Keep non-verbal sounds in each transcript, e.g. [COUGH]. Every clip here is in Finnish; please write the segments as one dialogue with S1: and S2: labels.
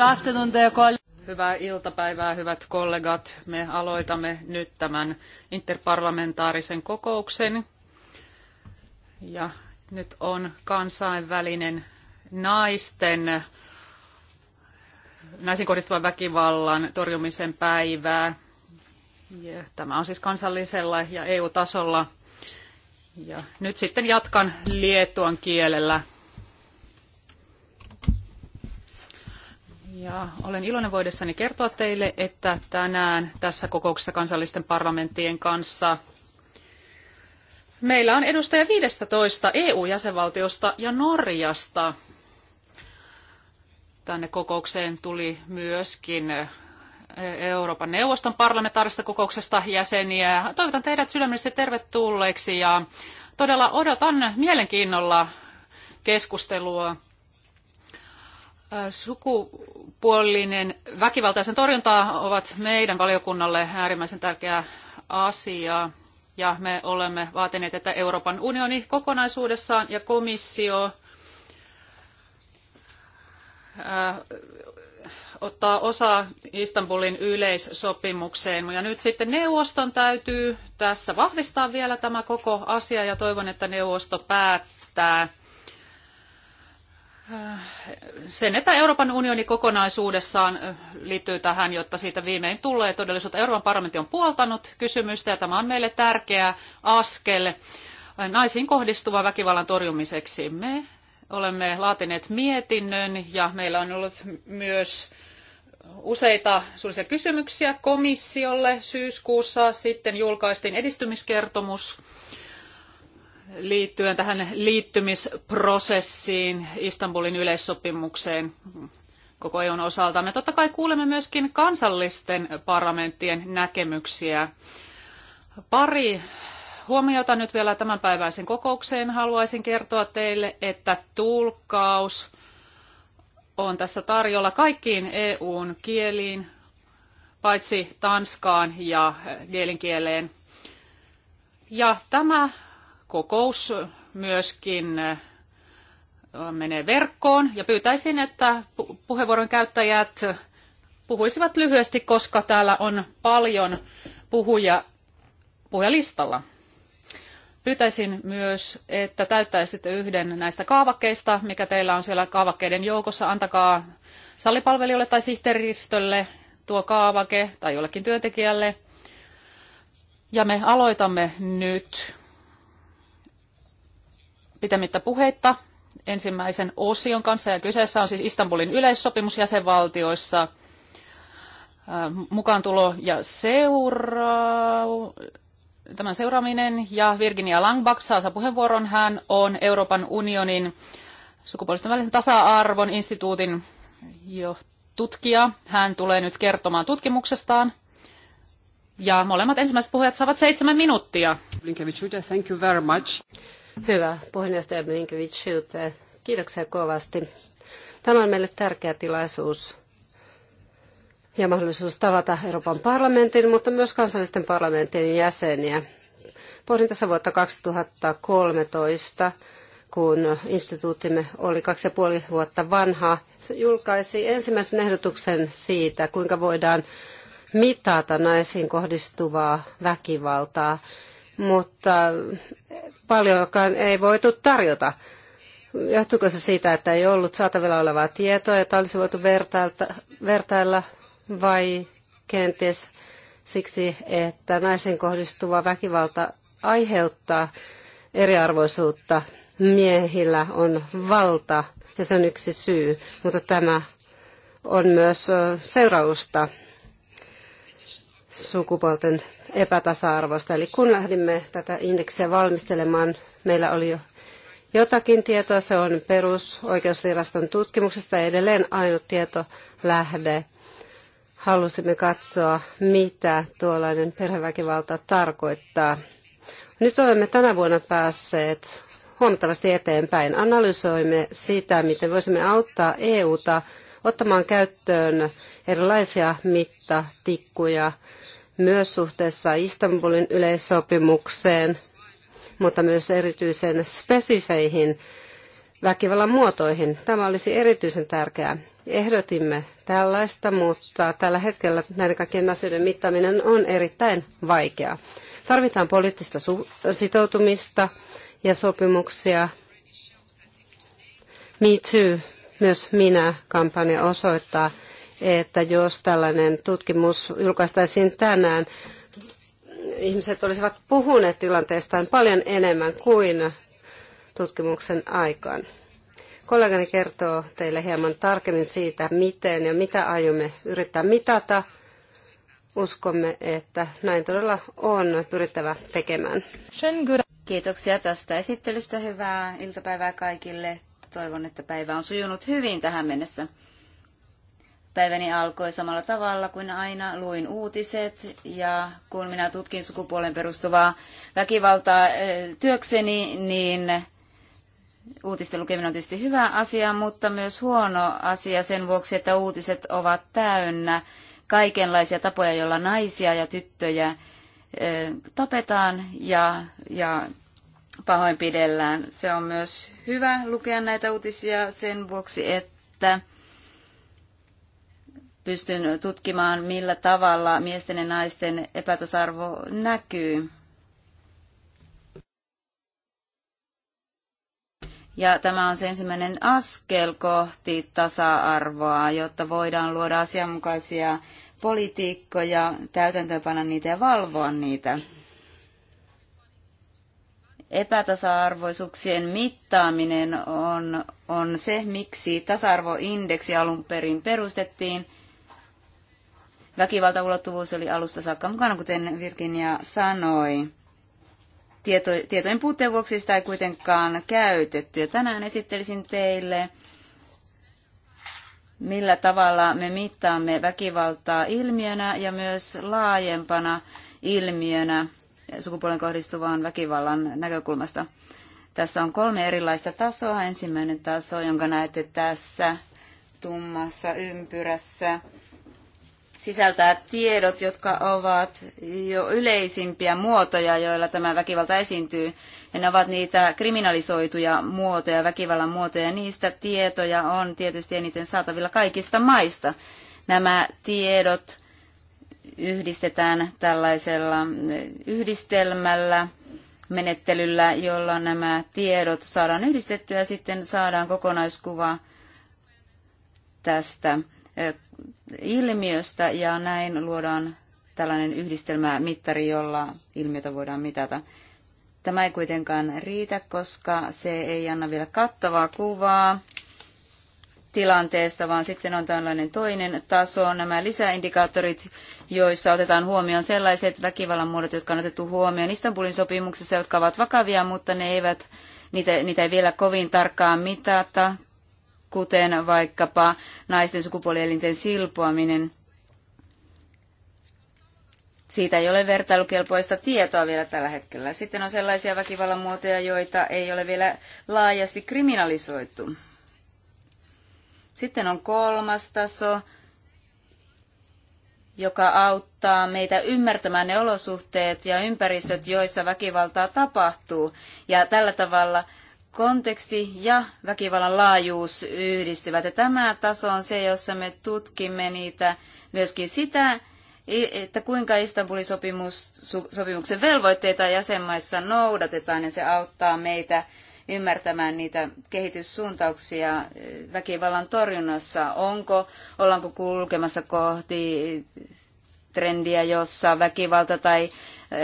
S1: Good afternoon, dear Hyvää iltapäivää, hyvät kollegat. Me aloitamme nyt tämän interparlamentaarisen kokouksen. Ja nyt on kansainvälinen naisten naisiin kohdistuvan väkivallan torjumisen päivää. Ja tämä on siis kansallisella ja EU-tasolla. Ja nyt sitten jatkan lietuan kielellä. Ja olen iloinen voidessani kertoa teille, että tänään tässä kokouksessa kansallisten parlamenttien kanssa meillä on edustaja 15 EU-jäsenvaltiosta ja Norjasta. Tänne kokoukseen tuli myöskin e, Euroopan neuvoston parlamentaarista kokouksesta jäseniä. Toivotan teidät sydämellisesti tervetulleeksi ja todella odotan mielenkiinnolla keskustelua Sukupuolinen väkivaltaisen torjunta ovat meidän valiokunnalle äärimmäisen tärkeä asia. Ja me olemme vaatineet, että Euroopan unioni kokonaisuudessaan ja komissio ottaa osaa Istanbulin yleissopimukseen. Ja nyt sitten neuvoston täytyy tässä vahvistaa vielä tämä koko asia ja toivon, että neuvosto päättää sen, että Euroopan unioni kokonaisuudessaan liittyy tähän, jotta siitä viimein tulee todellisuutta. Euroopan parlamentti on puoltanut kysymystä ja tämä on meille tärkeä askel naisiin kohdistuvan väkivallan torjumiseksi. Me olemme laatineet mietinnön ja meillä on ollut myös useita suullisia kysymyksiä komissiolle. Syyskuussa sitten julkaistiin edistymiskertomus liittyen tähän liittymisprosessiin Istanbulin yleissopimukseen koko EUn osalta. Me totta kai kuulemme myöskin kansallisten parlamenttien näkemyksiä. Pari huomiota nyt vielä tämänpäiväisen kokoukseen. Haluaisin kertoa teille, että tulkkaus on tässä tarjolla kaikkiin EUn kieliin, paitsi tanskaan ja kielenkieleen. Ja tämä kokous myöskin äh, menee verkkoon ja pyytäisin, että puheenvuoron käyttäjät puhuisivat lyhyesti, koska täällä on paljon puhuja puhujalistalla. Pyytäisin myös, että täyttäisitte yhden näistä kaavakkeista, mikä teillä on siellä kaavakkeiden joukossa. Antakaa sallipalvelijoille tai sihteeristölle tuo kaavake tai jollekin työntekijälle. Ja me aloitamme nyt pitemmittä puheitta ensimmäisen osion kanssa. Ja kyseessä on siis Istanbulin yleissopimus jäsenvaltioissa äh, mukaantulo ja seura... tämän seuraaminen. Ja Virginia Langbach saa puheenvuoron. Hän on Euroopan unionin sukupuolisten välisen tasa-arvon instituutin jo tutkija. Hän tulee nyt kertomaan tutkimuksestaan. Ja molemmat ensimmäiset puhujat saavat seitsemän minuuttia.
S2: thank you very much. Hyvä puheenjohtaja Blinkevichiltä. Kiitoksia kovasti. Tämä on meille tärkeä tilaisuus ja mahdollisuus tavata Euroopan parlamentin, mutta myös kansallisten parlamentin jäseniä. Pohdin tässä vuotta 2013, kun instituuttimme oli kaksi ja puoli vuotta vanha. Se julkaisi ensimmäisen ehdotuksen siitä, kuinka voidaan mitata naisiin kohdistuvaa väkivaltaa mutta paljonkaan ei voitu tarjota. Johtuiko se siitä, että ei ollut saatavilla olevaa tietoa, jota olisi voitu vertailla, vai kenties siksi, että naisen kohdistuva väkivalta aiheuttaa eriarvoisuutta. Miehillä on valta ja se on yksi syy, mutta tämä on myös seurausta sukupuolten epätasa-arvosta. Eli kun lähdimme tätä indeksiä valmistelemaan, meillä oli jo jotakin tietoa. Se on perusoikeusviraston tutkimuksesta edelleen ainut tietolähde. Halusimme katsoa, mitä tuollainen perheväkivalta tarkoittaa. Nyt olemme tänä vuonna päässeet huomattavasti eteenpäin. Analysoimme sitä, miten voisimme auttaa EUta ottamaan käyttöön erilaisia mittatikkuja myös suhteessa Istanbulin yleissopimukseen, mutta myös erityisen spesifeihin väkivallan muotoihin. Tämä olisi erityisen tärkeää. Ehdotimme tällaista, mutta tällä hetkellä näiden kaikkien asioiden mittaaminen on erittäin vaikeaa. Tarvitaan poliittista sitoutumista ja sopimuksia. Me Too, myös minä, kampanja osoittaa, että jos tällainen tutkimus julkaistaisiin tänään, ihmiset olisivat puhuneet tilanteestaan paljon enemmän kuin tutkimuksen aikaan. Kollegani kertoo teille hieman tarkemmin siitä, miten ja mitä aiomme yrittää mitata. Uskomme, että näin todella on pyrittävä tekemään.
S3: Kiitoksia tästä esittelystä. Hyvää iltapäivää kaikille. Toivon, että päivä on sujunut hyvin tähän mennessä päiväni alkoi samalla tavalla kuin aina. Luin uutiset ja kun minä tutkin sukupuolen perustuvaa väkivaltaa eh, työkseni, niin uutisten lukeminen on tietysti hyvä asia, mutta myös huono asia sen vuoksi, että uutiset ovat täynnä kaikenlaisia tapoja, joilla naisia ja tyttöjä eh, tapetaan ja, ja pahoinpidellään. Se on myös hyvä lukea näitä uutisia sen vuoksi, että pystyn tutkimaan, millä tavalla miesten ja naisten epätasarvo näkyy. Ja tämä on se ensimmäinen askel kohti tasa-arvoa, jotta voidaan luoda asianmukaisia politiikkoja, täytäntöönpanna niitä ja valvoa niitä. Epätasa-arvoisuuksien mittaaminen on, on se, miksi tasa-arvoindeksi alun perin perustettiin – Väkivaltaulottuvuus oli alusta saakka mukana, kuten Virginia sanoi. Tieto, tietojen puutteen vuoksi sitä ei kuitenkaan käytetty. Ja tänään esittelisin teille, millä tavalla me mittaamme väkivaltaa ilmiönä ja myös laajempana ilmiönä sukupuolen kohdistuvan väkivallan näkökulmasta. Tässä on kolme erilaista tasoa. Ensimmäinen taso, jonka näette tässä tummassa ympyrässä, sisältää tiedot, jotka ovat jo yleisimpiä muotoja, joilla tämä väkivalta esiintyy. Ja ne ovat niitä kriminalisoituja muotoja, väkivallan muotoja. Niistä tietoja on tietysti eniten saatavilla kaikista maista. Nämä tiedot yhdistetään tällaisella yhdistelmällä, menettelyllä, jolla nämä tiedot saadaan yhdistettyä ja sitten saadaan kokonaiskuva tästä ilmiöstä ja näin luodaan tällainen yhdistelmä mittari, jolla ilmiötä voidaan mitata. Tämä ei kuitenkaan riitä, koska se ei anna vielä kattavaa kuvaa tilanteesta, vaan sitten on tällainen toinen taso, nämä lisäindikaattorit, joissa otetaan huomioon sellaiset väkivallan muodot, jotka on otettu huomioon Istanbulin sopimuksessa, jotka ovat vakavia, mutta ne eivät, niitä, niitä ei vielä kovin tarkkaan mitata, kuten vaikkapa naisten sukupuolielinten silpoaminen. Siitä ei ole vertailukelpoista tietoa vielä tällä hetkellä. Sitten on sellaisia väkivallan muotoja, joita ei ole vielä laajasti kriminalisoitu. Sitten on kolmas taso, joka auttaa meitä ymmärtämään ne olosuhteet ja ympäristöt, joissa väkivaltaa tapahtuu. Ja tällä tavalla konteksti ja väkivallan laajuus yhdistyvät. Ja tämä taso on se, jossa me tutkimme niitä myöskin sitä, että kuinka Istanbulin sopimus, sopimuksen velvoitteita jäsenmaissa noudatetaan, ja se auttaa meitä ymmärtämään niitä kehityssuuntauksia väkivallan torjunnassa. Onko, ollaanko kulkemassa kohti trendiä, jossa väkivalta tai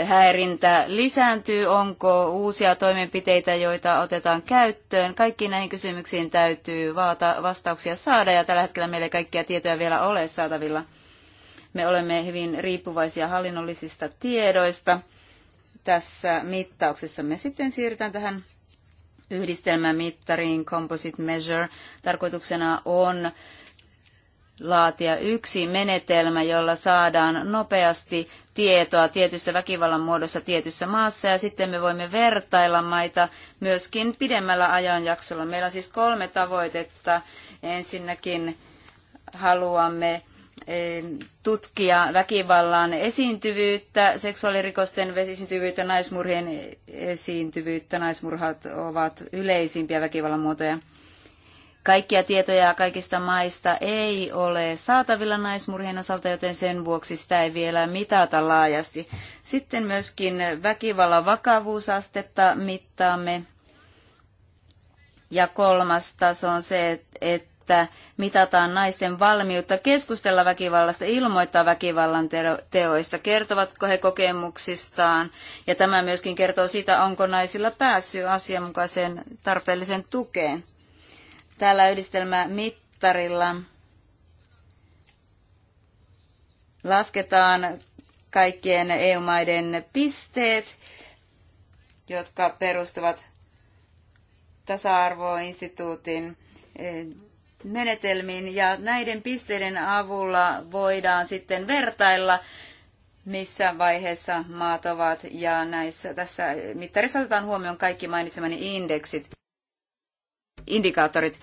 S3: häirintä lisääntyy, onko uusia toimenpiteitä, joita otetaan käyttöön. Kaikkiin näihin kysymyksiin täytyy vaata, vastauksia saada ja tällä hetkellä meillä kaikkia tietoja vielä ole saatavilla. Me olemme hyvin riippuvaisia hallinnollisista tiedoista. Tässä mittauksessa me sitten siirrytään tähän yhdistelmämittariin Composite Measure. Tarkoituksena on laatia yksi menetelmä, jolla saadaan nopeasti tietoa tietystä väkivallan muodossa tietyssä maassa ja sitten me voimme vertailla maita myöskin pidemmällä ajanjaksolla. Meillä on siis kolme tavoitetta. Ensinnäkin haluamme eh, tutkia väkivallan esiintyvyyttä, seksuaalirikosten esiintyvyyttä, naismurhien esiintyvyyttä. Naismurhat ovat yleisimpiä väkivallan muotoja. Kaikkia tietoja kaikista maista ei ole saatavilla naismurhien osalta, joten sen vuoksi sitä ei vielä mitata laajasti. Sitten myöskin väkivallan vakavuusastetta mittaamme. Ja kolmas taso on se, että mitataan naisten valmiutta keskustella väkivallasta, ilmoittaa väkivallan teoista, kertovatko he kokemuksistaan. Ja tämä myöskin kertoo siitä, onko naisilla pääsy asianmukaiseen tarpeelliseen tukeen. Tällä mittarilla lasketaan kaikkien EU-maiden pisteet, jotka perustuvat tasa-arvoinstituutin eh, menetelmiin. Ja näiden pisteiden avulla voidaan sitten vertailla, missä vaiheessa maat ovat. Ja näissä, tässä mittarissa otetaan huomioon kaikki mainitsemani indeksit indikaattorit.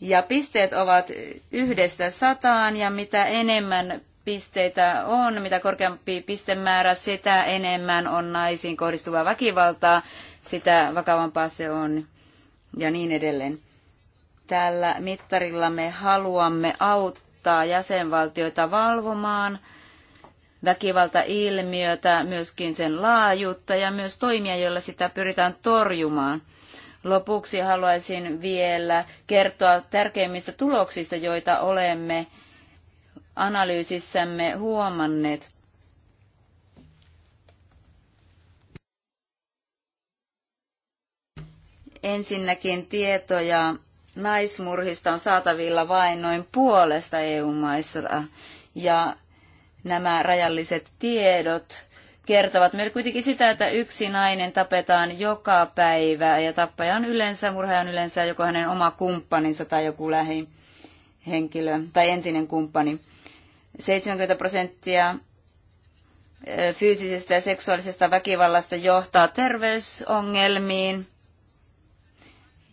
S3: Ja pisteet ovat yhdestä sataan ja mitä enemmän pisteitä on, mitä korkeampi pistemäärä, sitä enemmän on naisiin kohdistuvaa väkivaltaa, sitä vakavampaa se on ja niin edelleen. Tällä mittarilla me haluamme auttaa jäsenvaltioita valvomaan väkivaltailmiötä, myöskin sen laajuutta ja myös toimia, joilla sitä pyritään torjumaan – Lopuksi haluaisin vielä kertoa tärkeimmistä tuloksista, joita olemme analyysissämme huomanneet. Ensinnäkin tietoja naismurhista on saatavilla vain noin puolesta EU-maissa ja nämä rajalliset tiedot kertovat meille kuitenkin sitä, että yksi nainen tapetaan joka päivä ja tappaja on yleensä, murhaaja on yleensä joko hänen oma kumppaninsa tai joku lähihenkilö tai entinen kumppani. 70 prosenttia e, fyysisestä ja seksuaalisesta väkivallasta johtaa terveysongelmiin.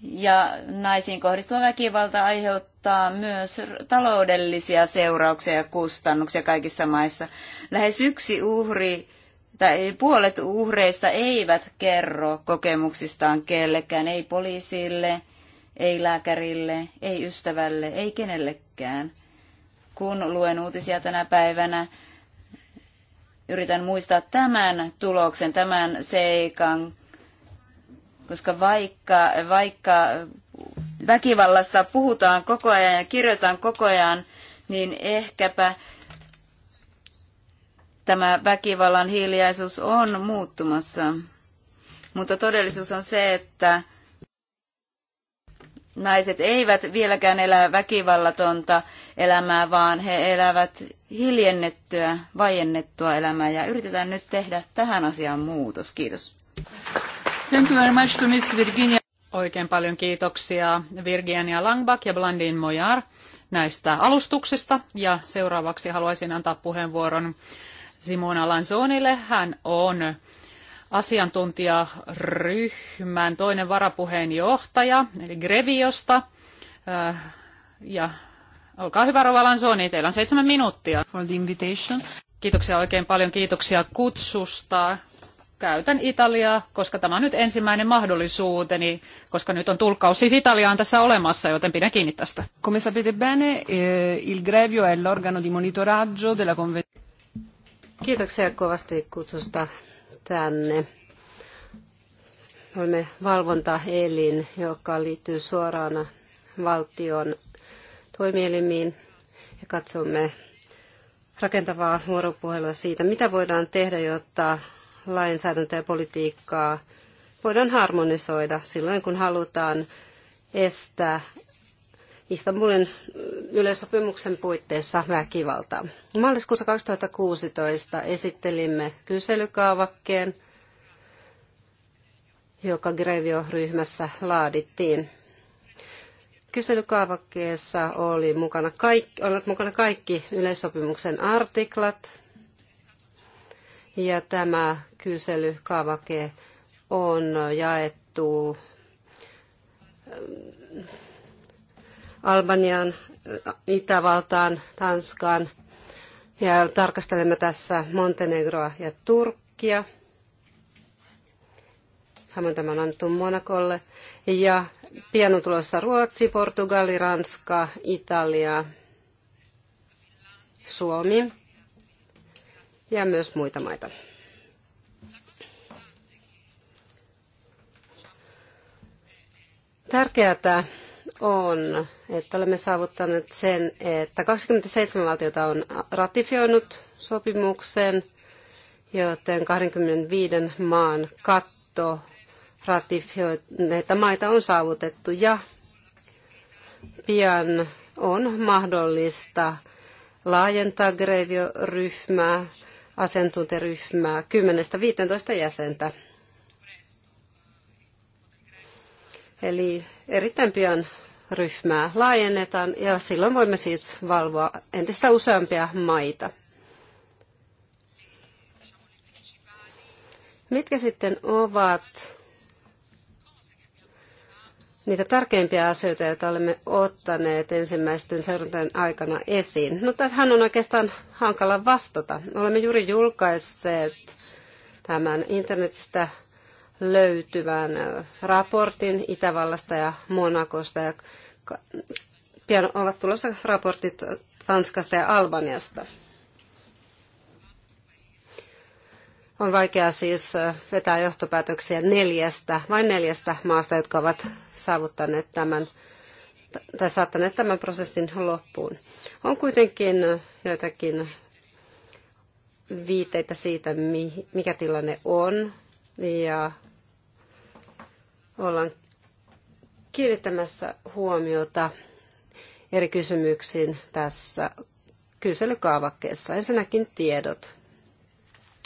S3: Ja naisiin kohdistuva väkivalta aiheuttaa myös taloudellisia seurauksia ja kustannuksia kaikissa maissa. Lähes yksi uhri että puolet uhreista eivät kerro kokemuksistaan kellekään, ei poliisille, ei lääkärille, ei ystävälle, ei kenellekään. Kun luen uutisia tänä päivänä, yritän muistaa tämän tuloksen, tämän seikan, koska vaikka, vaikka väkivallasta puhutaan koko ajan ja kirjoitetaan koko ajan, niin ehkäpä tämä väkivallan hiljaisuus on muuttumassa. Mutta todellisuus on se, että naiset eivät vieläkään elä väkivallatonta elämää, vaan he elävät hiljennettyä, vajennettua elämää. Ja yritetään nyt tehdä tähän asiaan muutos. Kiitos.
S1: Thank you very much to Miss Virginia. Oikein paljon kiitoksia Virginia Langbach ja Blandin Mojar näistä alustuksista. Ja seuraavaksi haluaisin antaa puheenvuoron Simona Lanzonille. Hän on asiantuntijaryhmän toinen varapuheenjohtaja, eli Greviosta. Äh, ja olkaa hyvä, Rova Lanzoni, teillä on seitsemän minuuttia. For the invitation. Kiitoksia oikein paljon, kiitoksia kutsusta. Käytän Italiaa, koska tämä on nyt ensimmäinen mahdollisuuteni, koska nyt on tulkkaus siis Italiaan tässä olemassa, joten pidän kiinni tästä.
S4: Come sapete bene, eh, il Grevio è l'organo di monitoraggio della convenzione.
S2: Kiitoksia kovasti kutsusta tänne. Olemme valvontaelin, joka liittyy suoraan valtion toimielimiin ja katsomme rakentavaa vuoropuhelua siitä, mitä voidaan tehdä, jotta lainsäädäntöä ja politiikkaa voidaan harmonisoida silloin, kun halutaan estää Istanbulin yleissopimuksen puitteissa väkivaltaa. Maaliskuussa 2016 esittelimme kyselykaavakkeen, joka Grevio-ryhmässä laadittiin. Kyselykaavakkeessa oli mukana kaikki, olivat mukana kaikki yleissopimuksen artiklat, ja tämä kyselykaavake on jaettu Albaniaan, Itävaltaan, Tanskaan ja tarkastelemme tässä Montenegroa ja Turkkia. Samoin tämä on annettu Monakolle. Ja pian on tulossa Ruotsi, Portugali, Ranska, Italia, Suomi ja myös muita maita. Tärkeää on, että olemme saavuttaneet sen, että 27 valtiota on ratifioinut sopimuksen, joten 25 maan katto ratifioineita maita on saavutettu ja pian on mahdollista laajentaa grevioryhmää, asiantuntijaryhmää 10-15 jäsentä. Eli erittäin pian ryhmää laajennetaan ja silloin voimme siis valvoa entistä useampia maita. Mitkä sitten ovat niitä tärkeimpiä asioita, joita olemme ottaneet ensimmäisten seurantojen aikana esiin? No tähän on oikeastaan hankala vastata. Olemme juuri julkaisseet tämän internetistä löytyvän raportin Itävallasta ja Monakosta. Ja pian ovat tulossa raportit Tanskasta ja Albaniasta. On vaikea siis vetää johtopäätöksiä neljästä, vain neljästä maasta, jotka ovat saavuttaneet tämän tai saattaneet tämän prosessin loppuun. On kuitenkin joitakin viitteitä siitä, mikä tilanne on ja ollaan kiinnittämässä huomiota eri kysymyksiin tässä kyselykaavakkeessa. Ensinnäkin tiedot.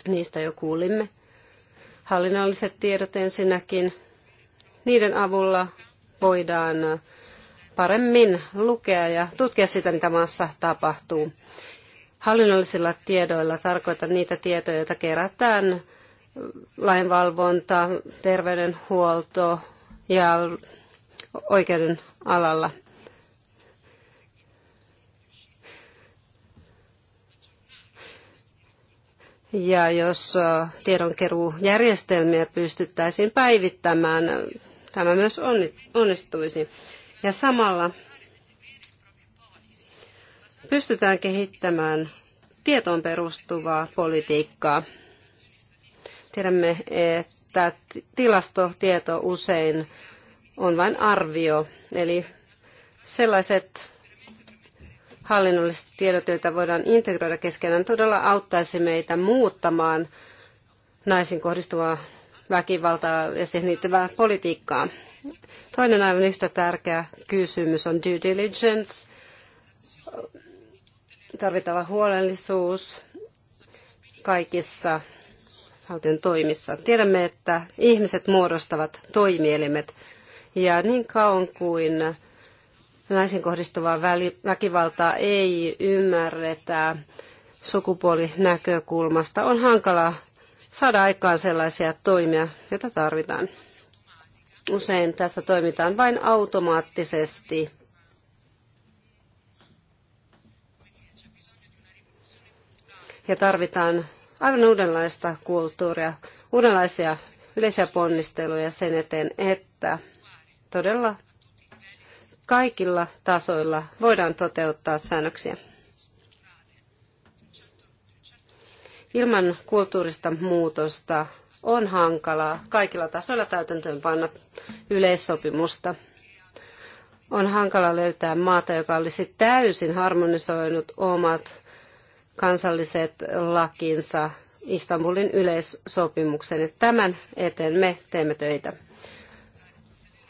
S2: Niistä jo kuulimme. Hallinnolliset tiedot ensinnäkin. Niiden avulla voidaan paremmin lukea ja tutkia sitä, mitä maassa tapahtuu. Hallinnollisilla tiedoilla tarkoitan niitä tietoja, joita kerätään lainvalvonta, terveydenhuolto ja oikeuden alalla. Ja jos tiedonkeruujärjestelmiä pystyttäisiin päivittämään, tämä myös onnistuisi. Ja samalla pystytään kehittämään tietoon perustuvaa politiikkaa. Tiedämme, että tilastotieto usein on vain arvio. Eli sellaiset hallinnolliset tiedot, joita voidaan integroida keskenään, todella auttaisi meitä muuttamaan naisiin kohdistuvaa väkivaltaa ja siihen liittyvää politiikkaa. Toinen aivan yhtä tärkeä kysymys on due diligence, tarvittava huolellisuus kaikissa valtion toimissa. Tiedämme, että ihmiset muodostavat toimielimet, ja niin kauan kuin naisen kohdistuvaa väkivaltaa ei ymmärretä sukupuolinäkökulmasta, on hankala saada aikaan sellaisia toimia, joita tarvitaan. Usein tässä toimitaan vain automaattisesti. Ja tarvitaan aivan uudenlaista kulttuuria, uudenlaisia yleisiä ponnisteluja sen eteen, että todella kaikilla tasoilla voidaan toteuttaa säännöksiä. Ilman kulttuurista muutosta on hankalaa kaikilla tasoilla panna yleissopimusta. On hankala löytää maata, joka olisi täysin harmonisoinut omat kansalliset lakinsa Istanbulin yleissopimuksen. Tämän eteen me teemme töitä.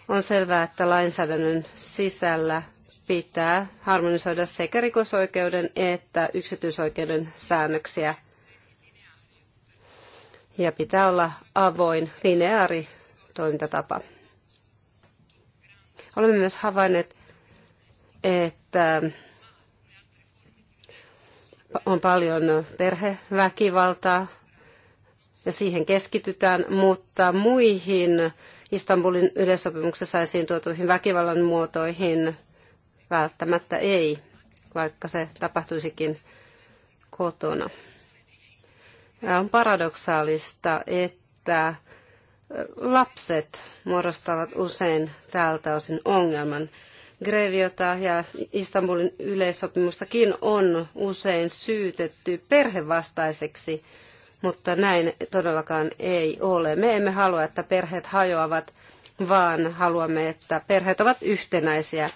S2: On selvää, että lainsäädännön sisällä pitää harmonisoida sekä rikosoikeuden että yksityisoikeuden säännöksiä. Ja pitää olla avoin, lineaari toimintatapa. Olemme myös havainneet, että on paljon perheväkivaltaa, ja siihen keskitytään, mutta muihin Istanbulin yleissopimuksessa esiin tuotuihin väkivallan muotoihin välttämättä ei, vaikka se tapahtuisikin kotona. Ja on paradoksaalista, että lapset muodostavat usein tältä osin ongelman. Greviota ja Istanbulin yleissopimustakin on usein syytetty perhevastaiseksi mutta näin todellakaan ei ole. Me emme halua, että perheet hajoavat, vaan haluamme, että perheet ovat yhtenäisiä.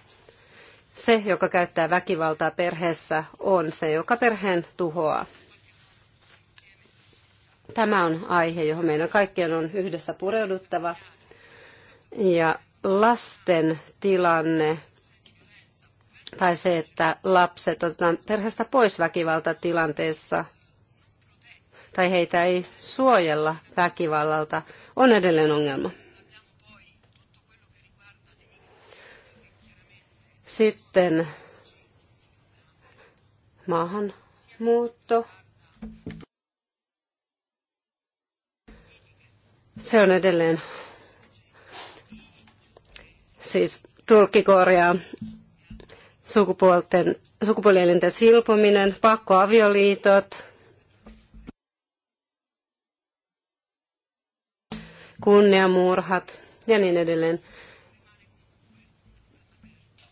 S2: Se, joka käyttää väkivaltaa perheessä, on se, joka perheen tuhoaa. Tämä on aihe, johon meidän kaikkien on yhdessä pureuduttava. Ja lasten tilanne tai se, että lapset otetaan perheestä pois väkivaltatilanteessa – tai heitä ei suojella väkivallalta, on edelleen ongelma. Sitten maahanmuutto. Se on edelleen siis tulkkikorjaa sukupuolten, sukupuolielinten silpominen, pakkoavioliitot, kunniamurhat ja niin edelleen.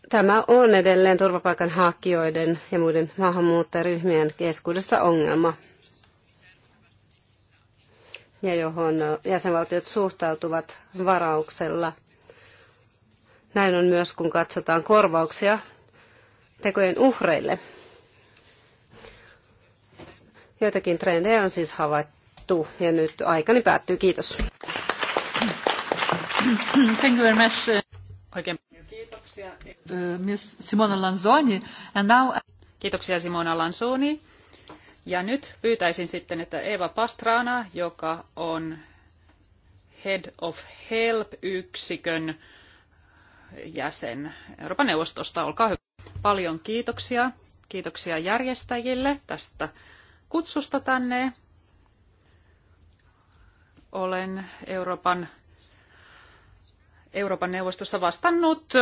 S2: Tämä on edelleen turvapaikanhakijoiden ja muiden maahanmuuttajaryhmien keskuudessa ongelma, ja johon jäsenvaltiot suhtautuvat varauksella. Näin on myös, kun katsotaan korvauksia tekojen uhreille. Joitakin trendejä on siis havaittu ja nyt aikani päättyy. Kiitos. [COUGHS] Thank you very much. Oikein kiitoksia. Eh, Miss Simona
S1: Lanzoni. And now... Kiitoksia Simona Lanzoni. Ja nyt pyytäisin sitten, että Eva Pastrana, joka on Head of Help-yksikön jäsen Euroopan neuvostosta, olkaa hyvä. Paljon kiitoksia. Kiitoksia järjestäjille tästä kutsusta tänne. Olen Euroopan Euroopan neuvostossa vastannut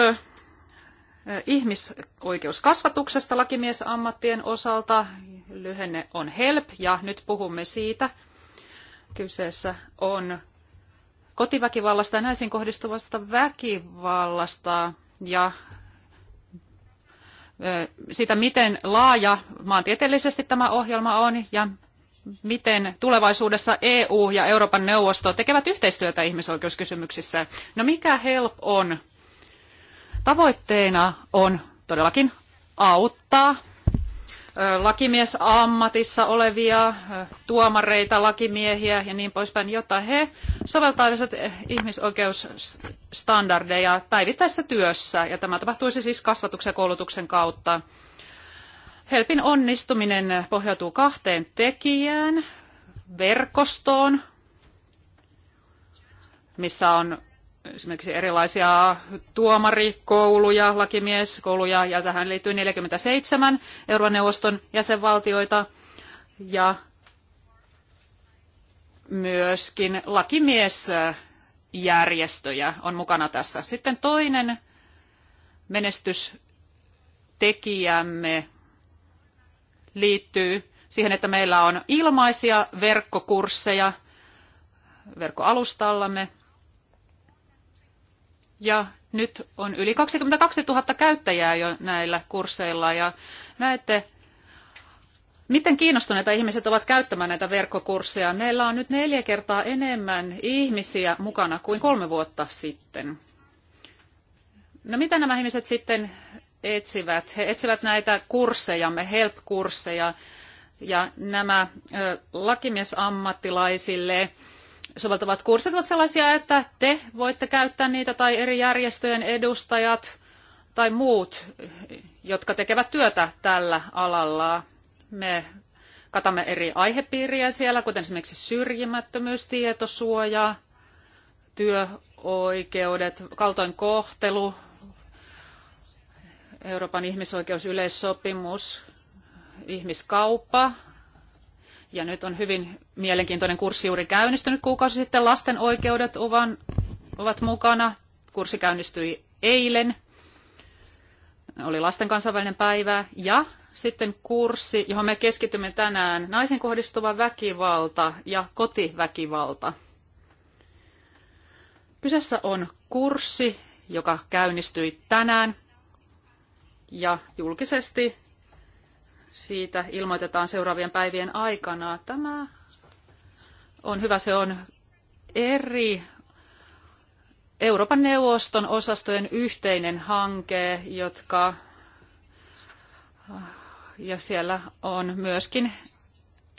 S1: ihmisoikeuskasvatuksesta lakimiesammattien osalta. Lyhenne on HELP ja nyt puhumme siitä. Kyseessä on kotiväkivallasta ja naisiin kohdistuvasta väkivallasta ja sitä, miten laaja maantieteellisesti tämä ohjelma on ja miten tulevaisuudessa EU ja Euroopan neuvosto tekevät yhteistyötä ihmisoikeuskysymyksissä. No mikä HELP on? Tavoitteena on todellakin auttaa lakimiesammatissa olevia tuomareita, lakimiehiä ja niin poispäin, jotta he soveltaisivat ihmisoikeusstandardeja päivittäisessä työssä. Ja tämä tapahtuisi siis kasvatuksen ja koulutuksen kautta. Helpin onnistuminen pohjautuu kahteen tekijään, verkostoon, missä on esimerkiksi erilaisia tuomarikouluja, lakimieskouluja, ja tähän liittyy 47 Euroopan neuvoston jäsenvaltioita, ja myöskin lakimiesjärjestöjä on mukana tässä. Sitten toinen menestystekijämme liittyy siihen, että meillä on ilmaisia verkkokursseja verkkoalustallamme. Ja nyt on yli 22 000 käyttäjää jo näillä kursseilla ja näette, miten kiinnostuneita ihmiset ovat käyttämään näitä verkkokursseja. Meillä on nyt neljä kertaa enemmän ihmisiä mukana kuin kolme vuotta sitten. No mitä nämä ihmiset sitten etsivät. He etsivät näitä kurssejamme, help-kursseja, ja nämä lakimiesammattilaisille soveltuvat kurssit ovat sellaisia, että te voitte käyttää niitä tai eri järjestöjen edustajat tai muut, jotka tekevät työtä tällä alalla. Me katamme eri aihepiiriä siellä, kuten esimerkiksi syrjimättömyys, tietosuoja, työoikeudet, kaltoinkohtelu, Euroopan ihmisoikeusyleissopimus, ihmiskauppa. Ja nyt on hyvin mielenkiintoinen kurssi juuri käynnistynyt kuukausi sitten. Lasten oikeudet ovat mukana. Kurssi käynnistyi eilen. Oli lasten kansainvälinen päivä ja sitten kurssi, johon me keskitymme tänään, naisen kohdistuva väkivalta ja kotiväkivalta. Kyseessä on kurssi, joka käynnistyi tänään ja julkisesti siitä ilmoitetaan seuraavien päivien aikana. Tämä on hyvä, se on eri Euroopan neuvoston osastojen yhteinen hanke, jotka ja siellä on myöskin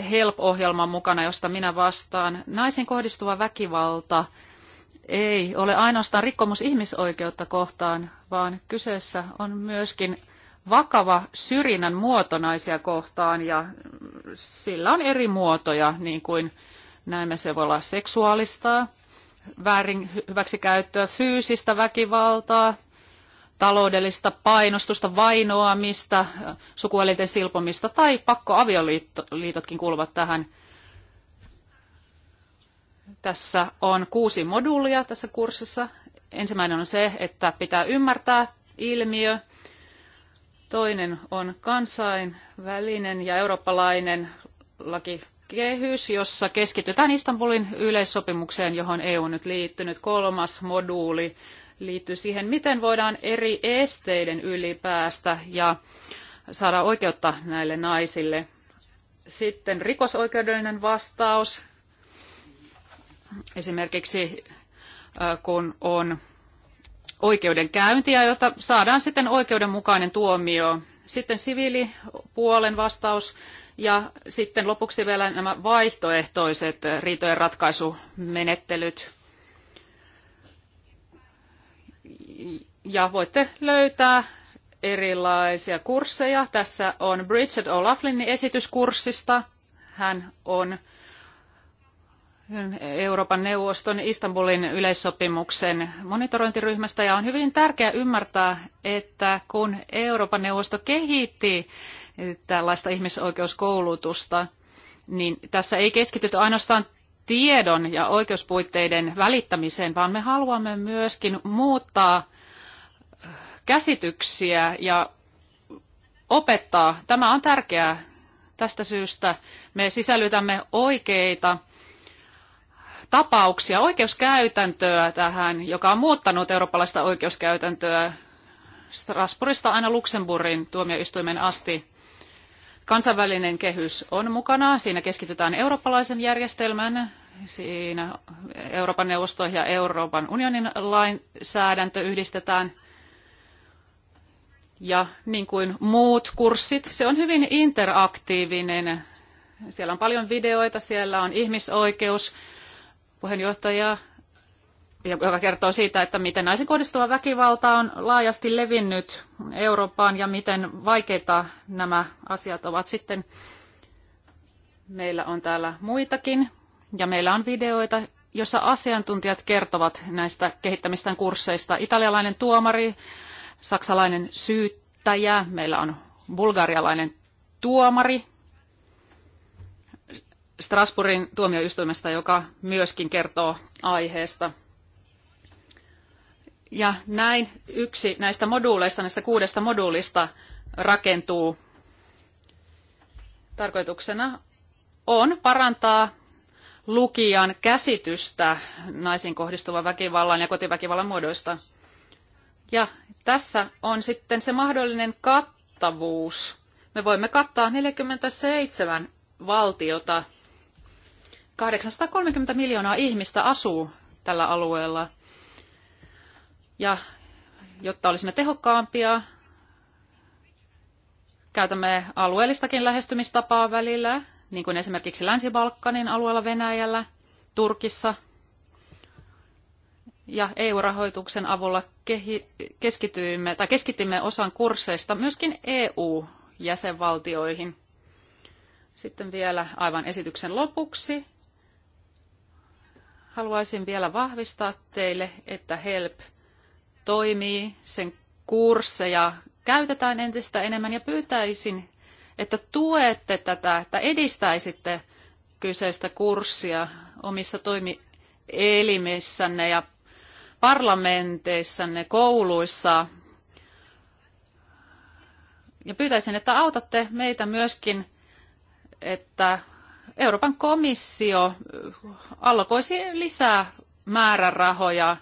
S1: HELP-ohjelman mukana, josta minä vastaan. Naisen kohdistuva väkivalta – ei ole ainoastaan rikkomus ihmisoikeutta kohtaan, vaan kyseessä on myöskin vakava syrjinnän muotonaisia kohtaan ja sillä on eri muotoja, niin kuin näemme se voi olla seksuaalista, väärin hyväksikäyttöä, fyysistä väkivaltaa, taloudellista painostusta, vainoamista, sukuelinten silpomista tai pakkoavioliitotkin kuuluvat tähän – tässä on kuusi moduulia tässä kurssissa. Ensimmäinen on se, että pitää ymmärtää ilmiö. Toinen on kansainvälinen ja eurooppalainen lakikehys, jossa keskitytään Istanbulin yleissopimukseen, johon EU on nyt liittynyt. Kolmas moduuli liittyy siihen, miten voidaan eri esteiden yli päästä ja saada oikeutta näille naisille. Sitten rikosoikeudellinen vastaus Esimerkiksi kun on oikeudenkäyntiä, jota saadaan sitten oikeudenmukainen tuomio. Sitten siviilipuolen vastaus ja sitten lopuksi vielä nämä vaihtoehtoiset riitojen ratkaisumenettelyt. Ja voitte löytää erilaisia kursseja. Tässä on Bridget O'Laughlinin esityskurssista. Hän on Euroopan neuvoston Istanbulin yleissopimuksen monitorointiryhmästä ja on hyvin tärkeää ymmärtää, että kun Euroopan neuvosto kehitti tällaista ihmisoikeuskoulutusta, niin tässä ei keskitytä ainoastaan tiedon ja oikeuspuitteiden välittämiseen, vaan me haluamme myöskin muuttaa käsityksiä ja opettaa. Tämä on tärkeää tästä syystä. Me sisällytämme oikeita tapauksia, oikeuskäytäntöä tähän, joka on muuttanut eurooppalaista oikeuskäytäntöä Strasbourgista aina Luxemburgin tuomioistuimen asti. Kansainvälinen kehys on mukana. Siinä keskitytään eurooppalaisen järjestelmän, siinä Euroopan neuvosto ja Euroopan unionin lainsäädäntö yhdistetään. Ja niin kuin muut kurssit, se on hyvin interaktiivinen. Siellä on paljon videoita, siellä on ihmisoikeus, puheenjohtaja, joka kertoo siitä, että miten naisen kohdistuva väkivalta on laajasti levinnyt Eurooppaan ja miten vaikeita nämä asiat ovat sitten. Meillä on täällä muitakin ja meillä on videoita, jossa asiantuntijat kertovat näistä kehittämisten kursseista. Italialainen tuomari, saksalainen syyttäjä, meillä on bulgarialainen tuomari, Strasbourgin tuomioistuimesta, joka myöskin kertoo aiheesta. Ja näin yksi näistä moduuleista, näistä kuudesta moduulista rakentuu. Tarkoituksena on parantaa lukijan käsitystä naisiin kohdistuvan väkivallan ja kotiväkivallan muodoista. Ja tässä on sitten se mahdollinen kattavuus. Me voimme kattaa 47 valtiota 830 miljoonaa ihmistä asuu tällä alueella. Ja jotta olisimme tehokkaampia, käytämme alueellistakin lähestymistapaa välillä, niin kuin esimerkiksi Länsi-Balkanin alueella Venäjällä, Turkissa ja EU-rahoituksen avulla keskityimme, tai keskitimme osan kursseista myöskin EU-jäsenvaltioihin. Sitten vielä aivan esityksen lopuksi haluaisin vielä vahvistaa teille, että HELP toimii, sen kursseja käytetään entistä enemmän ja pyytäisin, että tuette tätä, että edistäisitte kyseistä kurssia omissa toimielimissänne ja parlamenteissanne, kouluissa. Ja pyytäisin, että autatte meitä myöskin, että Euroopan komissio äh, allokoisi lisää määrärahoja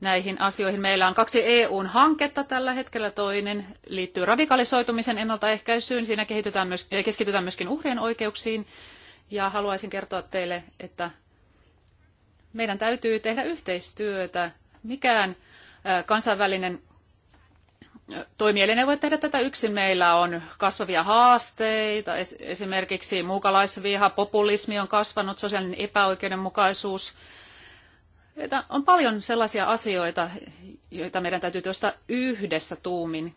S1: näihin asioihin. Meillä on kaksi EUn hanketta tällä hetkellä. Toinen liittyy radikalisoitumisen ennaltaehkäisyyn. Siinä kehitytään myös, äh, keskitytään myöskin uhrien oikeuksiin. Ja haluaisin kertoa teille, että meidän täytyy tehdä yhteistyötä. Mikään äh, kansainvälinen toimielinen voi tehdä tätä yksin. Meillä on kasvavia haasteita, esimerkiksi muukalaisviha, populismi on kasvanut, sosiaalinen epäoikeudenmukaisuus. On paljon sellaisia asioita, joita meidän täytyy työstää yhdessä tuumin.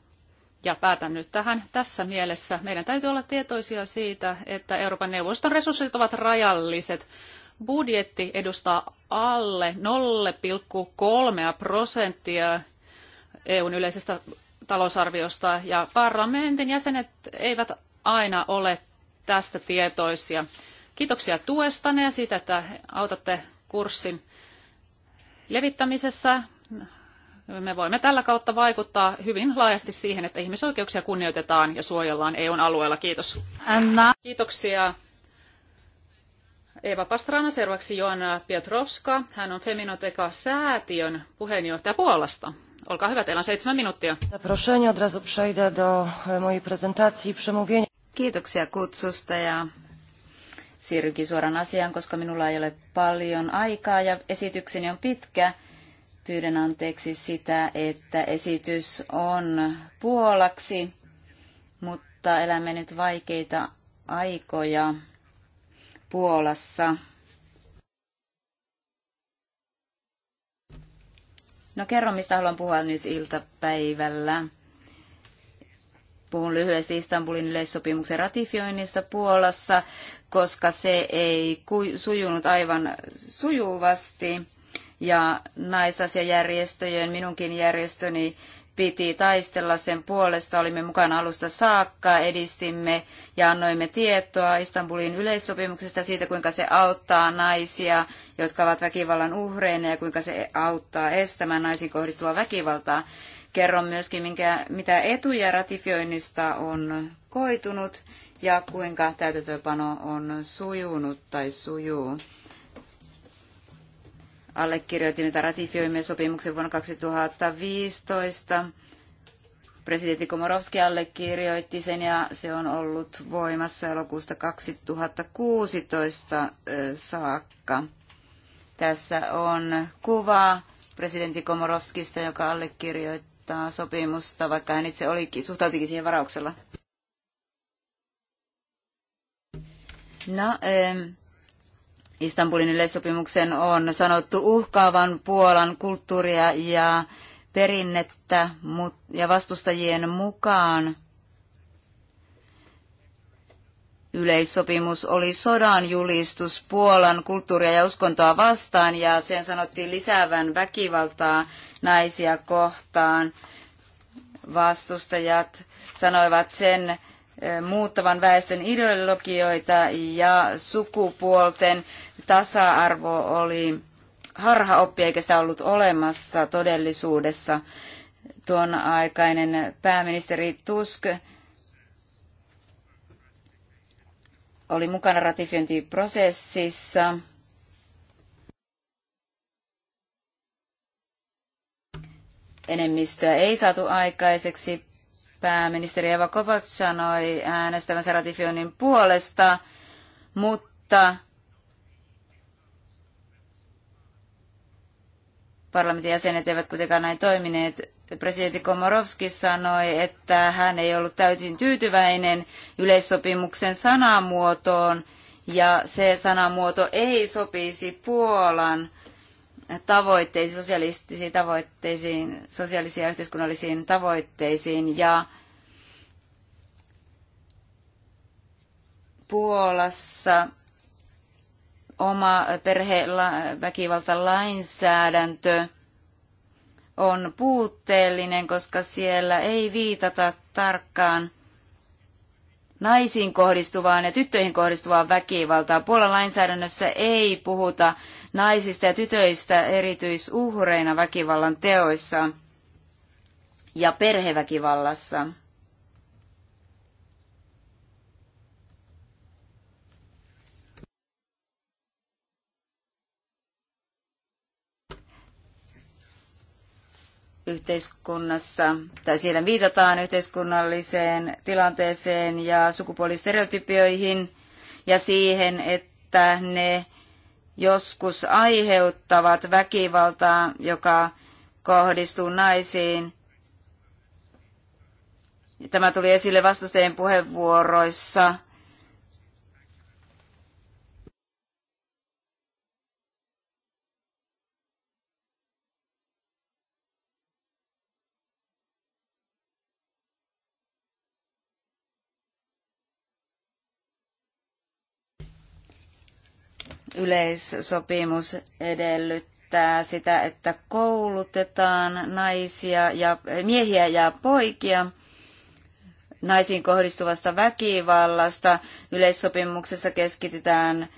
S1: Ja päätän nyt tähän tässä mielessä. Meidän täytyy olla tietoisia siitä, että Euroopan neuvoston resurssit ovat rajalliset. Budjetti edustaa alle 0,3 prosenttia EUn yleisestä talousarviosta ja parlamentin jäsenet eivät aina ole tästä tietoisia. Kiitoksia tuestanne ja siitä, että autatte kurssin levittämisessä. Me voimme tällä kautta vaikuttaa hyvin laajasti siihen, että ihmisoikeuksia kunnioitetaan ja suojellaan EUn alueella. Kiitos. Anna. Kiitoksia. Eva Pastrana, seuraavaksi Joanna Pietrovska. Hän on Feminoteka-säätiön puheenjohtaja Puolasta. Olkaa hyvä, teillä on seitsemän minuuttia.
S3: Zaproszenie, od razu przejdę do e, mojej prezentacji przemówienia. Kiitoksia kutsusta ja siirrynkin suoraan asiaan, koska minulla ei ole paljon aikaa ja esitykseni on pitkä. Pyydän anteeksi sitä, että esitys on puolaksi, mutta elämme nyt vaikeita aikoja Puolassa. No kerro, mistä haluan puhua nyt iltapäivällä. Puhun lyhyesti Istanbulin yleissopimuksen ratifioinnista Puolassa, koska se ei sujunut aivan sujuvasti. Ja naisasiajärjestöjen, minunkin järjestöni piti taistella sen puolesta. Olimme mukana alusta saakka, edistimme ja annoimme tietoa Istanbulin yleissopimuksesta siitä, kuinka se auttaa naisia, jotka ovat väkivallan uhreina ja kuinka se auttaa estämään naisiin kohdistuvaa väkivaltaa. Kerron myöskin, minkä, mitä etuja ratifioinnista on koitunut ja kuinka täytäntöönpano on sujunut tai sujuu allekirjoitimme tai ratifioimme sopimuksen vuonna 2015. Presidentti Komorovski allekirjoitti sen ja se on ollut voimassa elokuusta 2016 saakka. Tässä on kuva presidentti Komorovskista, joka allekirjoittaa sopimusta, vaikka hän itse olikin, suhtautikin siihen varauksella. No, Istanbulin yleissopimuksen on sanottu uhkaavan Puolan kulttuuria ja perinnettä ja vastustajien mukaan Yleissopimus oli sodan julistus Puolan kulttuuria ja uskontoa vastaan ja sen sanottiin lisäävän väkivaltaa naisia kohtaan. Vastustajat sanoivat sen muuttavan väestön ideologioita ja sukupuolten tasa-arvo oli harhaoppi eikä sitä ollut olemassa todellisuudessa. Tuon aikainen pääministeri Tusk oli mukana ratifiointiprosessissa. Enemmistöä ei saatu aikaiseksi Pääministeri Eva Kovac sanoi äänestävänsä ratifioinnin puolesta, mutta parlamentin jäsenet eivät kuitenkaan näin toimineet. Presidentti Komorovski sanoi, että hän ei ollut täysin tyytyväinen yleissopimuksen sanamuotoon ja se sanamuoto ei sopisi Puolan tavoitteisiin, sosialistisiin tavoitteisiin, sosiaalisiin ja yhteiskunnallisiin tavoitteisiin ja Puolassa oma perheväkivaltalainsäädäntö on puutteellinen, koska siellä ei viitata tarkkaan naisiin kohdistuvaan ja tyttöihin kohdistuvaan väkivaltaan. Puolan lainsäädännössä ei puhuta naisista ja tytöistä erityisuhreina väkivallan teoissa ja perheväkivallassa. yhteiskunnassa, tai siellä viitataan yhteiskunnalliseen tilanteeseen ja sukupuolistereotypioihin ja siihen, että ne joskus aiheuttavat väkivaltaa, joka kohdistuu naisiin. Tämä tuli esille vastustajien puheenvuoroissa yleissopimus edellyttää sitä, että koulutetaan naisia ja eh, miehiä ja poikia naisiin kohdistuvasta väkivallasta. Yleissopimuksessa keskitytään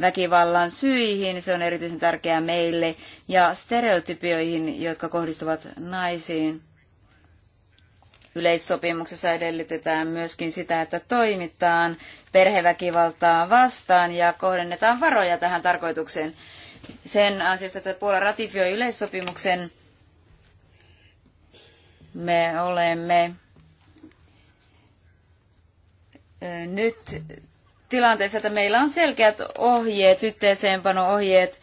S3: väkivallan syihin, se on erityisen tärkeää meille, ja stereotypioihin, jotka kohdistuvat naisiin. Yleissopimuksessa edellytetään myöskin sitä, että toimitaan perheväkivaltaa vastaan ja kohdennetaan varoja tähän tarkoitukseen. Sen ansiosta, että Puola ratifioi yleissopimuksen, me olemme nyt tilanteessa, että meillä on selkeät ohjeet, ohjeet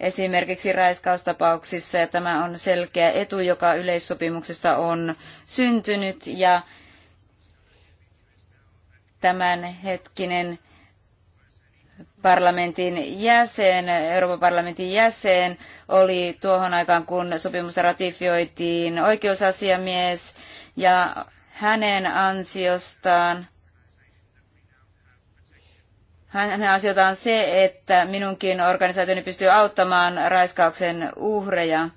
S3: esimerkiksi raiskaustapauksissa. Ja tämä on selkeä etu, joka yleissopimuksesta on syntynyt ja tämänhetkinen parlamentin jäsen, Euroopan parlamentin jäsen oli tuohon aikaan, kun sopimusta ratifioitiin oikeusasiamies ja hänen ansiostaan hänen asiotaan se, että minunkin organisaationi pystyy auttamaan raiskauksen uhreja.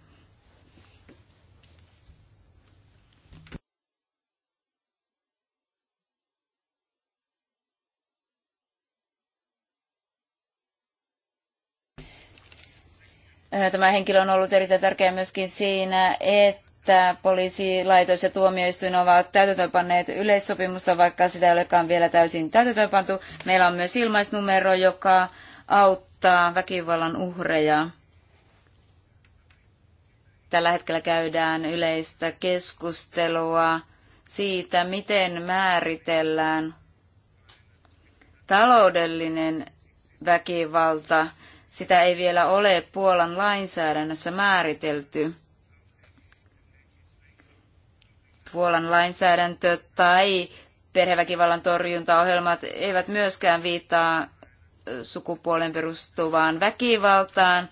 S3: Tämä henkilö on ollut erittäin tärkeä myöskin siinä, että että poliisilaitos ja tuomioistuin ovat täytäntöönpanneet yleissopimusta, vaikka sitä ei olekaan vielä täysin täytäntöönpantu. Meillä on myös ilmaisnumero, joka auttaa väkivallan uhreja. Tällä hetkellä käydään yleistä keskustelua siitä, miten määritellään taloudellinen väkivalta. Sitä ei vielä ole Puolan lainsäädännössä määritelty. Puolan lainsäädäntö tai perheväkivallan torjuntaohjelmat eivät myöskään viittaa sukupuolen perustuvaan väkivaltaan.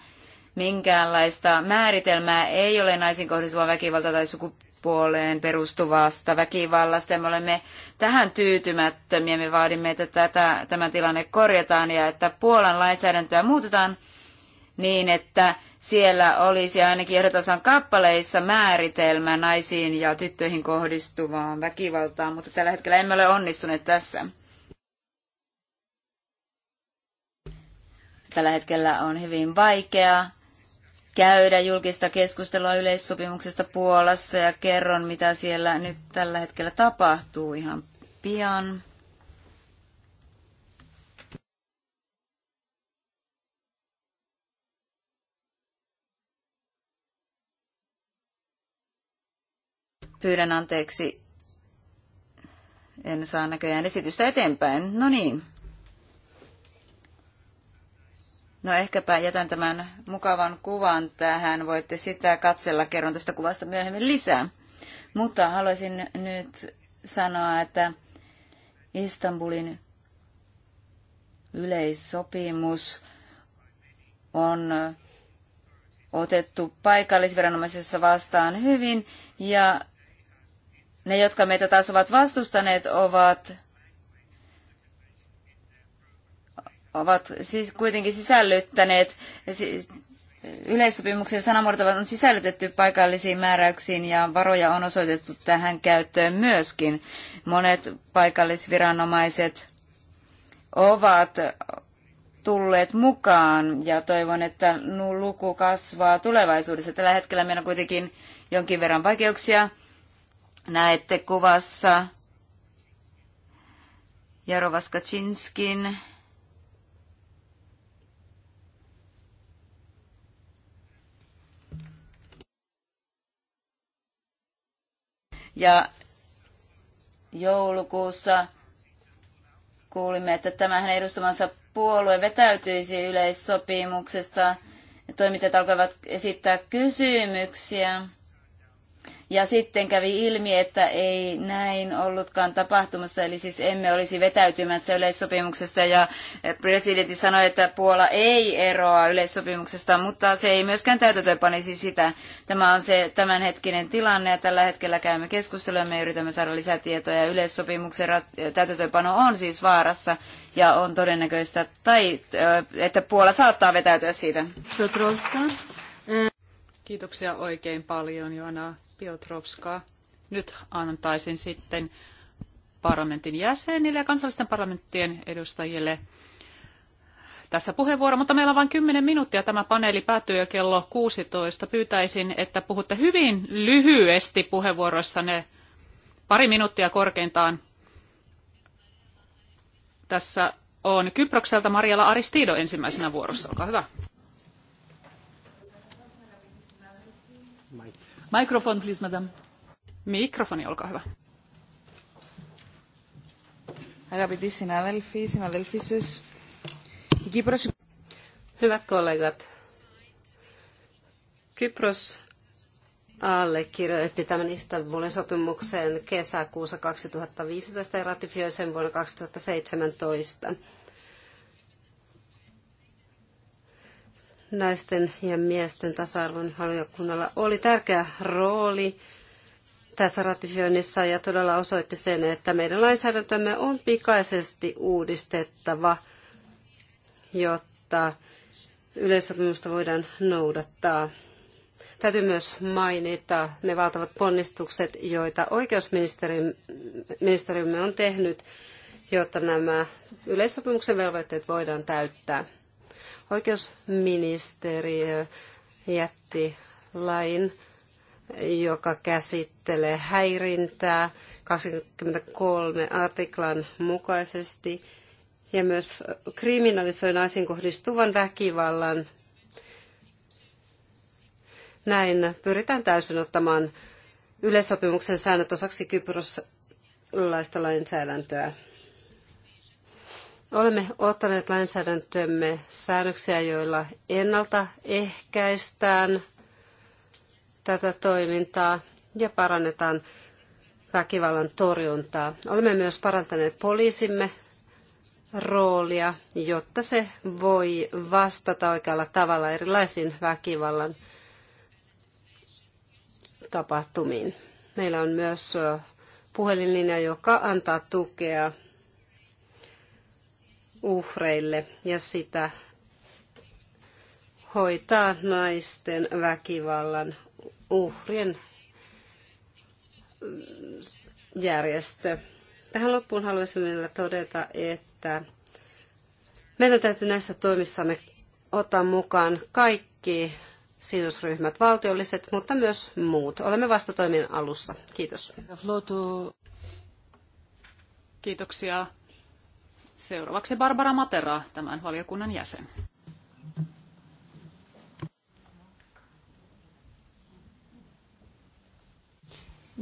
S3: Minkäänlaista määritelmää ei ole naisin kohdistuva väkivalta tai sukupuoleen perustuvasta väkivallasta. me olemme tähän tyytymättömiä. Me vaadimme, että tätä, tämä tilanne korjataan ja että Puolan lainsäädäntöä muutetaan niin, että siellä olisi ainakin ehdotason kappaleissa määritelmä naisiin ja tyttöihin kohdistuvaan väkivaltaan, mutta tällä hetkellä emme ole onnistuneet tässä. Tällä hetkellä on hyvin vaikeaa käydä julkista keskustelua yleissopimuksesta Puolassa ja kerron, mitä siellä nyt tällä hetkellä tapahtuu ihan pian. Pyydän anteeksi. En saa näköjään esitystä eteenpäin. No niin. No ehkäpä jätän tämän mukavan kuvan tähän. Voitte sitä katsella. Kerron tästä kuvasta myöhemmin lisää. Mutta haluaisin nyt sanoa, että Istanbulin yleissopimus on otettu paikallisviranomaisessa vastaan hyvin ja ne, jotka meitä taas ovat vastustaneet, ovat, ovat siis kuitenkin sisällyttäneet, siis yleissopimuksen sanamuodot on sisällytetty paikallisiin määräyksiin ja varoja on osoitettu tähän käyttöön myöskin. Monet paikallisviranomaiset ovat tulleet mukaan ja toivon, että luku kasvaa tulevaisuudessa. Tällä hetkellä meillä on kuitenkin jonkin verran vaikeuksia Näette kuvassa Jarovas Kaczynskin Ja joulukuussa kuulimme, että tämä hänen edustamansa puolue vetäytyisi yleissopimuksesta. Toimittajat alkoivat esittää kysymyksiä. Ja sitten kävi ilmi, että ei näin ollutkaan tapahtumassa, eli siis emme olisi vetäytymässä yleissopimuksesta. Ja presidentti sanoi, että Puola ei eroa yleissopimuksesta, mutta se ei myöskään täytäntöönpanisi sitä. Tämä on se tämänhetkinen tilanne ja tällä hetkellä käymme keskustelua me yritämme saada lisätietoja. Yleissopimuksen rat- täytäntöönpano on siis vaarassa ja on todennäköistä, tai, että Puola saattaa vetäytyä siitä. Kiitoksia oikein
S1: paljon, Joana Piotrovska. Nyt antaisin sitten parlamentin jäsenille ja kansallisten parlamenttien edustajille tässä puheenvuoro, mutta meillä on vain 10 minuuttia. Tämä paneeli päättyy jo kello 16. Pyytäisin, että puhutte hyvin lyhyesti puheenvuorossanne pari minuuttia korkeintaan. Tässä on Kyprokselta Mariella Aristido ensimmäisenä vuorossa. Olkaa hyvä.
S4: please, madam. Mikrofoni, olkaa hyvä. Αγαπητοί συνάδελφοι, η Κύπρος...
S2: Hyvät kollegat, Kypros allekirjoitti tämän Istanbulin sopimuksen kesäkuussa 2015 ja ratifioi sen vuonna 2017. naisten ja miesten tasa-arvon valiokunnalla oli tärkeä rooli tässä ratifioinnissa ja todella osoitti sen, että meidän lainsäädäntömme on pikaisesti uudistettava, jotta yleissopimusta voidaan noudattaa. Täytyy myös mainita ne valtavat ponnistukset, joita oikeusministeriömme on tehnyt, jotta nämä yleissopimuksen velvoitteet voidaan täyttää. Oikeusministeriö jätti lain, joka käsittelee häirintää 23 artiklan mukaisesti ja myös kriminalisoi naisiin kohdistuvan väkivallan. Näin pyritään täysin ottamaan yleissopimuksen säännöt osaksi kyproslaista lainsäädäntöä. Olemme ottaneet lainsäädäntömme säännöksiä, joilla ennaltaehkäistään tätä toimintaa ja parannetaan väkivallan torjuntaa. Olemme myös parantaneet poliisimme roolia, jotta se voi vastata oikealla tavalla erilaisiin väkivallan tapahtumiin. Meillä on myös puhelinlinja, joka antaa tukea uhreille ja sitä hoitaa naisten väkivallan uhrien järjestö. Tähän loppuun haluaisin vielä todeta, että meidän täytyy näissä toimissamme ottaa mukaan kaikki sidosryhmät, valtiolliset, mutta myös muut. Olemme vasta toimien alussa. Kiitos.
S1: Kiitoksia Seuraavaksi Barbara Matera, tämän valiokunnan jäsen.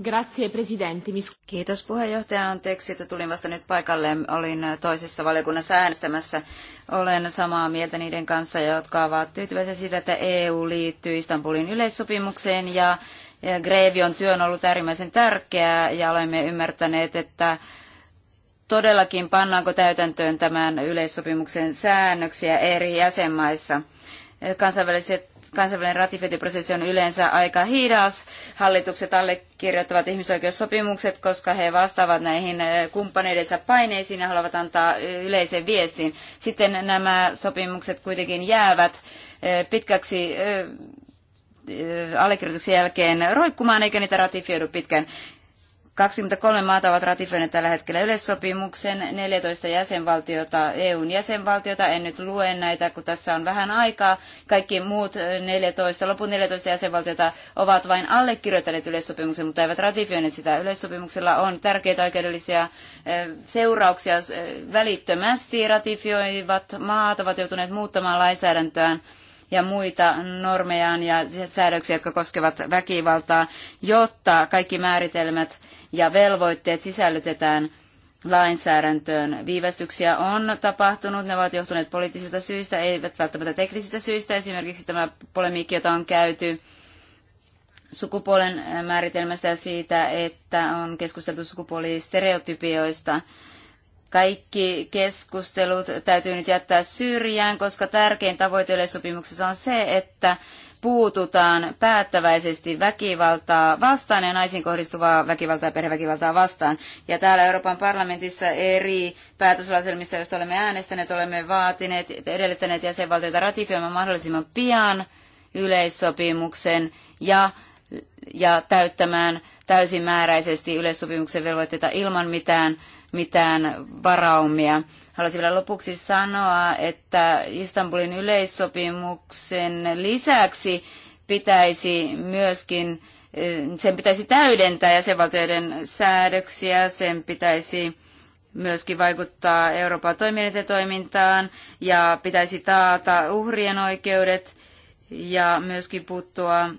S3: Grazie, presidente. Kiitos puheenjohtaja. Anteeksi, että tulin vasta nyt paikalle. Olin äh, toisessa valiokunnassa äänestämässä. Olen samaa mieltä niiden kanssa, jotka ovat tyytyväisiä siitä, että EU liittyy Istanbulin yleissopimukseen ja Grevion työ on ollut äärimmäisen tärkeää ja olemme ymmärtäneet, että todellakin pannaanko täytäntöön tämän yleissopimuksen säännöksiä eri jäsenmaissa. Kansainväliset kansainvälinen ratifiointiprosessi on yleensä aika hidas. Hallitukset allekirjoittavat ihmisoikeussopimukset, koska he vastaavat näihin kumppaneidensa paineisiin ja haluavat antaa yleisen viestin. Sitten nämä sopimukset kuitenkin jäävät pitkäksi allekirjoituksen jälkeen roikkumaan, eikä niitä ratifioidu pitkään. 23 maata ovat ratifioineet tällä hetkellä yleissopimuksen, 14 jäsenvaltiota, EUn jäsenvaltiota. En nyt lue näitä, kun tässä on vähän aikaa. Kaikki muut 14, loput 14 jäsenvaltiota ovat vain allekirjoittaneet yleissopimuksen, mutta eivät ratifioineet sitä. Yleissopimuksella on tärkeitä oikeudellisia eh, seurauksia eh, välittömästi. Ratifioivat maat ovat joutuneet muuttamaan lainsäädäntöään ja muita normejaan ja säädöksiä, jotka koskevat väkivaltaa, jotta kaikki määritelmät ja velvoitteet sisällytetään lainsäädäntöön. Viivästyksiä on tapahtunut, ne ovat johtuneet poliittisista syistä, eivät välttämättä teknisistä syistä, esimerkiksi tämä polemiikki, jota on käyty sukupuolen määritelmästä ja siitä, että on keskusteltu sukupuolistereotypioista. stereotypioista kaikki keskustelut täytyy nyt jättää syrjään, koska tärkein tavoite yleissopimuksessa on se, että puututaan päättäväisesti väkivaltaa vastaan ja naisiin kohdistuvaa väkivaltaa ja perheväkivaltaa vastaan. Ja täällä Euroopan parlamentissa eri päätöslauselmista, joista olemme äänestäneet, olemme vaatineet, edellyttäneet jäsenvaltioita ratifioimaan mahdollisimman pian yleissopimuksen ja, ja täyttämään täysimääräisesti yleissopimuksen velvoitteita ilman mitään mitään varaumia. Haluaisin vielä lopuksi sanoa, että Istanbulin yleissopimuksen lisäksi pitäisi myöskin, eh, sen pitäisi täydentää jäsenvaltioiden säädöksiä, sen pitäisi myöskin vaikuttaa Euroopan toimielinten ja pitäisi taata uhrien oikeudet ja myöskin puuttua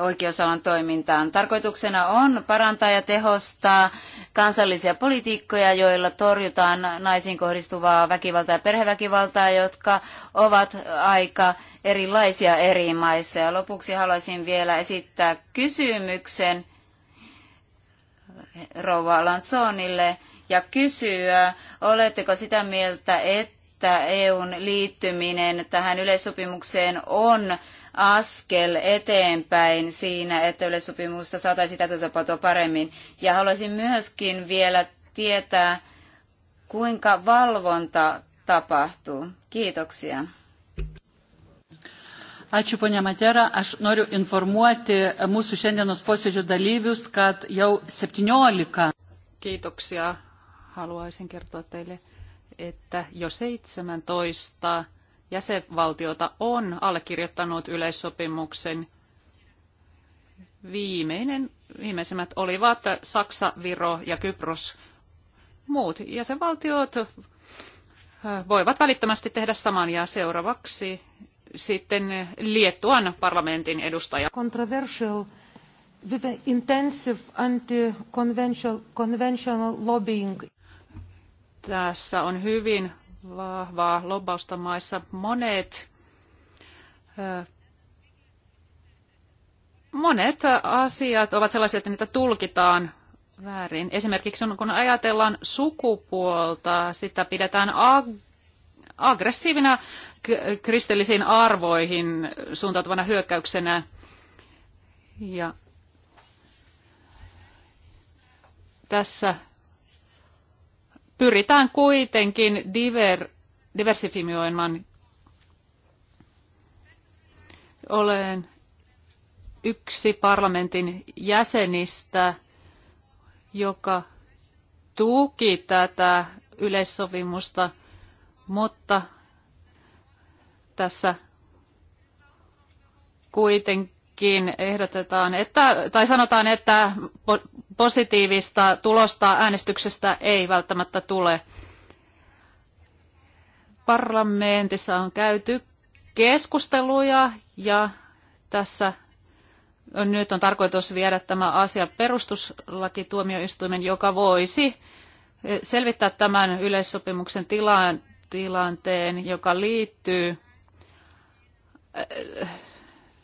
S3: oikeusalan toimintaan. Tarkoituksena on parantaa ja tehostaa kansallisia politiikkoja, joilla torjutaan naisiin kohdistuvaa väkivaltaa ja perheväkivaltaa, jotka ovat aika erilaisia eri maissa. Ja lopuksi haluaisin vielä esittää kysymyksen rouva Lanzonille ja kysyä, oletteko sitä mieltä, että EUn liittyminen tähän yleissopimukseen on askel eteenpäin siinä, että yleissopimusta saataisiin tapahtua paremmin. Ja haluaisin myöskin vielä tietää, kuinka valvonta tapahtuu. Kiitoksia.
S4: Ačiū, ponia Matera. Aš noriu informuoti mūsų šiandienos posėdžio dalyvius, kad jau 17.
S1: Kiitoksia. Haluaisin kertoa teille, että jo 17 jäsenvaltiota on allekirjoittanut yleissopimuksen. Viimeinen, viimeisimmät olivat Saksa, Viro ja Kypros. Muut jäsenvaltiot voivat välittömästi tehdä saman ja seuraavaksi sitten Liettuan parlamentin edustaja.
S4: Controversial with intensive anti-conventional lobbying.
S1: Tässä on hyvin vahvaa lobbausta maissa. Monet, monet asiat ovat sellaisia, että niitä tulkitaan väärin. Esimerkiksi kun ajatellaan sukupuolta, sitä pidetään ag- aggressiivina kristillisiin arvoihin suuntautuvana hyökkäyksenä. Ja tässä pyritään kuitenkin diver, diversifioimaan. Olen yksi parlamentin jäsenistä, joka tuki tätä yleissovimusta, mutta tässä kuitenkin kuitenkin ehdotetaan, että, tai sanotaan, että positiivista tulosta äänestyksestä ei välttämättä tule. Parlamentissa on käyty keskusteluja ja tässä on, nyt on tarkoitus viedä tämä asia perustuslakituomioistuimen, joka voisi e, selvittää tämän yleissopimuksen tilaan tilanteen, joka liittyy e,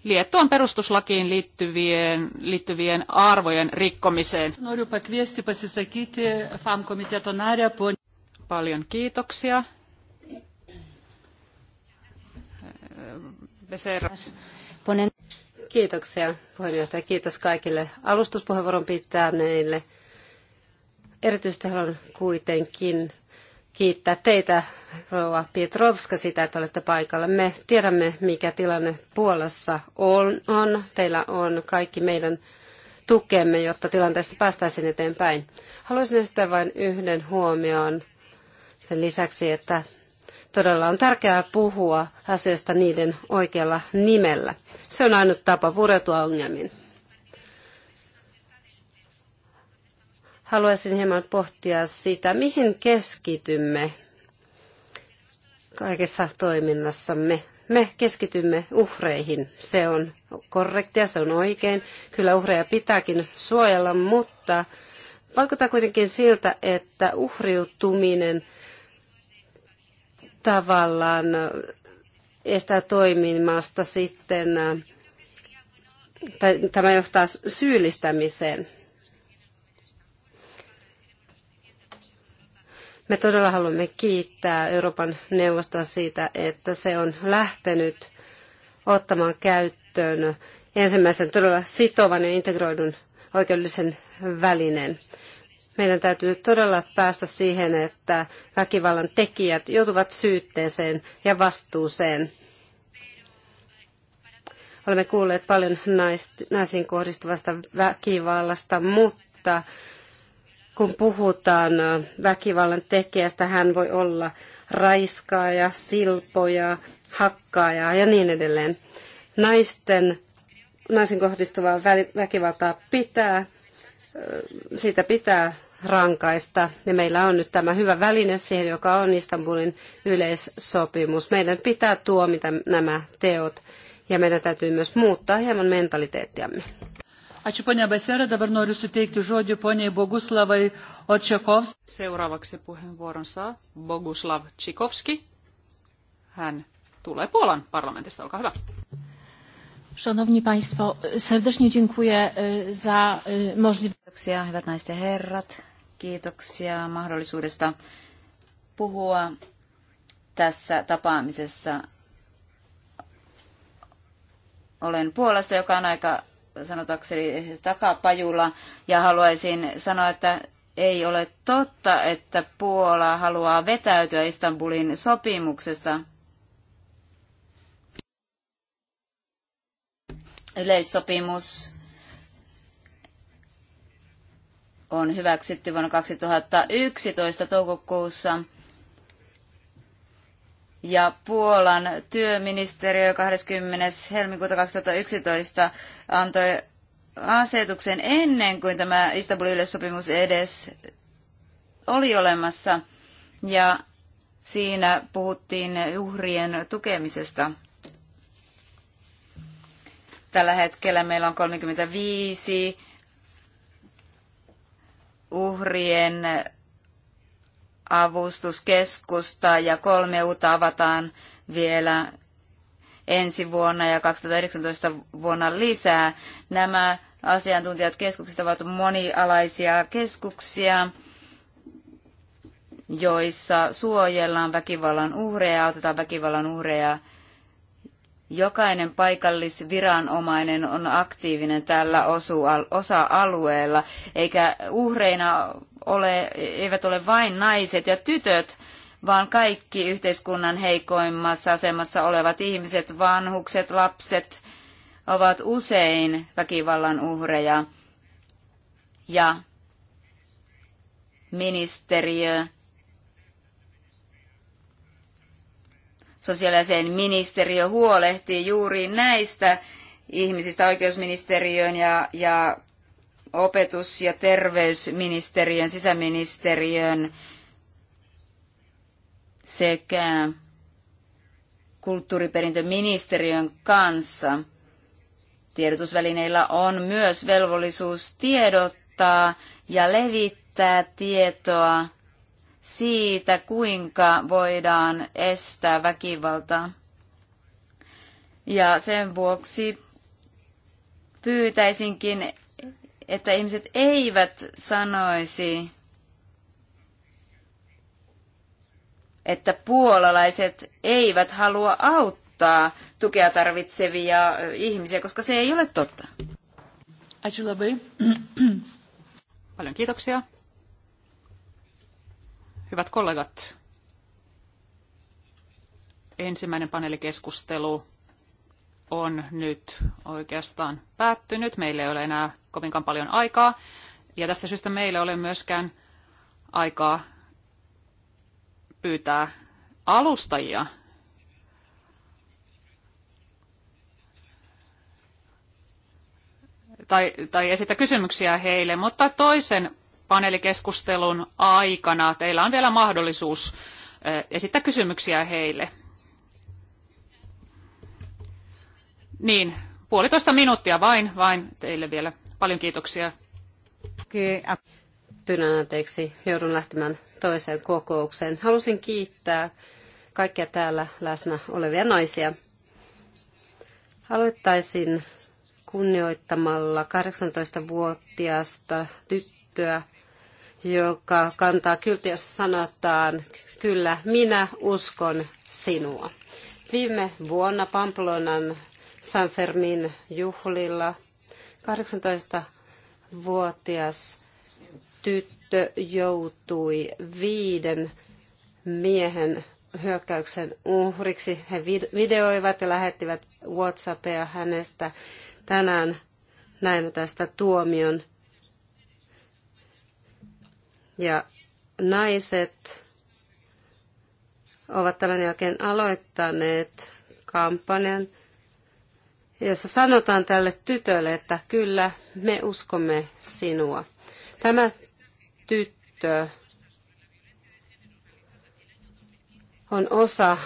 S1: Liettuan perustuslakiin liittyvien, liittyvien arvojen rikkomiseen.
S4: Paljon kiitoksia.
S2: Kiitoksia puheenjohtaja. Kiitos kaikille alustuspuheenvuoron pitäneille. Erityisesti haluan kuitenkin kiittää teitä, Rouva Pietrovska, sitä, että olette paikalla. Me tiedämme, mikä tilanne Puolassa on. on. Teillä on kaikki meidän tukemme, jotta tilanteesta päästäisiin eteenpäin. Haluaisin esittää vain yhden huomioon sen lisäksi, että todella on tärkeää puhua asioista niiden oikealla nimellä. Se on ainut tapa pureutua ongelmiin. haluaisin hieman pohtia sitä, mihin keskitymme kaikessa toiminnassamme. Me keskitymme uhreihin. Se on korrektia, se on oikein. Kyllä uhreja pitääkin suojella, mutta vaikuttaa kuitenkin siltä, että uhriutuminen tavallaan estää toimimasta sitten, tai tämä johtaa syyllistämiseen. Me todella haluamme kiittää Euroopan neuvostoa siitä, että se on lähtenyt ottamaan käyttöön ensimmäisen todella sitovan ja integroidun oikeudellisen välineen. Meidän täytyy todella päästä siihen, että väkivallan tekijät joutuvat syytteeseen ja vastuuseen. Olemme kuulleet paljon naisiin kohdistuvasta väkivallasta, mutta kun puhutaan väkivallan tekijästä, hän voi olla raiskaaja, silpoja, hakkaaja ja niin edelleen. Naisten, naisen kohdistuvaa väkivaltaa pitää, siitä pitää rankaista. Ja meillä on nyt tämä hyvä väline siihen, joka on Istanbulin yleissopimus. Meidän pitää tuomita nämä teot ja meidän täytyy myös muuttaa hieman mentaliteettiamme.
S4: Ačiū ponia Basera. Dabar noriu suteikti žodį poniai Boguslavai Očekovs.
S1: Seuraavaksi puheenvuoron saa Boguslav Čikovski. Hän tulee Puolan parlamentista. Olkaa hyvä.
S3: Szanowni Państwo, serdecznie dziękuję e, za e, możliwość. Kiitoksia, hyvät naiset ja herrat. Kiitoksia mahdollisuudesta puhua tässä tapaamisessa. Olen Puolasta, joka on aika sanotakseni takapajulla ja haluaisin sanoa, että ei ole totta, että Puola haluaa vetäytyä Istanbulin sopimuksesta. Yleissopimus on hyväksytty vuonna 2011 toukokuussa ja Puolan työministeriö 20. helmikuuta 2011 antoi asetuksen ennen kuin tämä Istanbulin yleissopimus edes oli olemassa. Ja siinä puhuttiin uhrien tukemisesta. Tällä hetkellä meillä on 35 uhrien avustuskeskusta ja kolme uutta avataan vielä ensi vuonna ja 2019 vuonna lisää. Nämä asiantuntijat keskukset ovat monialaisia keskuksia, joissa suojellaan väkivallan uhreja, autetaan väkivallan uhreja. Jokainen paikallisviranomainen on aktiivinen tällä osa-alueella, eikä uhreina ole, eivät ole vain naiset ja tytöt, vaan kaikki yhteiskunnan heikoimmassa asemassa olevat ihmiset, vanhukset, lapset ovat usein väkivallan uhreja. Ja ministeriö, sosiaalisen ministeriö huolehtii juuri näistä ihmisistä oikeusministeriön ja, ja opetus- ja terveysministeriön, sisäministeriön sekä kulttuuriperintöministeriön kanssa. Tiedotusvälineillä on myös velvollisuus tiedottaa ja levittää tietoa siitä, kuinka voidaan estää väkivaltaa. Ja sen vuoksi pyytäisinkin, että ihmiset eivät sanoisi, että puolalaiset eivät halua auttaa tukea tarvitsevia ihmisiä, koska se ei ole totta. Paljon kiitoksia.
S1: Hyvät kollegat, ensimmäinen paneelikeskustelu on nyt oikeastaan päättynyt. Meillä ei ole enää kovinkaan paljon aikaa. Ja tästä syystä meillä ei ole myöskään aikaa pyytää alustajia tai, tai esitä kysymyksiä heille, mutta toisen paneelikeskustelun aikana teillä on vielä mahdollisuus eh, esittää kysymyksiä heille. Niin, puolitoista minuuttia vain, vain teille vielä. Paljon kiitoksia.
S2: Pyydän anteeksi, joudun lähtemään toiseen kokoukseen. Halusin kiittää kaikkia täällä läsnä olevia naisia. Aloittaisin kunnioittamalla 18-vuotiaasta tyttöä, joka kantaa kyltiä, jossa sanotaan, kyllä minä uskon sinua. Viime vuonna Pamplonan Fermin juhlilla. 18-vuotias tyttö joutui viiden miehen hyökkäyksen uhriksi. He videoivat ja lähettivät WhatsAppia hänestä. Tänään näemme tästä tuomion. Ja naiset ovat tämän jälkeen aloittaneet kampanjan, jossa sanotaan tälle tytölle, että kyllä me uskomme sinua. Tämä tyttö on osa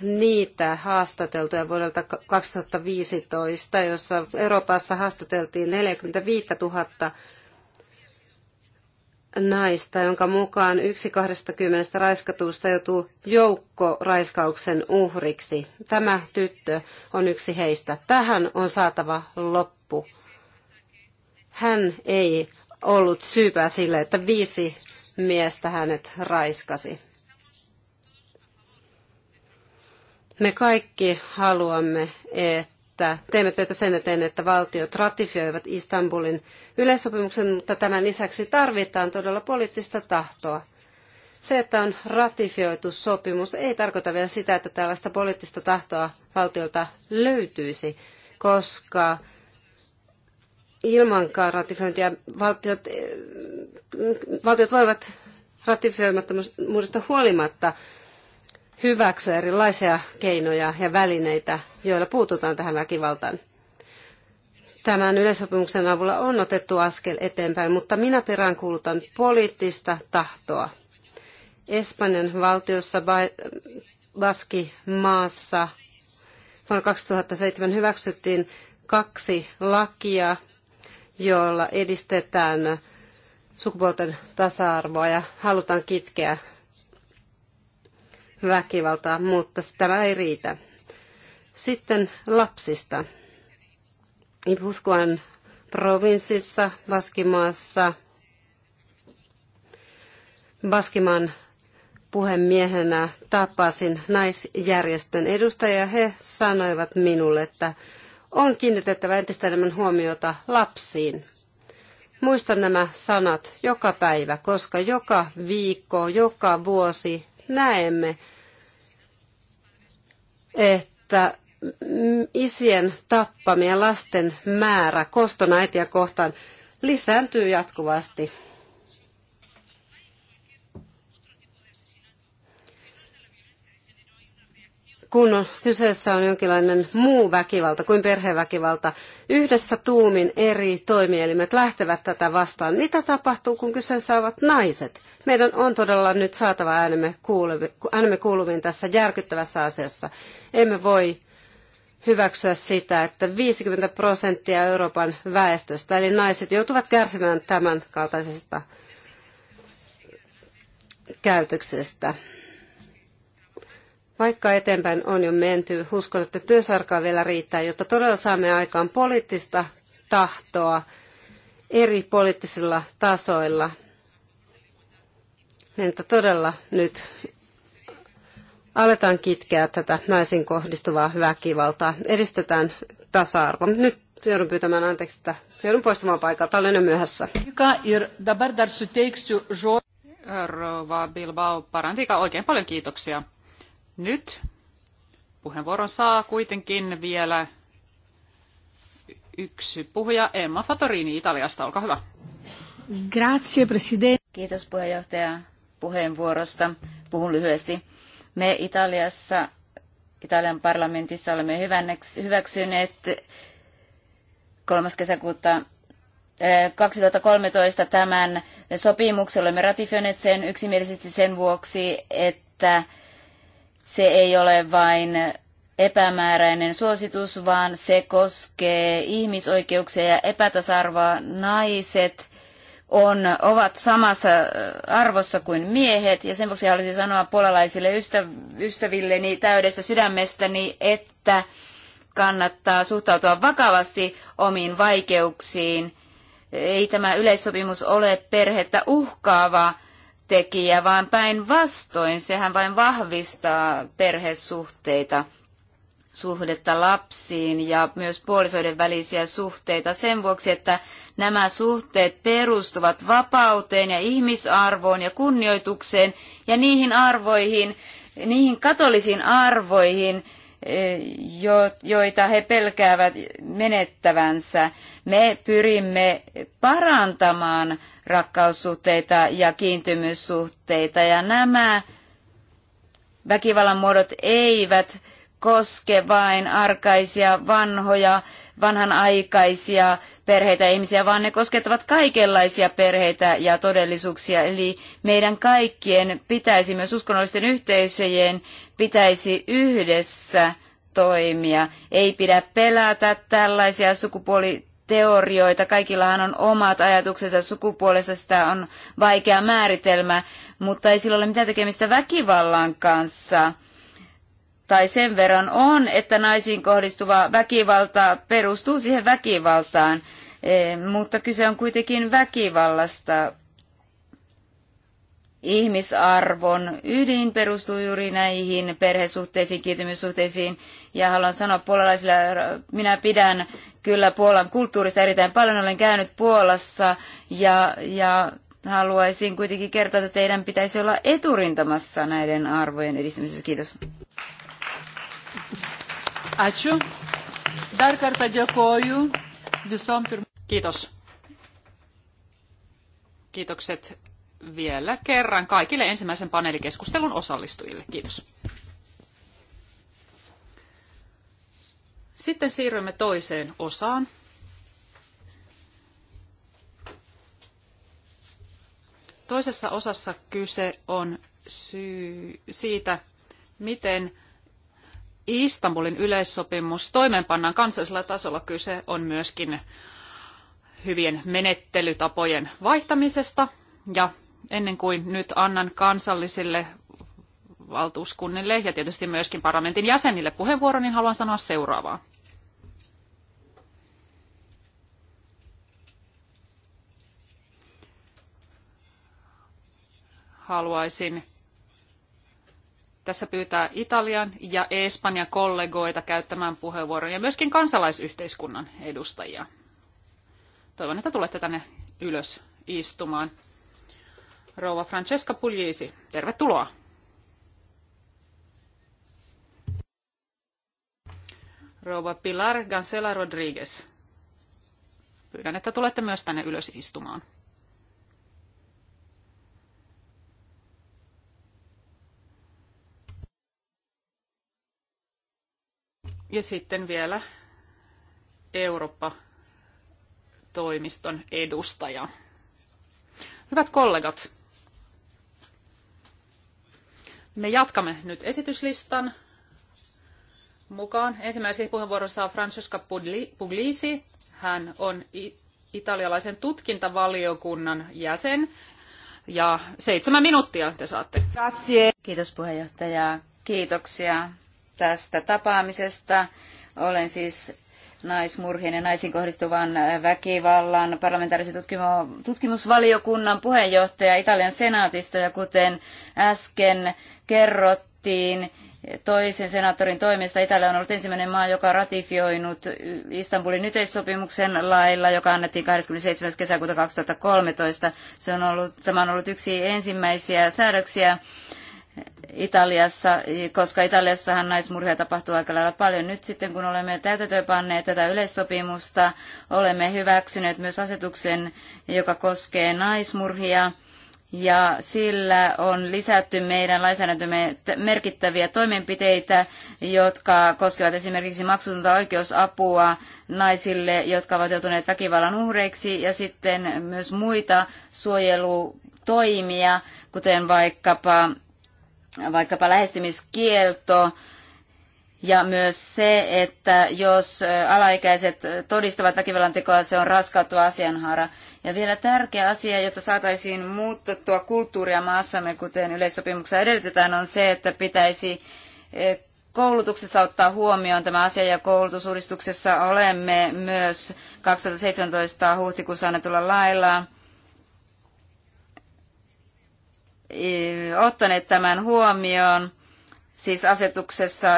S2: niitä haastateltuja vuodelta 2015, jossa Euroopassa haastateltiin 45 000 naista, jonka mukaan yksi 20 raiskatusta joutuu joukkoraiskauksen uhriksi. Tämä tyttö on yksi heistä. Tähän on saatava loppu. Hän ei ollut syypää sille, että viisi miestä hänet raiskasi. Me kaikki haluamme, että että teemme työtä sen eteen, että valtiot ratifioivat Istanbulin yleissopimuksen, mutta tämän lisäksi tarvitaan todella poliittista tahtoa. Se, että on ratifioitu sopimus, ei tarkoita vielä sitä, että tällaista poliittista tahtoa valtiolta löytyisi, koska ilmankaan ratifiointia valtiot, eh, valtiot voivat ratifioimattomuudesta huolimatta hyväksyä erilaisia keinoja ja välineitä, joilla puututaan tähän väkivaltaan. Tämän yleissopimuksen avulla on otettu askel eteenpäin, mutta minä peräänkuulutan poliittista tahtoa. Espanjan valtiossa Baski maassa vuonna 2007 hyväksyttiin kaksi lakia, joilla edistetään sukupuolten tasa-arvoa ja halutaan kitkeä väkivaltaa, mutta tämä ei riitä. Sitten lapsista. Iputkuan provinssissa, Baskimaassa, Baskimaan puhemiehenä tapasin naisjärjestön edustajia. He sanoivat minulle, että on kiinnitettävä entistä enemmän huomiota lapsiin. Muistan nämä sanat joka päivä, koska joka viikko, joka vuosi näemme, että isien tappamien lasten määrä kostona kohtaan lisääntyy jatkuvasti. kun on, kyseessä on jonkinlainen muu väkivalta kuin perheväkivalta, yhdessä tuumin eri toimielimet lähtevät tätä vastaan. Mitä tapahtuu, kun kyseessä ovat naiset? Meidän on todella nyt saatava äänemme, kuuluvi, äänemme kuuluviin tässä järkyttävässä asiassa. Emme voi hyväksyä sitä, että 50 prosenttia Euroopan väestöstä, eli naiset, joutuvat kärsimään tämän kaltaisesta käytöksestä. Vaikka eteenpäin on jo menty, uskon, että työsarkaa vielä riittää, jotta todella saamme aikaan poliittista tahtoa eri poliittisilla tasoilla. Niin, että todella nyt aletaan kitkeä tätä naisiin kohdistuvaa väkivaltaa, edistetään tasa-arvoa. Nyt joudun pyytämään anteeksi, että joudun poistumaan paikalta, olen jo myöhässä.
S1: Rouva Bilbao Parantika, oikein paljon kiitoksia. Nyt puheenvuoron saa kuitenkin vielä yksi puhuja, Emma Fatorini Italiasta. Olkaa hyvä.
S3: Grazie, president. Kiitos puheenjohtaja puheenvuorosta. Puhun lyhyesti. Me Italiassa, Italian parlamentissa olemme hyväksyneet 3. kesäkuuta 2013 eh, tämän sopimuksen. Olemme ratifioineet sen yksimielisesti sen vuoksi, että se ei ole vain epämääräinen suositus, vaan se koskee ihmisoikeuksia ja epätasarvoa. Naiset on, ovat samassa äh, arvossa kuin miehet, ja sen vuoksi haluaisin sanoa puolalaisille ystävilleni täydestä sydämestäni, että kannattaa suhtautua vakavasti omiin vaikeuksiin. Ei tämä yleissopimus ole perhettä uhkaava tekijä, vaan päinvastoin sehän vain vahvistaa perhesuhteita, suhdetta lapsiin ja myös puolisoiden välisiä suhteita sen vuoksi, että nämä suhteet perustuvat vapauteen ja ihmisarvoon ja kunnioitukseen ja niihin arvoihin, niihin katolisiin arvoihin, E, joita he pelkäävät menettävänsä. Me pyrimme parantamaan rakkaussuhteita ja kiintymyssuhteita ja nämä väkivallan muodot eivät koske vain arkaisia vanhoja vanhanaikaisia perheitä ihmisiä, vaan ne koskettavat kaikenlaisia perheitä ja todellisuuksia. Eli meidän kaikkien pitäisi, myös uskonnollisten yhteisöjen, pitäisi yhdessä toimia. Ei pidä pelätä tällaisia sukupuoli teorioita. Kaikillahan on omat ajatuksensa sukupuolesta, sitä on vaikea määritelmä, mutta ei sillä ole mitään tekemistä väkivallan kanssa tai sen verran on, että naisiin kohdistuva väkivalta perustuu siihen väkivaltaan, e, mutta kyse on kuitenkin väkivallasta. Ihmisarvon ydin perustuu juuri näihin perhesuhteisiin, kiintymyssuhteisiin. Ja haluan sanoa puolalaisille, minä pidän kyllä Puolan kulttuurista erittäin paljon. Olen käynyt Puolassa ja, ja haluaisin kuitenkin kertoa, että teidän pitäisi olla eturintamassa näiden arvojen edistämisessä. Kiitos. Ačiū. Dar kartą dėkoju visom
S1: Kiitos. Kiitokset vielä kerran kaikille ensimmäisen paneelikeskustelun osallistujille. Kiitos. Sitten siirrymme toiseen osaan. Toisessa osassa kyse on syy siitä, miten Istanbulin yleissopimus toimeenpannaan kansallisella tasolla. Kyse on myöskin hyvien menettelytapojen vaihtamisesta. Ja ennen kuin nyt annan kansallisille valtuuskunnille ja tietysti myöskin parlamentin jäsenille puheenvuoron, niin haluan sanoa seuraavaa. Haluaisin tässä pyytää Italian ja Espanjan kollegoita käyttämään puheenvuoron ja myöskin kansalaisyhteiskunnan edustajia. Toivon, että tulette tänne ylös istumaan. Rouva Francesca Pugliisi, tervetuloa. Rouva Pilar Gansela Rodriguez, pyydän, että tulette myös tänne ylös istumaan. Ja sitten vielä Eurooppa-toimiston edustaja. Hyvät kollegat, me jatkamme nyt esityslistan mukaan. Ensimmäisessä puheenvuorossa on Francesca Puglisi. Hän on italialaisen tutkintavaliokunnan jäsen. Ja seitsemän minuuttia te saatte.
S3: Grazie. Kiitos puheenjohtaja. Kiitoksia tästä tapaamisesta. Olen siis naismurhien ja naisiin kohdistuvan väkivallan parlamentaarisen tutkimusvaliokunnan puheenjohtaja Italian senaatista ja kuten äsken kerrottiin, toisen senaattorin toimesta Italia on ollut ensimmäinen maa, joka on ratifioinut Istanbulin yhteissopimuksen lailla, joka annettiin 27. kesäkuuta 2013. Se on ollut, tämä on ollut yksi ensimmäisiä säädöksiä Italiassa, koska Italiassahan naismurhia tapahtuu aika lailla paljon. Nyt sitten kun olemme täytäntöönpanneet tätä yleissopimusta, olemme hyväksyneet myös asetuksen, joka koskee naismurhia. Ja sillä on lisätty meidän lainsäädäntömme merkittäviä toimenpiteitä, jotka koskevat esimerkiksi maksutonta oikeusapua naisille, jotka ovat joutuneet väkivallan uhreiksi, ja sitten myös muita suojelutoimia, kuten vaikkapa vaikkapa lähestymiskielto ja myös se, että jos alaikäiset todistavat väkivallan tekoa, se on raskauttava asianhaara. Ja vielä tärkeä asia, jotta saataisiin muutettua kulttuuria maassamme, kuten yleissopimuksessa edellytetään, on se, että pitäisi koulutuksessa ottaa huomioon tämä asia ja koulutusuudistuksessa olemme myös 2017 huhtikuussa annetulla lailla ottaneet tämän huomioon siis asetuksessa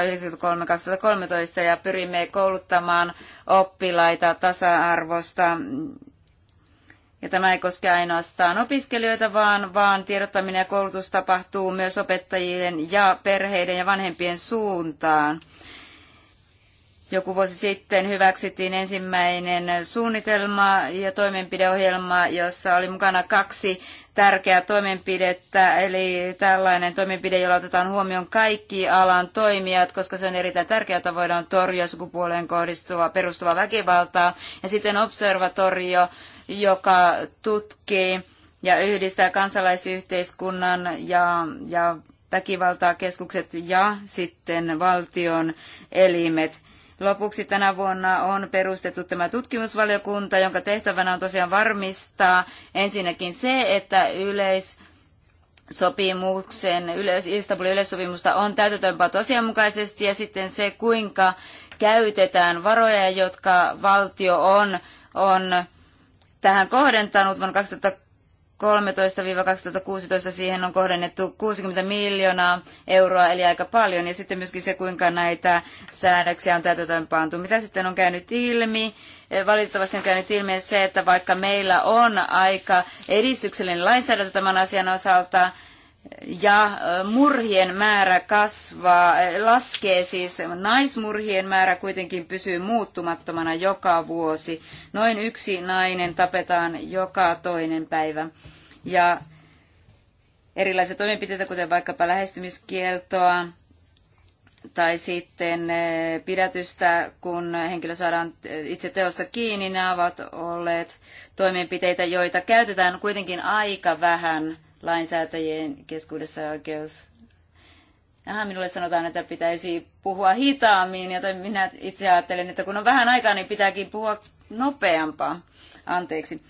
S3: 93-2013 ja pyrimme kouluttamaan oppilaita tasa-arvosta. Ja tämä ei koske ainoastaan opiskelijoita, vaan, vaan tiedottaminen ja koulutus tapahtuu myös opettajien ja perheiden ja vanhempien suuntaan. Joku vuosi sitten hyväksyttiin ensimmäinen suunnitelma ja toimenpideohjelma, jossa oli mukana kaksi tärkeää toimenpidettä, eli tällainen toimenpide, jolla otetaan huomioon kaikki alan toimijat, koska se on erittäin tärkeää, että voidaan torjua sukupuoleen kohdistuvaa perustuvaa väkivaltaa. Ja sitten observatorio, joka tutkii ja yhdistää kansalaisyhteiskunnan ja, ja väkivaltaa keskukset ja sitten valtion elimet. Lopuksi tänä vuonna on perustettu tämä tutkimusvaliokunta, jonka tehtävänä on tosiaan varmistaa ensinnäkin se, että yleis sopimuksen, yleis, Istanbulin yleissopimusta on täytäntöönpantu asianmukaisesti ja sitten se, kuinka käytetään varoja, jotka valtio on, on tähän kohdentanut vuonna 2006 2013-2016 siihen on kohdennettu 60 miljoonaa euroa, eli aika paljon. Ja sitten myöskin se, kuinka näitä säädöksiä on täytäntöönpantu. Mitä sitten on käynyt ilmi? Valitettavasti on käynyt ilmi se, että vaikka meillä on aika edistyksellinen lainsäädäntö tämän asian osalta, ja murhien määrä kasvaa, laskee siis, naismurhien määrä kuitenkin pysyy muuttumattomana joka vuosi. Noin yksi nainen tapetaan joka toinen päivä. Ja erilaisia toimenpiteitä, kuten vaikkapa lähestymiskieltoa tai sitten pidätystä, kun henkilö saadaan itse teossa kiinni, nämä ovat olleet toimenpiteitä, joita käytetään kuitenkin aika vähän – lainsäätäjien keskuudessa oikeus. Aha, minulle sanotaan, että pitäisi puhua hitaammin, joten minä itse ajattelen, että kun on vähän aikaa, niin pitääkin puhua nopeampaa. Anteeksi.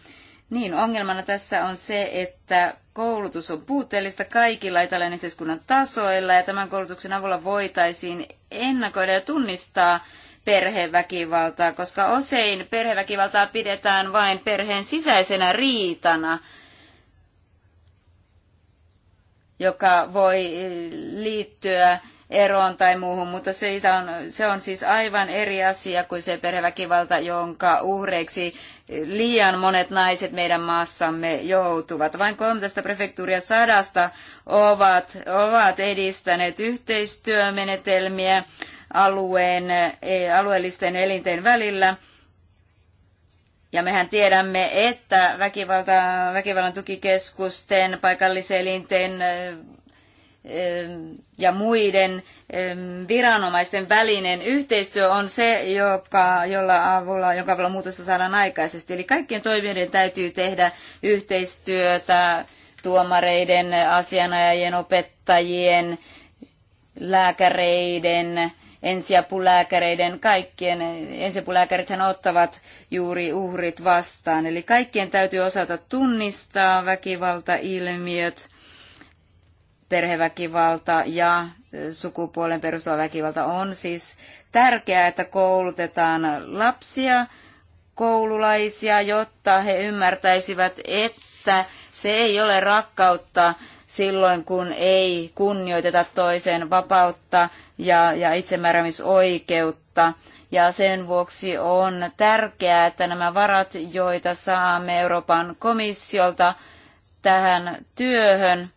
S3: Niin, ongelmana tässä on se, että koulutus on puutteellista kaikilla Italian yhteiskunnan tasoilla ja tämän koulutuksen avulla voitaisiin ennakoida ja tunnistaa perheväkivaltaa, koska usein perheväkivaltaa pidetään vain perheen sisäisenä riitana joka voi liittyä eroon tai muuhun, mutta siitä on, se on siis aivan eri asia kuin se perheväkivalta, jonka uhreiksi liian monet naiset meidän maassamme joutuvat. Vain 13 prefektuuria sadasta ovat, ovat edistäneet yhteistyömenetelmiä alueen, e, alueellisten elinten välillä – ja mehän tiedämme, että väkivalta, väkivallan tukikeskusten, paikalliselinten ja muiden viranomaisten välinen yhteistyö on se, joka, jolla avulla, jonka avulla muutosta saadaan aikaisesti. Eli kaikkien toimijoiden täytyy tehdä yhteistyötä tuomareiden, asianajajien, opettajien, lääkäreiden, ensiapulääkäreiden kaikkien, ensiapulääkärithän ottavat juuri uhrit vastaan. Eli kaikkien täytyy osata tunnistaa väkivaltailmiöt, perheväkivalta ja sukupuolen perustuva väkivalta on siis tärkeää, että koulutetaan lapsia, koululaisia, jotta he ymmärtäisivät, että se ei ole rakkautta silloin, kun ei kunnioiteta toisen vapautta ja, ja itsemääräämisoikeutta. Ja sen vuoksi on tärkeää, että nämä varat, joita saamme Euroopan komissiolta tähän työhön,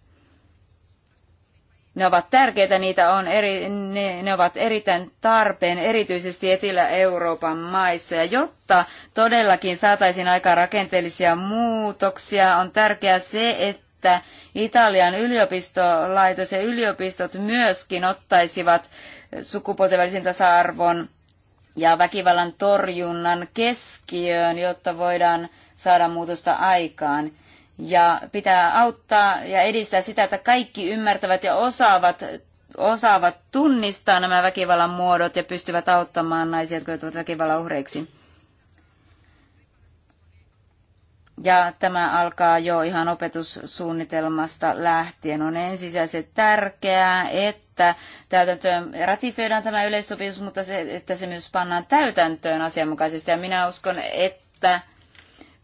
S3: ne ovat tärkeitä, niitä on eri, ne, ne ovat erittäin tarpeen, erityisesti Etelä-Euroopan maissa. Ja jotta todellakin saataisiin aikaan rakenteellisia muutoksia, on tärkeää se, että että Italian yliopistolaitos ja yliopistot myöskin ottaisivat sukupuolten välisen tasa-arvon ja väkivallan torjunnan keskiöön, jotta voidaan saada muutosta aikaan. Ja pitää auttaa ja edistää sitä, että kaikki ymmärtävät ja osaavat, osaavat tunnistaa nämä väkivallan muodot ja pystyvät auttamaan naisia, jotka joutuvat väkivallan uhreiksi. Ja tämä alkaa jo ihan opetussuunnitelmasta lähtien. On ensisijaisesti tärkeää, että täytäntöön ratifioidaan tämä yleissopimus, mutta se, että se myös pannaan täytäntöön asianmukaisesti. Ja minä uskon, että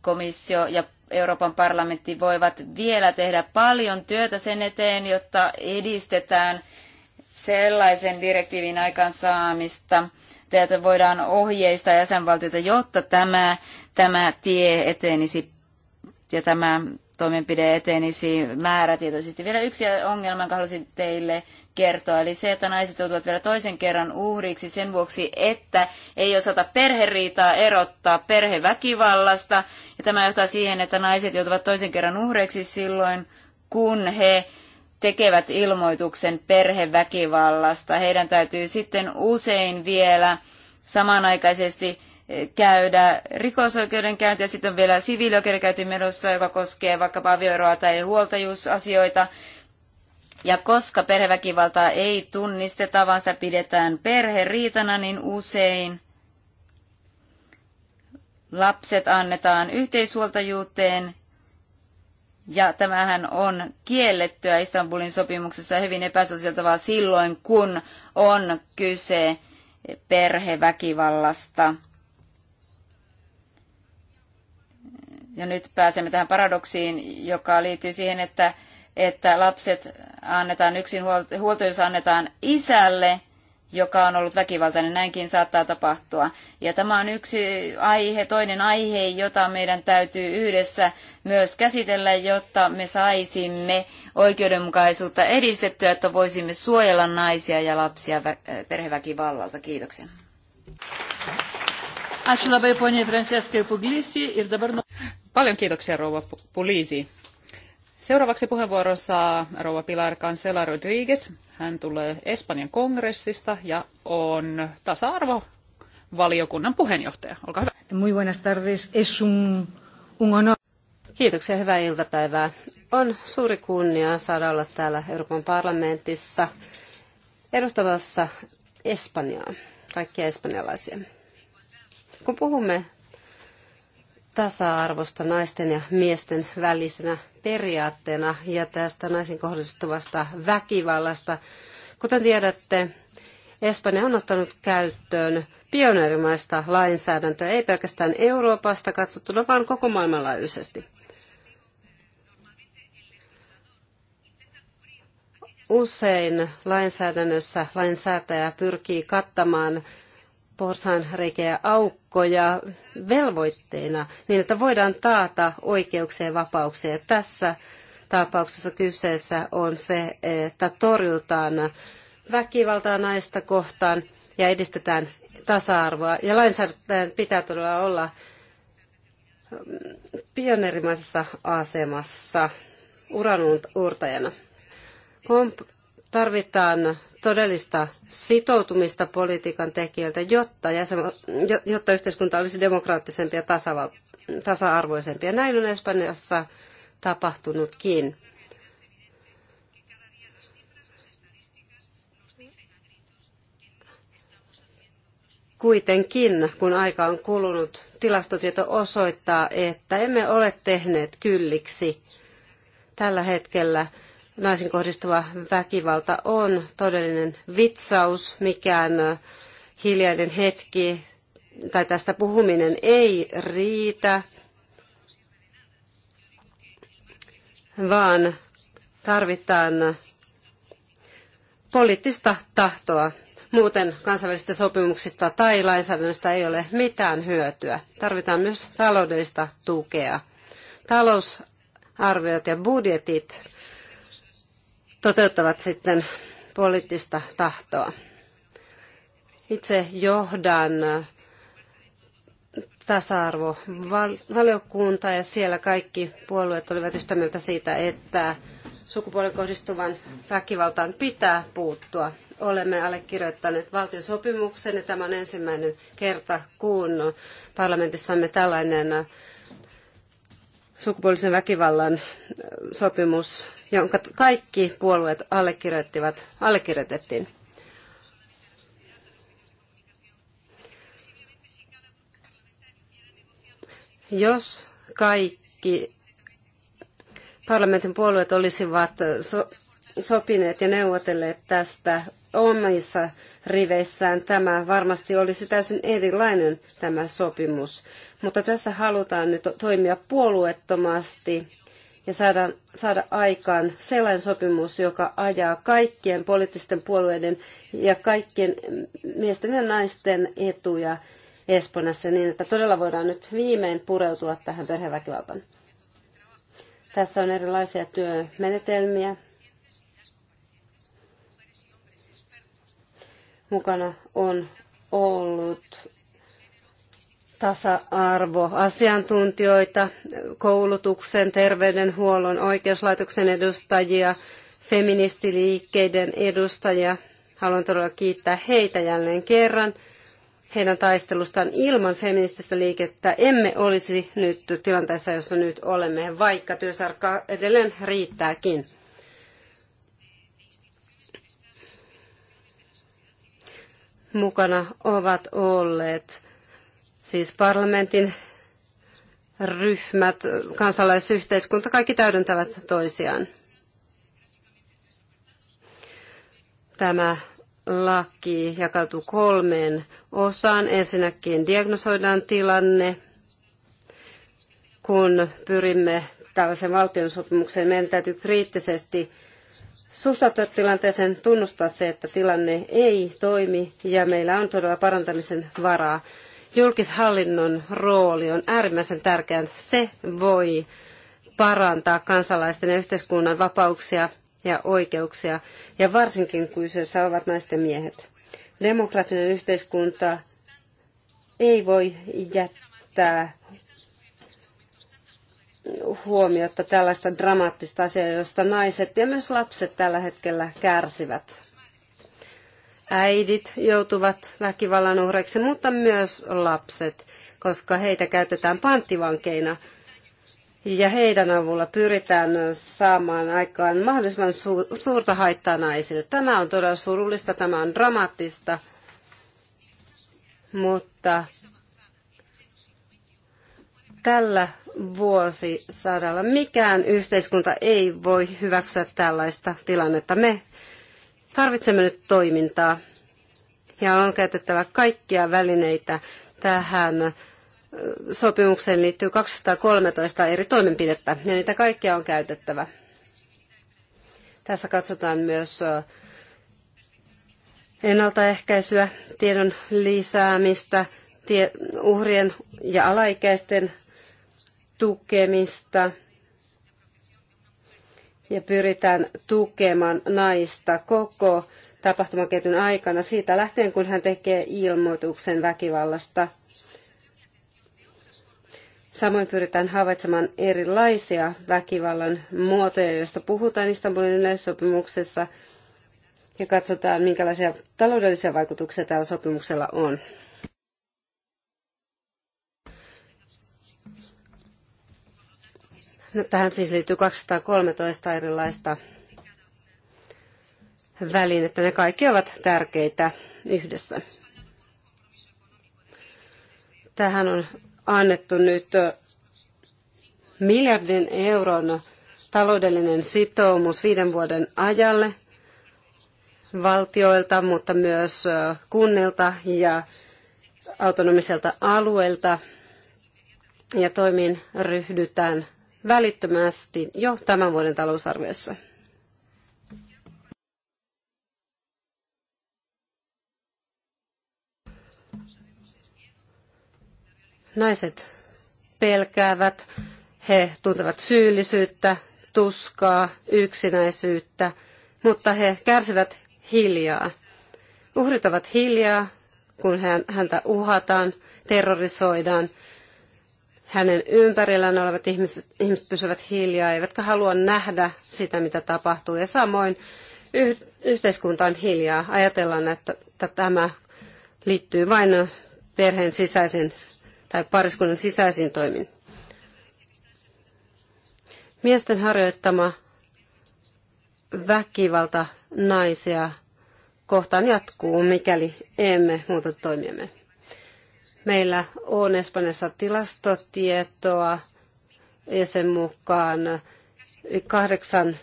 S3: komissio ja Euroopan parlamentti voivat vielä tehdä paljon työtä sen eteen, jotta edistetään sellaisen direktiivin aikaansaamista, että voidaan ohjeistaa jäsenvaltiota, jotta tämä, tämä tie etenisi ja tämä toimenpide etenisi määrätietoisesti. Vielä yksi ongelma, jonka halusin teille kertoa, eli se, että naiset joutuvat vielä toisen kerran uhriksi sen vuoksi, että ei osata perheriitaa erottaa perheväkivallasta. Ja tämä johtaa siihen, että naiset joutuvat toisen kerran uhreiksi silloin, kun he tekevät ilmoituksen perheväkivallasta. Heidän täytyy sitten usein vielä samanaikaisesti käydä rikosoikeudenkäynti ja sitten on vielä siviilioikeudenkäynti menossa, joka koskee vaikkapa avioeroa tai huoltajuusasioita. Ja koska perheväkivaltaa ei tunnisteta, vaan sitä pidetään perheriitana, niin usein lapset annetaan yhteishuoltajuuteen. Ja tämähän on kiellettyä Istanbulin sopimuksessa hyvin epäsosiaaltavaa silloin, kun on kyse perheväkivallasta. Ja nyt pääsemme tähän paradoksiin, joka liittyy siihen, että, että lapset annetaan yksin huoltajuus annetaan isälle, joka on ollut väkivaltainen. Näinkin saattaa tapahtua. Ja tämä on yksi aihe, toinen aihe, jota meidän täytyy yhdessä myös käsitellä, jotta me saisimme oikeudenmukaisuutta edistettyä, että voisimme suojella naisia ja lapsia perheväkivallalta. Kiitoksia. Ačiū labai poniai Franceskai Puglisi
S1: ir dabar... Paljon kiitoksia rouva poliisi. Seuraavaksi puheenvuoron saa rouva Pilar Cancela Rodriguez. Hän tulee Espanjan kongressista ja on tasa-arvo valiokunnan puheenjohtaja. Olkaa hyvä.
S3: Muy buenas tardes. Es un, un honor.
S2: Kiitoksia, hyvää iltapäivää. On suuri kunnia saada olla täällä Euroopan parlamentissa edustamassa Espanjaa, kaikkia espanjalaisia. Kun puhumme tasa-arvosta naisten ja miesten välisenä periaatteena ja tästä naisiin kohdistuvasta väkivallasta. Kuten tiedätte, Espanja on ottanut käyttöön pioneerimaista lainsäädäntöä, ei pelkästään Euroopasta katsottuna, vaan koko maailmanlaajuisesti. Usein lainsäädännössä lainsäätäjä pyrkii kattamaan porsaan reikeä aukkoja velvoitteina, niin että voidaan taata oikeuksia vapauksia. Tässä tapauksessa kyseessä on se, että torjutaan väkivaltaa naista kohtaan ja edistetään tasa-arvoa. Ja lainsäädäntöön pitää todella olla pioneerimaisessa asemassa uranuurtajana. Komp- tarvitaan todellista sitoutumista politiikan tekijöiltä, jotta, jäsen, jotta yhteiskunta olisi demokraattisempi ja tasa-arvoisempi. Ja näin on Espanjassa tapahtunutkin. Kuitenkin, kun aika on kulunut, tilastotieto osoittaa, että emme ole tehneet kylliksi tällä hetkellä naisiin kohdistuva väkivalta on todellinen vitsaus, mikään hiljainen hetki tai tästä puhuminen ei riitä, vaan tarvitaan poliittista tahtoa. Muuten kansainvälisistä sopimuksista tai lainsäädännöstä ei ole mitään hyötyä. Tarvitaan myös taloudellista tukea. Talousarviot ja budjetit toteuttavat sitten poliittista tahtoa. Itse johdan äh, tasa-arvovaliokuntaa ja siellä kaikki puolueet olivat yhtä mieltä siitä, että sukupuolen kohdistuvan väkivaltaan pitää puuttua. Olemme allekirjoittaneet valtion sopimuksen ja tämä on ensimmäinen kerta, kun parlamentissamme tällainen äh, sukupuolisen väkivallan sopimus, jonka kaikki puolueet allekirjoittivat, allekirjoitettiin. Jos kaikki parlamentin puolueet olisivat so- sopineet ja neuvotelleet tästä omissa riveissään. Tämä varmasti olisi täysin erilainen tämä sopimus. Mutta tässä halutaan nyt toimia puolueettomasti ja saada, saada aikaan sellainen sopimus, joka ajaa kaikkien poliittisten puolueiden ja kaikkien miesten ja naisten etuja Espanjassa niin, että todella voidaan nyt viimein pureutua tähän perheväkivaltaan. Tässä on erilaisia työmenetelmiä, mukana on ollut tasa-arvoasiantuntijoita, koulutuksen, terveydenhuollon, oikeuslaitoksen edustajia, feministiliikkeiden edustajia. Haluan todella kiittää heitä jälleen kerran heidän taistelustaan ilman feminististä liikettä emme olisi nyt tilanteessa, jossa nyt olemme, vaikka työsarkaa edelleen riittääkin. mukana ovat olleet siis parlamentin ryhmät, kansalaisyhteiskunta, kaikki täydentävät toisiaan. Tämä laki jakautuu kolmeen osaan. Ensinnäkin diagnosoidaan tilanne, kun pyrimme tällaisen valtion Meidän täytyy kriittisesti suhtautua tilanteeseen, tunnustaa se, että tilanne ei toimi ja meillä on todella parantamisen varaa. Julkishallinnon rooli on äärimmäisen tärkeä. Se voi parantaa kansalaisten ja yhteiskunnan vapauksia ja oikeuksia, ja varsinkin kun kyseessä ovat naisten miehet. Demokraattinen yhteiskunta ei voi jättää huomiota tällaista dramaattista asiaa, josta naiset ja myös lapset tällä hetkellä kärsivät. Äidit joutuvat väkivallan uhreiksi, mutta myös lapset, koska heitä käytetään panttivankeina. Ja heidän avulla pyritään saamaan aikaan mahdollisimman suurta haittaa naisille. Tämä on todella surullista, tämä on dramaattista, mutta Tällä vuosisadalla mikään yhteiskunta ei voi hyväksyä tällaista tilannetta. Me tarvitsemme nyt toimintaa ja on käytettävä kaikkia välineitä tähän sopimukseen liittyy 213 eri toimenpidettä ja niitä kaikkia on käytettävä. Tässä katsotaan myös ennaltaehkäisyä, tiedon lisäämistä, uhrien ja alaikäisten tukemista ja pyritään tukemaan naista koko tapahtumaketjun aikana siitä lähtien, kun hän tekee ilmoituksen väkivallasta. Samoin pyritään havaitsemaan erilaisia väkivallan muotoja, joista puhutaan Istanbulin yleissopimuksessa ja katsotaan, minkälaisia taloudellisia vaikutuksia tällä sopimuksella on. Tähän siis liittyy 213 erilaista välinettä. Ne kaikki ovat tärkeitä yhdessä. Tähän on annettu nyt miljardin euron taloudellinen sitoumus viiden vuoden ajalle valtioilta, mutta myös kunnilta ja autonomiselta alueelta. Ja toimiin ryhdytään välittömästi jo tämän vuoden talousarviossa. Naiset pelkäävät, he tuntevat syyllisyyttä, tuskaa, yksinäisyyttä, mutta he kärsivät hiljaa. Uhrit ovat hiljaa, kun häntä uhataan, terrorisoidaan hänen ympärillään olevat ihmiset, ihmiset pysyvät hiljaa, eivätkä halua nähdä sitä, mitä tapahtuu. Ja samoin yh, yhteiskunta on hiljaa. Ajatellaan, että, että tämä liittyy vain perheen sisäisen tai pariskunnan sisäisiin toimiin. Miesten harjoittama väkivalta naisia kohtaan jatkuu, mikäli emme muuta toimiamme. Meillä on Espanjassa tilastotietoa ja sen mukaan 800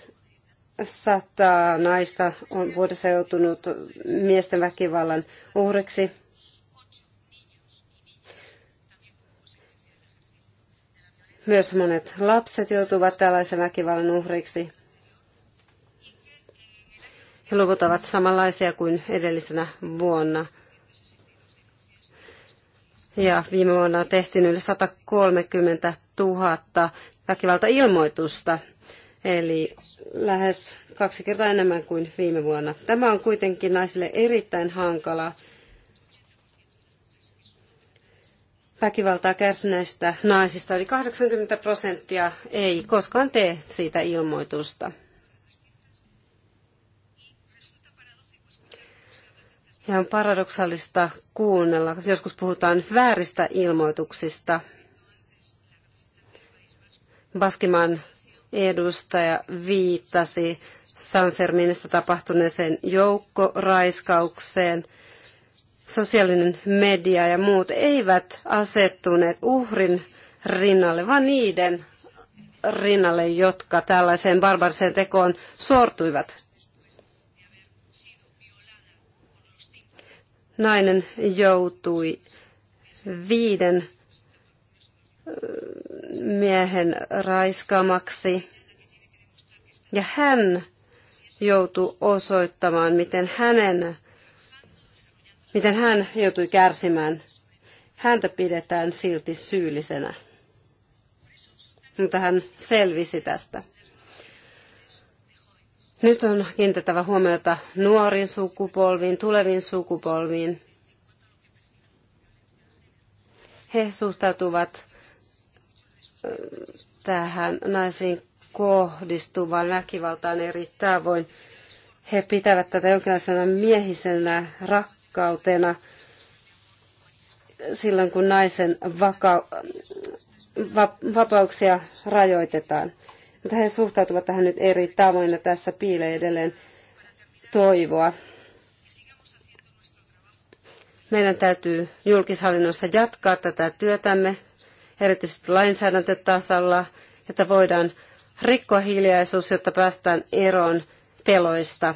S2: naista on vuodessa joutunut miesten väkivallan uhriksi. Myös monet lapset joutuvat tällaisen väkivallan uhriksi. luvut ovat samanlaisia kuin edellisenä vuonna. Ja viime vuonna on tehty yli 130 000 väkivaltailmoitusta, eli lähes kaksi kertaa enemmän kuin viime vuonna. Tämä on kuitenkin naisille erittäin hankala. Väkivaltaa kärsineistä naisista yli 80 prosenttia ei koskaan tee siitä ilmoitusta. ihan on paradoksaalista kuunnella. Joskus puhutaan vääristä ilmoituksista. Baskimaan edustaja viittasi San Ferminista tapahtuneeseen joukkoraiskaukseen. Sosiaalinen media ja muut eivät asettuneet uhrin rinnalle, vaan niiden rinnalle, jotka tällaiseen barbariseen tekoon sortuivat. nainen joutui viiden miehen raiskaamaksi. Ja hän joutui osoittamaan, miten, hänen, miten hän joutui kärsimään. Häntä pidetään silti syyllisenä. Mutta hän selvisi tästä. Nyt on kiinnitettävä huomiota nuoriin sukupolviin, tuleviin sukupolviin. He suhtautuvat tähän naisiin kohdistuvaan väkivaltaan eri tavoin. He pitävät tätä jonkinlaisena miehisenä rakkautena silloin, kun naisen vaka- vapauksia rajoitetaan. Mutta he suhtautuvat tähän nyt eri tavoin ja tässä piilee edelleen toivoa. Meidän täytyy julkishallinnossa jatkaa tätä työtämme, erityisesti lainsäädäntötasolla, jotta voidaan rikkoa hiljaisuus, jotta päästään eroon peloista.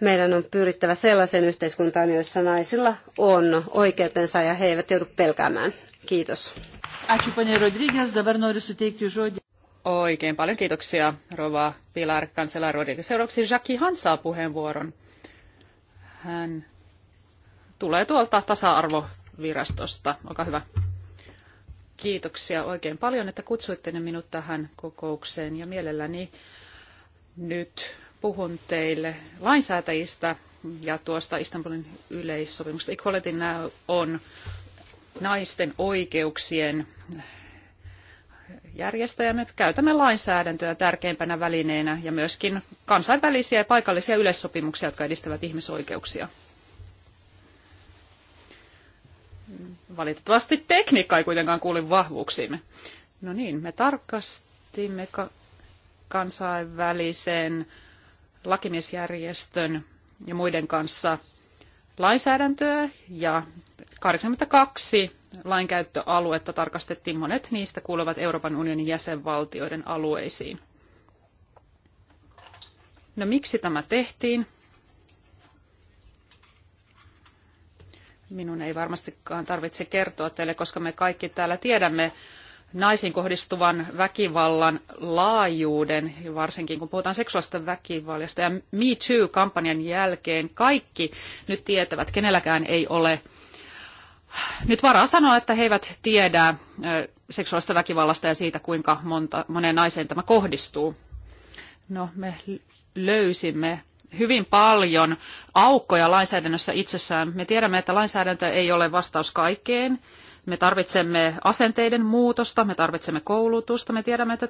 S2: Meidän on pyrittävä sellaiseen yhteiskuntaan, jossa naisilla on oikeutensa ja he eivät joudu pelkäämään. Kiitos.
S1: Ačiū, ponė Rodrygės. Dabar noriu suteikti žodį. Oikein paljon kiitoksia, Rova Pilar Kansela Rodriguez. Seuraavaksi Jackie Han saa puheenvuoron. Hän tulee tuolta tasa-arvovirastosta. Olkaa hyvä. Kiitoksia oikein paljon, että kutsuitte minut tähän kokoukseen ja mielelläni nyt puhun teille lainsäätäjistä ja tuosta Istanbulin yleissopimusta. Equality Now äh, on naisten oikeuksien järjestöjä. Me käytämme lainsäädäntöä tärkeimpänä välineenä ja myöskin kansainvälisiä ja paikallisia yleissopimuksia, jotka edistävät ihmisoikeuksia. Valitettavasti tekniikka ei kuitenkaan kuulu vahvuuksiimme. No niin, me tarkastimme ka- kansainvälisen lakimiesjärjestön ja muiden kanssa lainsäädäntöä ja 82 lainkäyttöaluetta tarkastettiin. Monet niistä kuuluvat Euroopan unionin jäsenvaltioiden alueisiin. No miksi tämä tehtiin? Minun ei varmastikaan tarvitse kertoa teille, koska me kaikki täällä tiedämme naisiin kohdistuvan väkivallan laajuuden, varsinkin kun puhutaan seksuaalista väkivallasta. Ja Me Too-kampanjan jälkeen kaikki nyt tietävät, kenelläkään ei ole nyt varaa sanoa, että he eivät tiedä seksuaalista väkivallasta ja siitä, kuinka monta, moneen naiseen tämä kohdistuu. No, me löysimme hyvin paljon aukkoja lainsäädännössä itsessään. Me tiedämme, että lainsäädäntö ei ole vastaus kaikkeen. Me tarvitsemme asenteiden muutosta, me tarvitsemme koulutusta, me tiedämme, että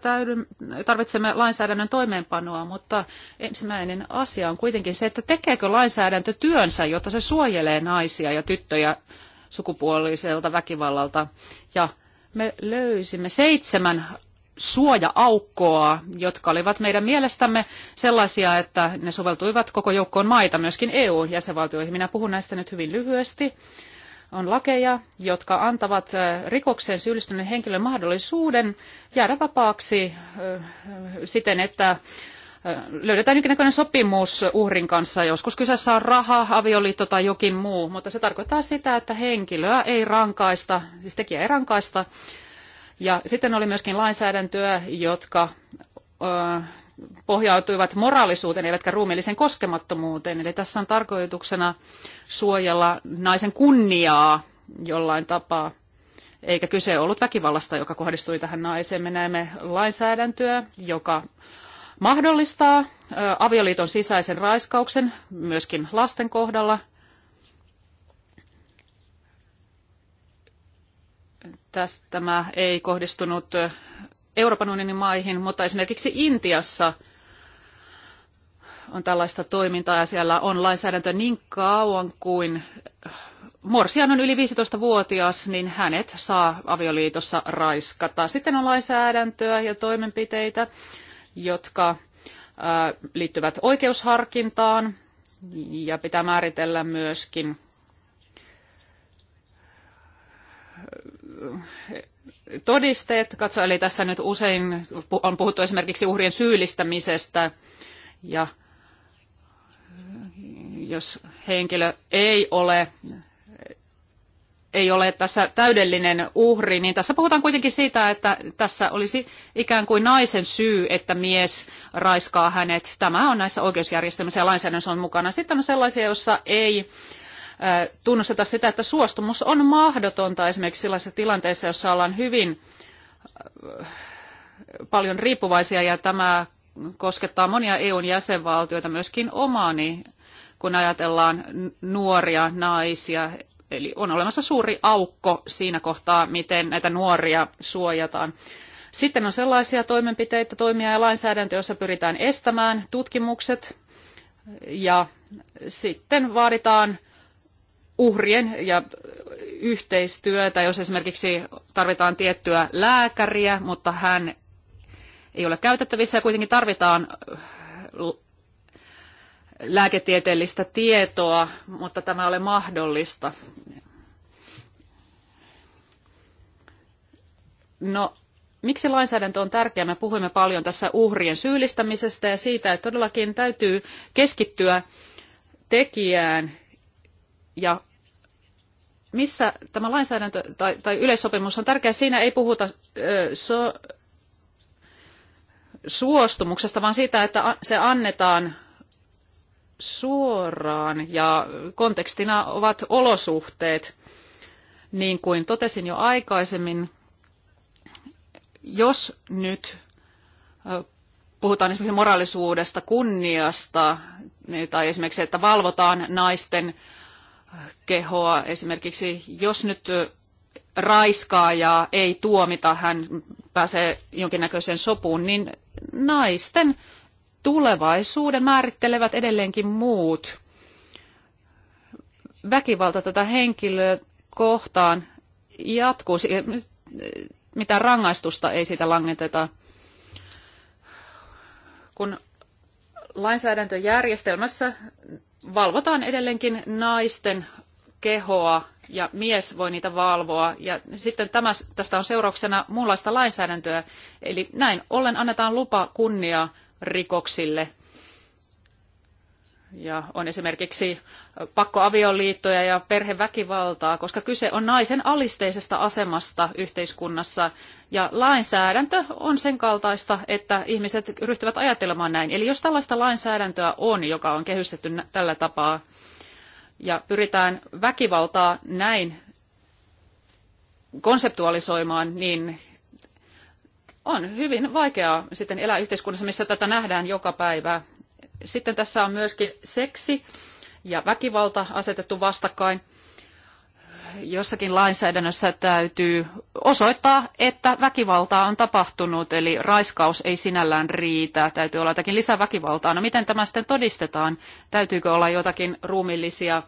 S1: tarvitsemme lainsäädännön toimeenpanoa, mutta ensimmäinen asia on kuitenkin se, että tekeekö lainsäädäntö työnsä, jotta se suojelee naisia ja tyttöjä sukupuoliselta väkivallalta. Ja me löysimme seitsemän suoja-aukkoa, jotka olivat meidän mielestämme sellaisia, että ne soveltuivat koko joukkoon maita, myöskin EU-jäsenvaltioihin. Minä puhun näistä nyt hyvin lyhyesti. On lakeja, jotka antavat rikokseen syyllistyneen henkilön mahdollisuuden jäädä vapaaksi siten, että löydetään jonkinnäköinen sopimus uhrin kanssa. Joskus kyseessä on raha, avioliitto tai jokin muu, mutta se tarkoittaa sitä, että henkilöä ei rankaista, siis tekijä ei rankaista. Ja sitten oli myöskin lainsäädäntöä, jotka ö, pohjautuivat moraalisuuteen eivätkä ruumiilliseen koskemattomuuteen. Eli tässä on tarkoituksena suojella naisen kunniaa jollain tapaa eikä kyse ollut väkivallasta, joka kohdistui tähän naiseen. Me näemme lainsäädäntöä, joka mahdollistaa avioliiton sisäisen raiskauksen myöskin lasten kohdalla. Tästä tämä ei kohdistunut Euroopan unionin maihin, mutta esimerkiksi Intiassa on tällaista toimintaa ja siellä on lainsäädäntö niin kauan kuin morsian on yli 15-vuotias, niin hänet saa avioliitossa raiskata. Sitten on lainsäädäntöä ja toimenpiteitä, jotka äh, liittyvät oikeusharkintaan ja pitää määritellä myöskin äh, todisteet. Katso, eli tässä nyt usein on puhuttu esimerkiksi uhrien syyllistämisestä ja äh, jos henkilö ei ole ei ole tässä täydellinen uhri, niin tässä puhutaan kuitenkin siitä, että tässä olisi ikään kuin naisen syy, että mies raiskaa hänet. Tämä on näissä oikeusjärjestelmissä ja lainsäädännössä on mukana. Sitten on sellaisia, joissa ei tunnusteta sitä, että suostumus on mahdotonta esimerkiksi sellaisissa tilanteissa, jossa ollaan hyvin paljon riippuvaisia ja tämä koskettaa monia EUn jäsenvaltioita, myöskin omaani, kun ajatellaan nuoria naisia, Eli on olemassa suuri aukko siinä kohtaa, miten näitä nuoria suojataan. Sitten on sellaisia toimenpiteitä, toimia ja lainsäädäntö, joissa pyritään estämään tutkimukset ja sitten vaaditaan uhrien ja yhteistyötä, jos esimerkiksi tarvitaan tiettyä lääkäriä, mutta hän ei ole käytettävissä ja kuitenkin tarvitaan lääketieteellistä tietoa, mutta tämä ei ole mahdollista. No, miksi lainsäädäntö on tärkeä? Me puhuimme paljon tässä uhrien syyllistämisestä ja siitä, että todellakin täytyy keskittyä tekijään ja missä tämä lainsäädäntö tai, tai yleissopimus on tärkeä. Siinä ei puhuta ö, so, suostumuksesta, vaan siitä, että se annetaan suoraan ja kontekstina ovat olosuhteet. Niin kuin totesin jo aikaisemmin, jos nyt puhutaan esimerkiksi moraalisuudesta, kunniasta, tai esimerkiksi, että valvotaan naisten kehoa, esimerkiksi jos nyt raiskaajaa ei tuomita, hän pääsee jonkinnäköiseen sopuun, niin naisten tulevaisuuden määrittelevät edelleenkin muut. Väkivalta tätä henkilöä kohtaan jatkuu. Mitä rangaistusta ei siitä langeteta. Kun lainsäädäntöjärjestelmässä valvotaan edelleenkin naisten kehoa ja mies voi niitä valvoa. Ja sitten tämä, tästä on seurauksena muunlaista lainsäädäntöä. Eli näin ollen annetaan lupa kunnia rikoksille. Ja on esimerkiksi pakkoavioliittoja ja perheväkivaltaa, koska kyse on naisen alisteisesta asemasta yhteiskunnassa. Ja lainsäädäntö on sen kaltaista, että ihmiset ryhtyvät ajattelemaan näin. Eli jos tällaista lainsäädäntöä on, joka on kehystetty tällä tapaa, ja pyritään väkivaltaa näin konseptualisoimaan, niin on hyvin vaikeaa sitten elää yhteiskunnassa, missä tätä nähdään joka päivä. Sitten tässä on myöskin seksi ja väkivalta asetettu vastakkain. Jossakin lainsäädännössä täytyy osoittaa, että väkivaltaa on tapahtunut, eli raiskaus ei sinällään riitä, täytyy olla jotakin lisäväkivaltaa. No miten tämä sitten todistetaan? Täytyykö olla jotakin ruumillisia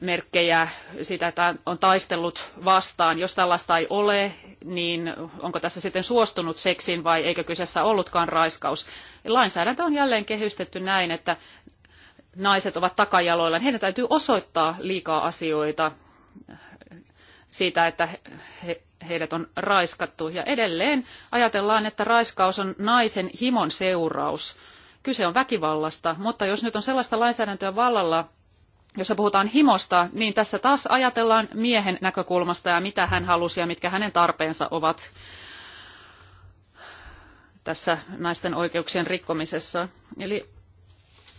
S1: merkkejä sitä että on taistellut vastaan. Jos tällaista ei ole, niin onko tässä sitten suostunut seksiin vai eikö kyseessä ollutkaan raiskaus? Lainsäädäntö on jälleen kehystetty näin, että naiset ovat takajaloilla. Heidän täytyy osoittaa liikaa asioita siitä, että he, heidät on raiskattu. Ja edelleen ajatellaan, että raiskaus on naisen himon seuraus. Kyse on väkivallasta, mutta jos nyt on sellaista lainsäädäntöä vallalla, jossa puhutaan himosta, niin tässä taas ajatellaan miehen näkökulmasta ja mitä hän halusi ja mitkä hänen tarpeensa ovat tässä naisten oikeuksien rikkomisessa. Eli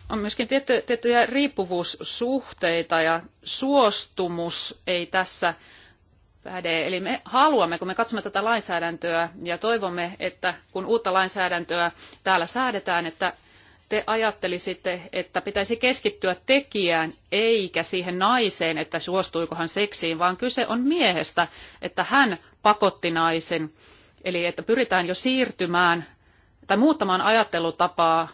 S1: on myöskin tietty, tiettyjä riippuvuussuhteita ja suostumus ei tässä päde. Eli me haluamme, kun me katsomme tätä lainsäädäntöä ja toivomme, että kun uutta lainsäädäntöä täällä säädetään, että te ajattelisitte, että pitäisi keskittyä tekijään eikä siihen naiseen, että suostuiko hän seksiin, vaan kyse on miehestä, että hän pakotti naisen. Eli että pyritään jo siirtymään tai muuttamaan ajattelutapaa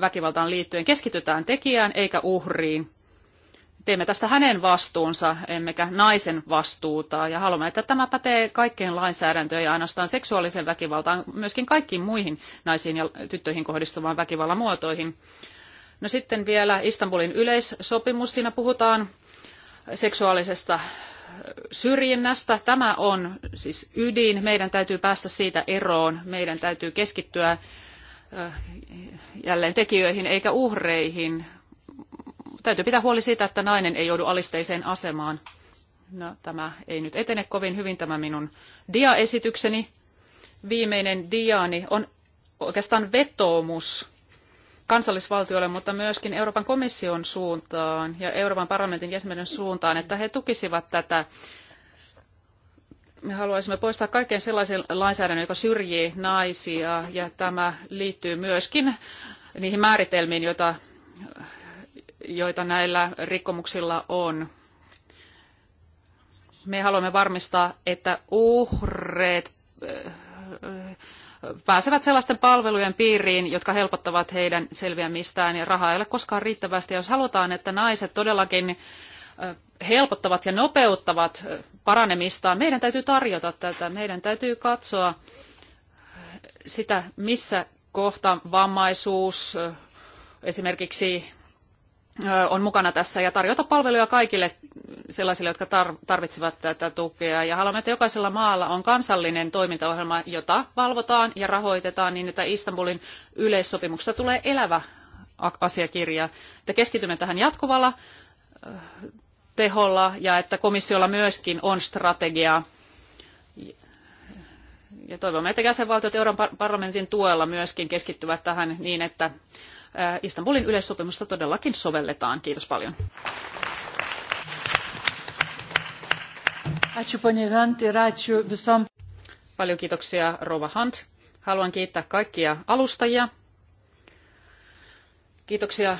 S1: väkivaltaan liittyen. Keskitytään tekijään eikä uhriin teemme tästä hänen vastuunsa, emmekä naisen vastuuta. Ja haluamme, että tämä pätee kaikkeen lainsäädäntöön ja ainoastaan seksuaalisen väkivaltaan, myöskin kaikkiin muihin naisiin ja tyttöihin kohdistuvaan väkivallan muotoihin. No sitten vielä Istanbulin yleissopimus, siinä puhutaan seksuaalisesta äh, syrjinnästä. Tämä on siis ydin. Meidän täytyy päästä siitä eroon. Meidän täytyy keskittyä äh, jälleen tekijöihin eikä uhreihin täytyy pitää huoli siitä, että nainen ei joudu alisteiseen asemaan. No, tämä ei nyt etene kovin hyvin, tämä minun diaesitykseni. Viimeinen diani on oikeastaan vetoomus kansallisvaltioille, mutta myöskin Euroopan komission suuntaan ja Euroopan parlamentin jäsenen suuntaan, että he tukisivat tätä. Me haluaisimme poistaa kaiken sellaisen lainsäädännön, joka syrjii naisia, ja tämä liittyy myöskin niihin määritelmiin, joita joita näillä rikkomuksilla on. Me haluamme varmistaa, että uhreet äh, pääsevät sellaisten palvelujen piiriin, jotka helpottavat heidän selviämistään ja rahaa ei ole koskaan riittävästi. Jos halutaan, että naiset todellakin äh, helpottavat ja nopeuttavat äh, paranemistaan, meidän täytyy tarjota tätä. Meidän täytyy katsoa sitä, missä kohta vammaisuus, esimerkiksi on mukana tässä ja tarjota palveluja kaikille sellaisille, jotka tarvitsevat tätä tukea. Ja haluamme, että jokaisella maalla on kansallinen toimintaohjelma, jota valvotaan ja rahoitetaan niin, että Istanbulin yleissopimuksesta tulee elävä asiakirja. Että keskitymme tähän jatkuvalla teholla ja että komissiolla myöskin on strategia. Ja toivomme, että jäsenvaltiot Euroopan parlamentin tuella myöskin keskittyvät tähän niin, että Äh, Istanbulin yleissopimusta todellakin sovelletaan. Kiitos paljon. Paljon kiitoksia Rova Hunt. Haluan kiittää kaikkia alustajia. Kiitoksia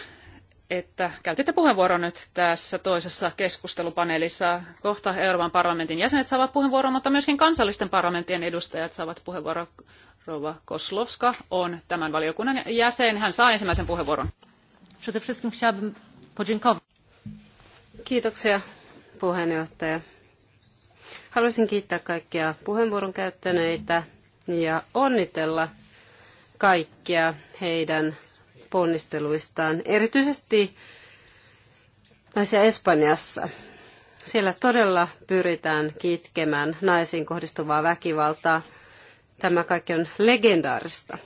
S1: että käytitte puheenvuoron nyt tässä toisessa keskustelupaneelissa. Kohta Euroopan parlamentin jäsenet saavat puheenvuoron, mutta myöskin kansallisten parlamenttien edustajat saavat puheenvuoron. Rova Koslovska on tämän valiokunnan jäsen. Hän
S2: saa ensimmäisen puheenvuoron. Kiitoksia puheenjohtaja. Haluaisin kiittää kaikkia puheenvuoron käyttäneitä ja onnitella kaikkia heidän ponnisteluistaan, erityisesti naisia Espanjassa. Siellä todella pyritään kitkemään naisiin kohdistuvaa väkivaltaa. Tämä kaikki on legendaarista.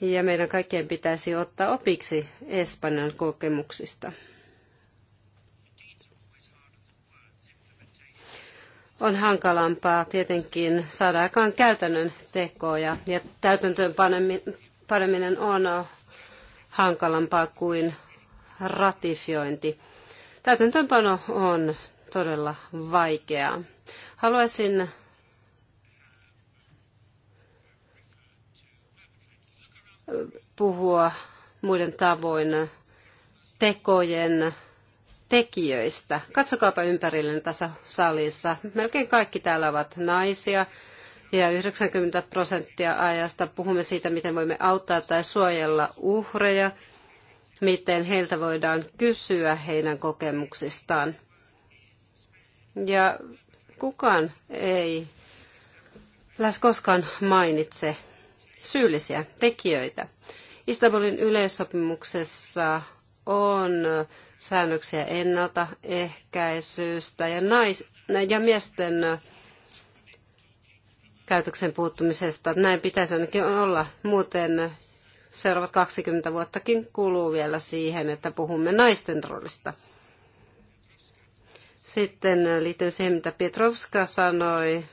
S2: Ja meidän kaikkien pitäisi ottaa opiksi Espanjan kokemuksista. on hankalampaa tietenkin saada aikaan käytännön tekoja ja täytäntöön paremminen on hankalampaa kuin ratifiointi. Täytäntöönpano on todella vaikeaa. Haluaisin puhua muiden tavoin tekojen tekijöistä. Katsokaapa ympärillenne tässä salissa. Melkein kaikki täällä ovat naisia, ja 90 prosenttia ajasta puhumme siitä, miten voimme auttaa tai suojella uhreja, miten heiltä voidaan kysyä heidän kokemuksistaan. Ja kukaan ei lähes koskaan mainitse syyllisiä tekijöitä. Istanbulin yleissopimuksessa on säännöksiä ennaltaehkäisystä ja, nais- ja miesten käytöksen puuttumisesta. Näin pitäisi ainakin olla. Muuten seuraavat 20 vuottakin kuluu vielä siihen, että puhumme naisten roolista. Sitten liittyen siihen, mitä Pietrovska sanoi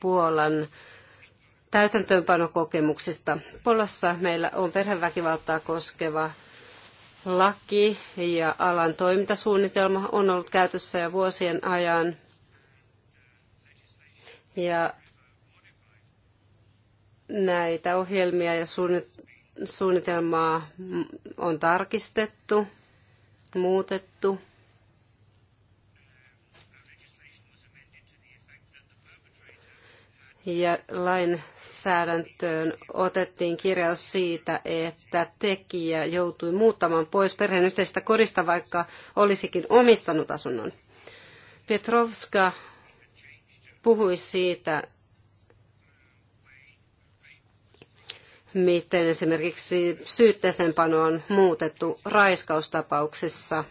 S2: Puolan täytäntöönpanokokemuksista. Puolassa meillä on perheväkivaltaa koskeva laki ja alan toimintasuunnitelma on ollut käytössä jo vuosien ajan. Ja näitä ohjelmia ja suunnitelmaa on tarkistettu, muutettu. Ja lainsäädäntöön otettiin kirjaus siitä, että tekijä joutui muuttamaan pois perheen yhteisestä kodista, vaikka olisikin omistanut asunnon. Petrovska puhui siitä, miten esimerkiksi syytteeseenpano on muutettu raiskaustapauksissa.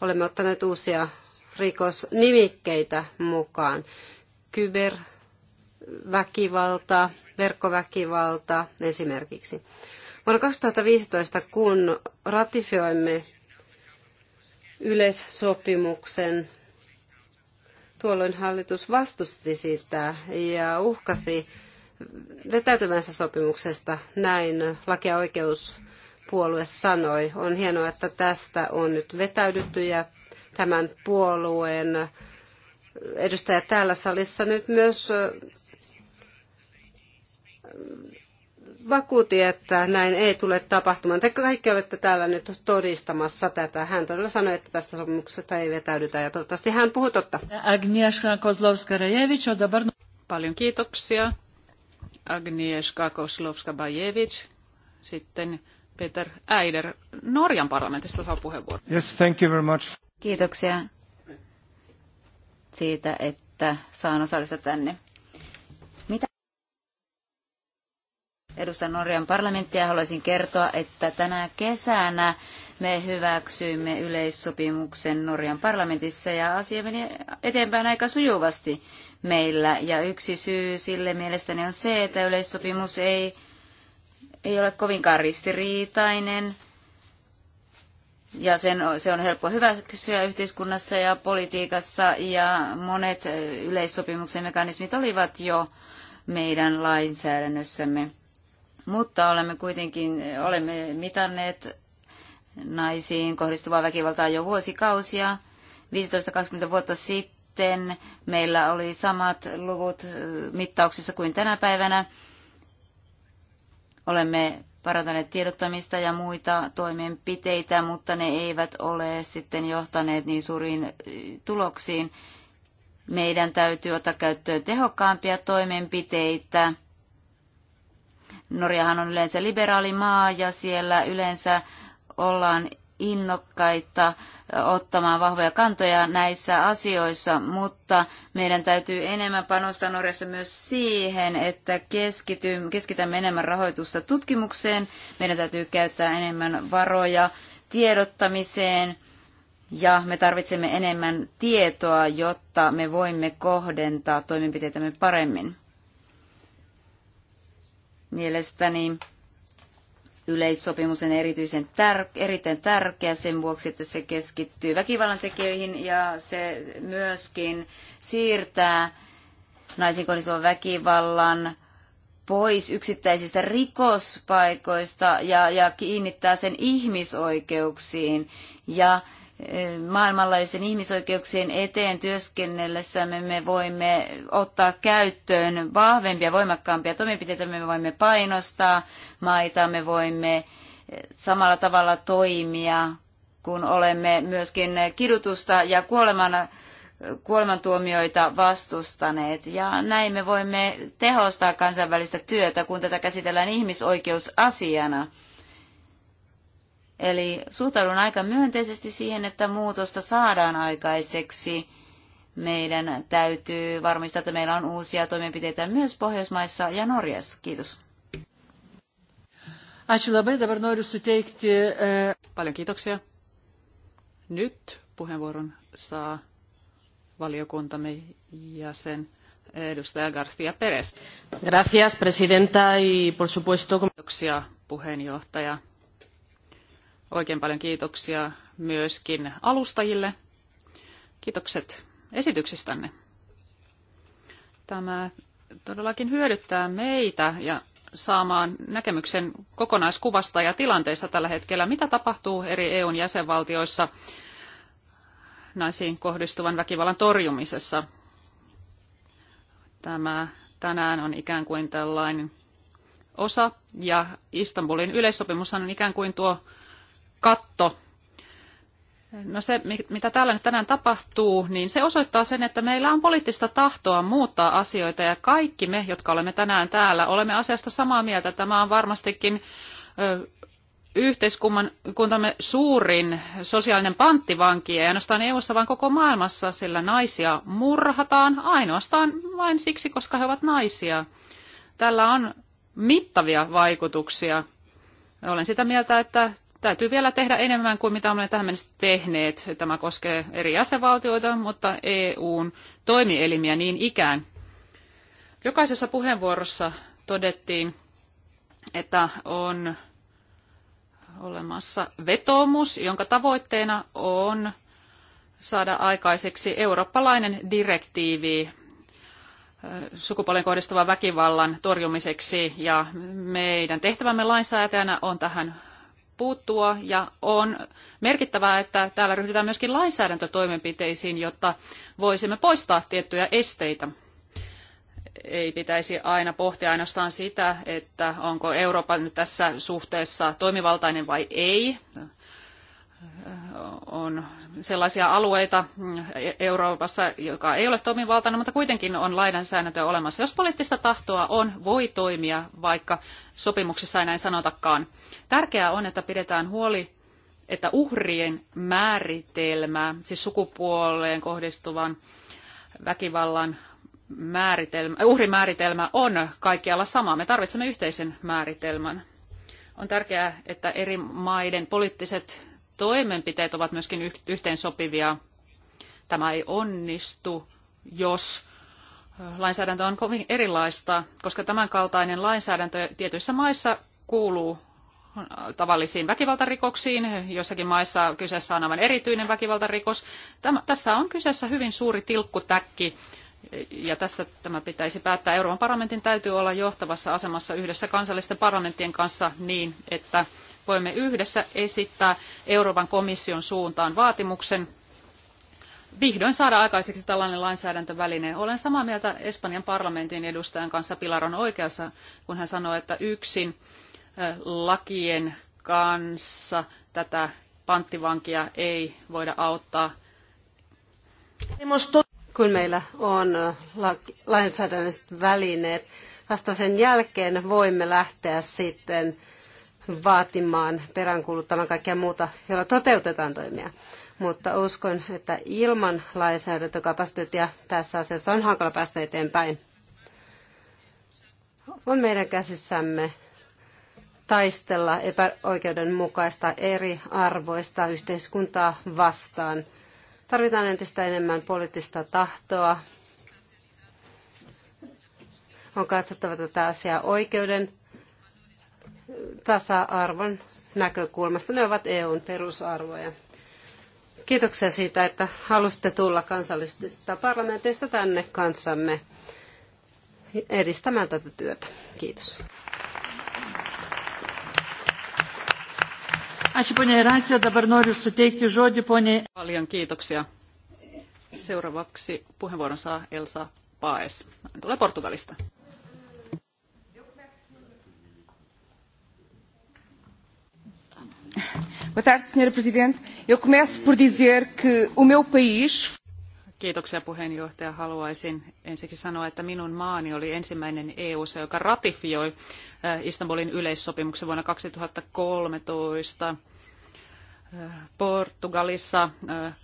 S2: Olemme ottaneet uusia rikosnimikkeitä mukaan. Kyberväkivalta, verkkoväkivalta esimerkiksi. Vuonna 2015, kun ratifioimme yleissopimuksen Tuolloin hallitus vastusti sitä ja uhkasi vetäytymänsä sopimuksesta, näin laki- ja oikeuspuolue sanoi. On hienoa, että tästä on nyt vetäydytty ja tämän puolueen edustajat täällä salissa nyt myös vakuutti, että näin ei tule tapahtumaan. Te kaikki olette täällä nyt todistamassa tätä. Hän todella sanoi, että tästä sopimuksesta ei vetäydytä ja toivottavasti hän puhuu totta. Agnieszka Kozlowska-Rejewicz, Paljon kiitoksia.
S1: Agnieszka Kozlowska-Bajewicz. Sitten Peter Äider Norjan parlamentista saa puheenvuoron.
S4: Yes, thank you very much.
S3: Kiitoksia siitä, että saan osallistua tänne. edustan Norjan parlamenttia. Haluaisin kertoa, että tänä kesänä me hyväksyimme yleissopimuksen Norjan parlamentissa ja asia meni eteenpäin aika sujuvasti meillä. Ja yksi syy sille mielestäni on se, että yleissopimus ei, ei ole kovinkaan ristiriitainen. Ja sen, se on helppo hyväksyä yhteiskunnassa ja politiikassa ja monet yleissopimuksen mekanismit olivat jo meidän lainsäädännössämme. Mutta olemme kuitenkin olemme mitanneet naisiin kohdistuvaa väkivaltaa jo vuosikausia. 15-20 vuotta sitten meillä oli samat luvut mittauksissa kuin tänä päivänä. Olemme parantaneet tiedottamista ja muita toimenpiteitä, mutta ne eivät ole sitten johtaneet niin suuriin tuloksiin. Meidän täytyy ottaa käyttöön tehokkaampia toimenpiteitä Norjahan on yleensä liberaali maa ja siellä yleensä ollaan innokkaita ottamaan vahvoja kantoja näissä asioissa, mutta meidän täytyy enemmän panostaa Norjassa myös siihen, että keskitymme, keskitämme enemmän rahoitusta tutkimukseen, meidän täytyy käyttää enemmän varoja tiedottamiseen ja me tarvitsemme enemmän tietoa, jotta me voimme kohdentaa toimenpiteitämme paremmin. Mielestäni yleissopimus on erityisen tär- erittäin tärkeä sen vuoksi, että se keskittyy väkivallan tekijöihin ja se myöskin siirtää naisiin kohdistuvan väkivallan pois yksittäisistä rikospaikoista ja, ja kiinnittää sen ihmisoikeuksiin ja maailmanlaajuisten ihmisoikeuksien eteen työskennellessämme me voimme ottaa käyttöön vahvempia, voimakkaampia toimenpiteitä, me voimme painostaa maita, me voimme eh, samalla tavalla toimia, kun olemme myöskin kidutusta ja kuoleman, kuolemantuomioita vastustaneet. Ja näin me voimme tehostaa kansainvälistä työtä, kun tätä käsitellään ihmisoikeusasiana. Eli suhtaudun aika myönteisesti siihen, että muutosta saadaan aikaiseksi. Meidän täytyy varmistaa, että meillä on uusia toimenpiteitä myös Pohjoismaissa ja Norjassa. Kiitos.
S4: E, Paljon
S1: kiitoksia. Nyt puheenvuoron saa valiokuntamme jäsen edustaja Garcia Perez.
S2: Gracias, presidenta,
S1: y por supuesto... Kiitoksia, puheenjohtaja. Oikein paljon kiitoksia myöskin alustajille. Kiitokset esityksistänne. Tämä todellakin hyödyttää meitä ja saamaan näkemyksen kokonaiskuvasta ja tilanteesta tällä hetkellä, mitä tapahtuu eri EUn jäsenvaltioissa naisiin kohdistuvan väkivallan torjumisessa. Tämä tänään on ikään kuin tällainen osa, ja Istanbulin yleissopimushan on ikään kuin tuo katto. No se, mitä täällä nyt tänään tapahtuu, niin se osoittaa sen, että meillä on poliittista tahtoa muuttaa asioita ja kaikki me, jotka olemme tänään täällä, olemme asiasta samaa mieltä. Tämä on varmastikin ö, yhteiskuntamme suurin sosiaalinen panttivanki, ei ainoastaan EU-ssa, vaan koko maailmassa, sillä naisia murhataan ainoastaan vain siksi, koska he ovat naisia. Tällä on mittavia vaikutuksia. Olen sitä mieltä, että täytyy vielä tehdä enemmän kuin mitä olemme tähän mennessä tehneet. Tämä koskee eri jäsenvaltioita, mutta EUn toimielimiä niin ikään. Jokaisessa puheenvuorossa todettiin, että on olemassa vetoomus, jonka tavoitteena on saada aikaiseksi eurooppalainen direktiivi sukupuolen kohdistuvan väkivallan torjumiseksi. Ja meidän tehtävämme lainsäätäjänä on tähän puuttua ja on merkittävää, että täällä ryhdytään myöskin lainsäädäntötoimenpiteisiin, jotta voisimme poistaa tiettyjä esteitä. Ei pitäisi aina pohtia ainoastaan sitä, että onko Eurooppa nyt tässä suhteessa toimivaltainen vai ei on sellaisia alueita Euroopassa, joka ei ole toimivaltainen, mutta kuitenkin on lainsäädäntö olemassa. Jos poliittista tahtoa on, voi toimia, vaikka sopimuksissa ei näin sanotakaan. Tärkeää on, että pidetään huoli, että uhrien määritelmä, siis sukupuoleen kohdistuvan väkivallan määritelmä, uhrimääritelmä on kaikkialla sama. Me tarvitsemme yhteisen määritelmän. On tärkeää, että eri maiden poliittiset toimenpiteet ovat myöskin yhteensopivia. Tämä ei onnistu, jos lainsäädäntö on kovin erilaista, koska tämänkaltainen lainsäädäntö tietyissä maissa kuuluu tavallisiin väkivaltarikoksiin. Jossakin maissa kyseessä on aivan erityinen väkivaltarikos. Tämä, tässä on kyseessä hyvin suuri tilkkutäkki, ja tästä tämä pitäisi päättää. Euroopan parlamentin täytyy olla johtavassa asemassa yhdessä kansallisten parlamenttien kanssa niin, että voimme yhdessä esittää Euroopan komission suuntaan vaatimuksen vihdoin saada aikaiseksi tällainen lainsäädäntöväline. Olen samaa mieltä Espanjan parlamentin edustajan kanssa Pilar on oikeassa, kun hän sanoi, että yksin lakien kanssa tätä panttivankia ei voida auttaa.
S2: Kun meillä on lainsäädännölliset välineet, vasta sen jälkeen voimme lähteä sitten vaatimaan, peräänkuuluttamaan kaikkea muuta, jolla toteutetaan toimia. Mutta uskon, että ilman lainsäädäntökapasiteettia tässä asiassa on hankala päästä eteenpäin. On meidän käsissämme taistella epäoikeudenmukaista eri arvoista yhteiskuntaa vastaan. Tarvitaan entistä enemmän poliittista tahtoa. On katsottava tätä asiaa oikeuden tasa-arvon näkökulmasta. Ne ovat EUn perusarvoja. Kiitoksia siitä, että halusitte tulla kansallisesta parlamentista tänne kanssamme edistämään tätä työtä. Kiitos. Ačiū, ponė Racija. Dabar
S4: noriu suteikti
S1: Paljon kiitoksia. Seuraavaksi puheenvuoron saa Elsa Paes. Hän tulee Portugalista. Boa tarde, senhora
S4: Presidente. Eu começo por dizer que o meu país...
S1: Kiitoksia puheenjohtaja. Haluaisin ensiksi sanoa, että minun maani oli ensimmäinen eu joka ratifioi äh, Istanbulin yleissopimuksen vuonna 2013. Äh, Portugalissa äh,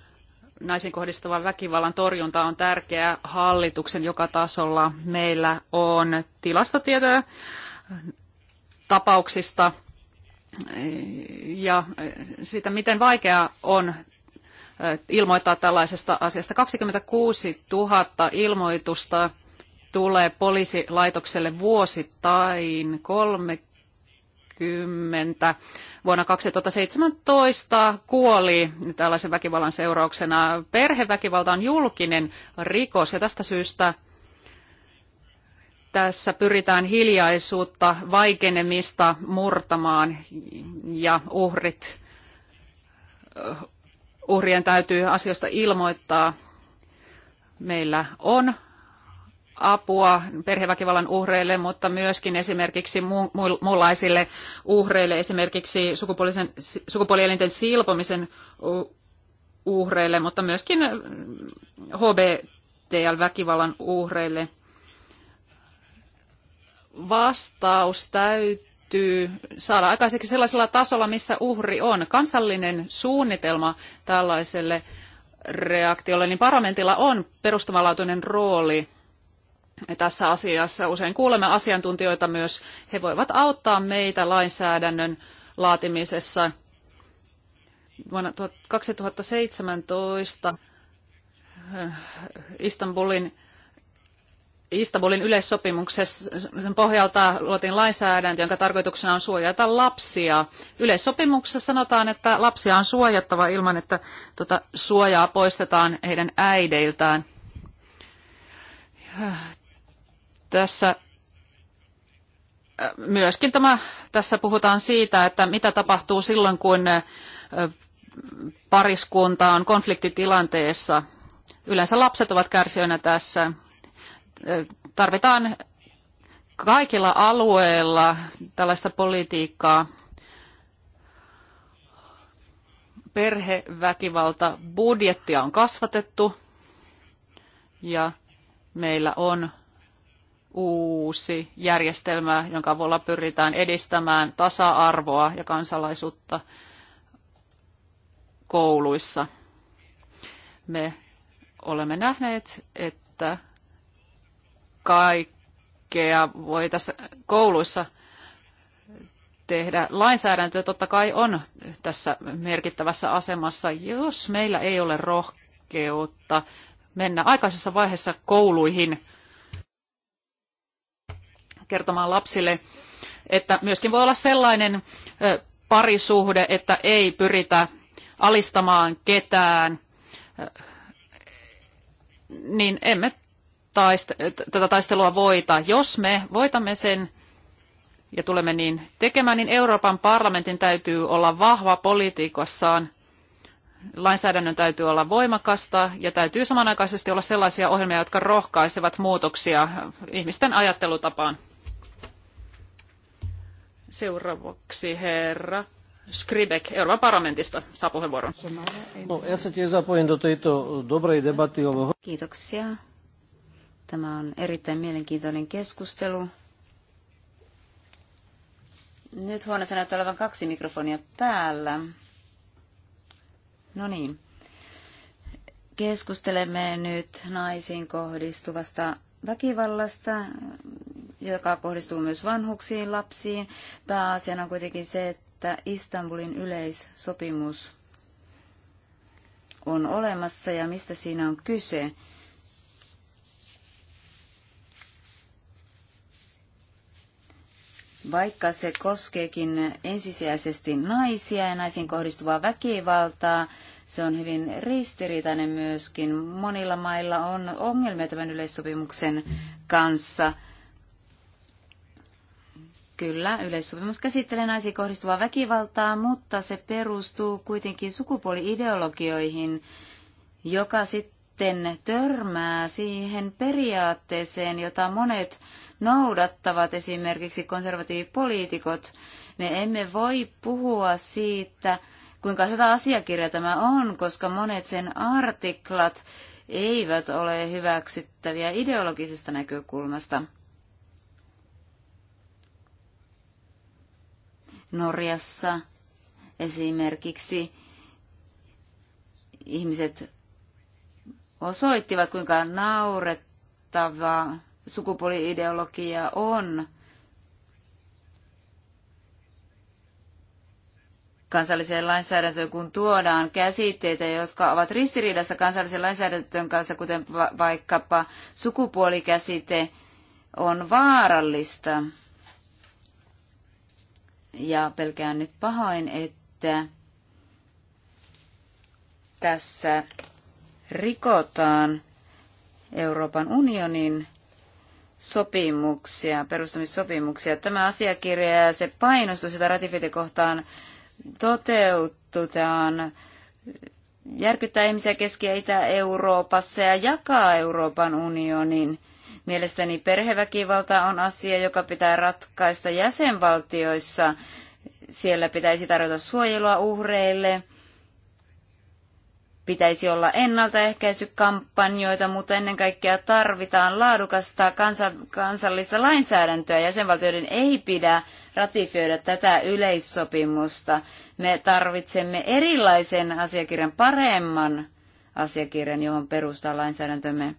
S1: naisiin kohdistuvan väkivallan torjunta on tärkeää hallituksen joka tasolla. Meillä on tilastotietoja tapauksista, ja siitä, miten vaikeaa on ilmoittaa tällaisesta asiasta. 26 000 ilmoitusta tulee poliisilaitokselle vuosittain, 30 vuonna 2017 kuoli tällaisen väkivallan seurauksena. Perheväkivalta on julkinen rikos ja tästä syystä tässä pyritään hiljaisuutta, vaikenemista murtamaan ja uhrit, uhrien täytyy asioista ilmoittaa. Meillä on apua perheväkivallan uhreille, mutta myöskin esimerkiksi muunlaisille uhreille, esimerkiksi sukupuolielinten silpomisen uhreille, mutta myöskin HBTL-väkivallan uhreille – vastaus täytyy saada aikaiseksi sellaisella tasolla, missä uhri on. Kansallinen suunnitelma tällaiselle reaktiolle, niin parlamentilla on perustavanlaatuinen rooli tässä asiassa. Usein kuulemme asiantuntijoita myös. He voivat auttaa meitä lainsäädännön laatimisessa. Vuonna 2017 äh, Istanbulin Istanbulin yleissopimuksen pohjalta luotiin lainsäädäntö, jonka tarkoituksena on suojata lapsia. Yleissopimuksessa sanotaan, että lapsia on suojattava ilman, että tuota suojaa poistetaan heidän äideiltään. Tässä äh, myöskin tämä, tässä puhutaan siitä, että mitä tapahtuu silloin, kun äh, pariskunta on konfliktitilanteessa. Yleensä lapset ovat kärsijöinä tässä tarvitaan kaikilla alueilla tällaista politiikkaa. Perheväkivalta budjettia on kasvatettu ja meillä on uusi järjestelmä, jonka avulla pyritään edistämään tasa-arvoa ja kansalaisuutta kouluissa. Me olemme nähneet, että kaikkea voi tässä kouluissa tehdä. Lainsäädäntö totta kai on tässä merkittävässä asemassa, jos meillä ei ole rohkeutta mennä aikaisessa vaiheessa kouluihin kertomaan lapsille, että myöskin voi olla sellainen parisuhde, että ei pyritä alistamaan ketään, niin emme taiste, tätä taistelua voita. Jos me voitamme sen ja tulemme niin tekemään, niin Euroopan parlamentin täytyy olla vahva politiikassaan. Lainsäädännön täytyy olla voimakasta ja täytyy samanaikaisesti olla sellaisia ohjelmia, jotka rohkaisevat muutoksia ihmisten ajattelutapaan. Seuraavaksi herra Skribek Euroopan parlamentista saa
S3: puheenvuoron. Kiitoksia Tämä on erittäin mielenkiintoinen keskustelu. Nyt huoneessa näyttää olevan kaksi mikrofonia päällä. No niin. Keskustelemme nyt naisiin kohdistuvasta väkivallasta, joka kohdistuu myös vanhuksiin, lapsiin. Pääasiana on kuitenkin se, että Istanbulin yleissopimus on olemassa ja mistä siinä on kyse. Vaikka se koskeekin ensisijaisesti naisia ja naisiin kohdistuvaa väkivaltaa, se on hyvin ristiriitainen myöskin. Monilla mailla on ongelmia tämän yleissopimuksen kanssa. Kyllä, yleissopimus käsittelee naisiin kohdistuvaa väkivaltaa, mutta se perustuu kuitenkin sukupuoliideologioihin, joka sitten törmää siihen periaatteeseen, jota monet noudattavat esimerkiksi konservatiivipoliitikot. Me emme voi puhua siitä, kuinka hyvä asiakirja tämä on, koska monet sen artiklat eivät ole hyväksyttäviä ideologisesta näkökulmasta. Norjassa esimerkiksi ihmiset osoittivat, kuinka naurettavaa sukupuoliideologia on kansalliseen lainsäädäntöön, kun tuodaan käsitteitä, jotka ovat ristiriidassa kansallisen lainsäädäntöön kanssa, kuten va- vaikkapa sukupuolikäsite, on vaarallista. Ja pelkään nyt pahoin, että tässä rikotaan Euroopan unionin sopimuksia, perustamissopimuksia. Tämä asiakirja ja se painostus, jota ratifiointikohtaan toteutetaan, järkyttää ihmisiä Keski- ja Itä-Euroopassa ja jakaa Euroopan unionin. Mielestäni perheväkivalta on asia, joka pitää ratkaista jäsenvaltioissa. Siellä pitäisi tarjota suojelua uhreille – Pitäisi olla ennaltaehkäisykampanjoita, mutta ennen kaikkea tarvitaan laadukasta kansa, kansallista lainsäädäntöä. Jäsenvaltioiden ei pidä ratifioida tätä yleissopimusta. Me tarvitsemme erilaisen asiakirjan, paremman asiakirjan, johon perustaa lainsäädäntömme.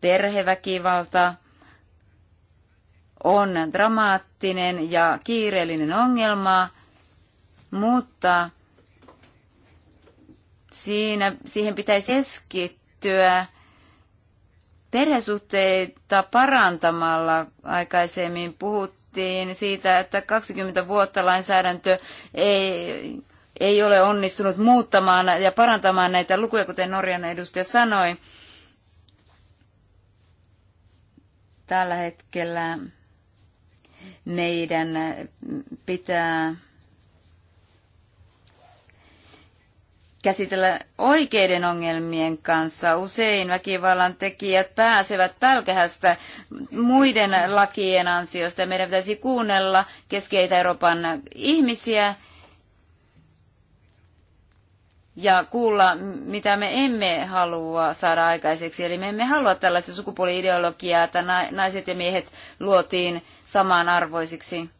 S3: Perheväkivalta on dramaattinen ja kiireellinen ongelma, mutta Siinä, siihen pitäisi keskittyä perhesuhteita parantamalla. Aikaisemmin puhuttiin siitä, että 20 vuotta lainsäädäntö ei, ei ole onnistunut muuttamaan ja parantamaan näitä lukuja, kuten Norjan edustaja sanoi. Tällä hetkellä meidän pitää käsitellä oikeiden ongelmien kanssa. Usein väkivallan tekijät pääsevät pälkähästä muiden lakien ansiosta. Meidän pitäisi kuunnella keskeitä Euroopan ihmisiä ja kuulla, mitä me emme halua saada aikaiseksi. Eli me emme halua tällaista sukupuoli-ideologiaa, että naiset ja miehet luotiin samanarvoisiksi.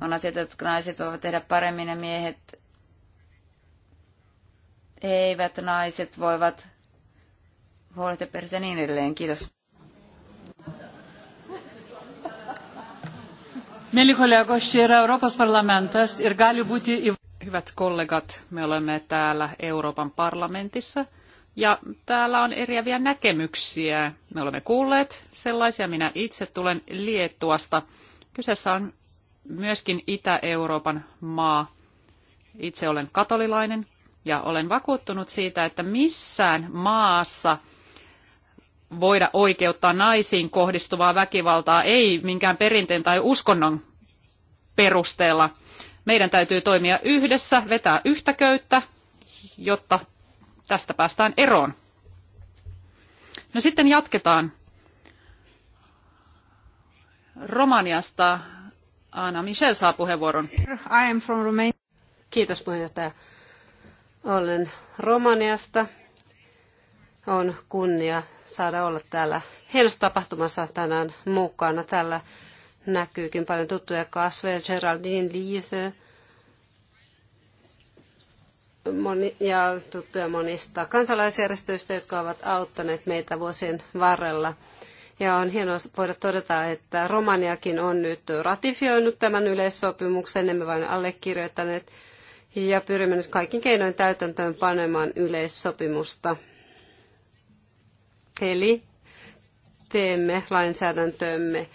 S3: On asioita, jotka naiset voivat tehdä paremmin ja miehet eivät, naiset voivat huolehtia perheestä ja niin edelleen. Kiitos.
S1: Hyvät kollegat, me olemme täällä Euroopan parlamentissa ja täällä on eriäviä näkemyksiä. Me olemme kuulleet sellaisia, minä itse tulen Liettuasta. Kyseessä on myöskin Itä-Euroopan maa. Itse olen katolilainen ja olen vakuuttunut siitä, että missään maassa voida oikeuttaa naisiin kohdistuvaa väkivaltaa, ei minkään perinteen tai uskonnon perusteella. Meidän täytyy toimia yhdessä, vetää yhtä köyttä, jotta tästä päästään eroon. No sitten jatketaan Romaniasta Anna Michel
S2: saa puheenvuoron. I am from Romania. Kiitos puheenjohtaja. Olen Romaniasta. On kunnia saada olla täällä tapahtumassa tänään mukana. Täällä näkyykin paljon tuttuja kasveja. Geraldine Liese moni, ja tuttuja monista kansalaisjärjestöistä, jotka ovat auttaneet meitä vuosien varrella – ja on hienoa voida todeta, että Romaniakin on nyt ratifioinut tämän yleissopimuksen, emme vain allekirjoittaneet, ja pyrimme nyt kaikin keinoin täytäntöön panemaan yleissopimusta. Eli teemme lainsäädäntöömme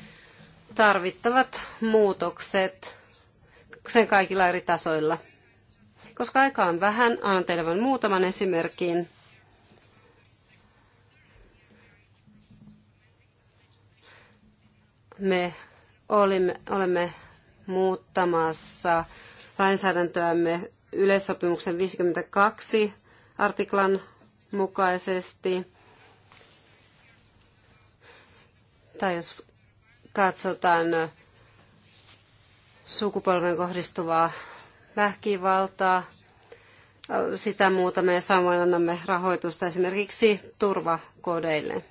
S2: tarvittavat muutokset sen kaikilla eri tasoilla. Koska aikaa on vähän, annan teille vain muutaman esimerkin. Me olimme, olemme muuttamassa lainsäädäntöämme yleissopimuksen 52 artiklan mukaisesti. Tai jos katsotaan sukupolven kohdistuvaa väkivaltaa, sitä muutamme ja samoin annamme rahoitusta esimerkiksi turvakodeille.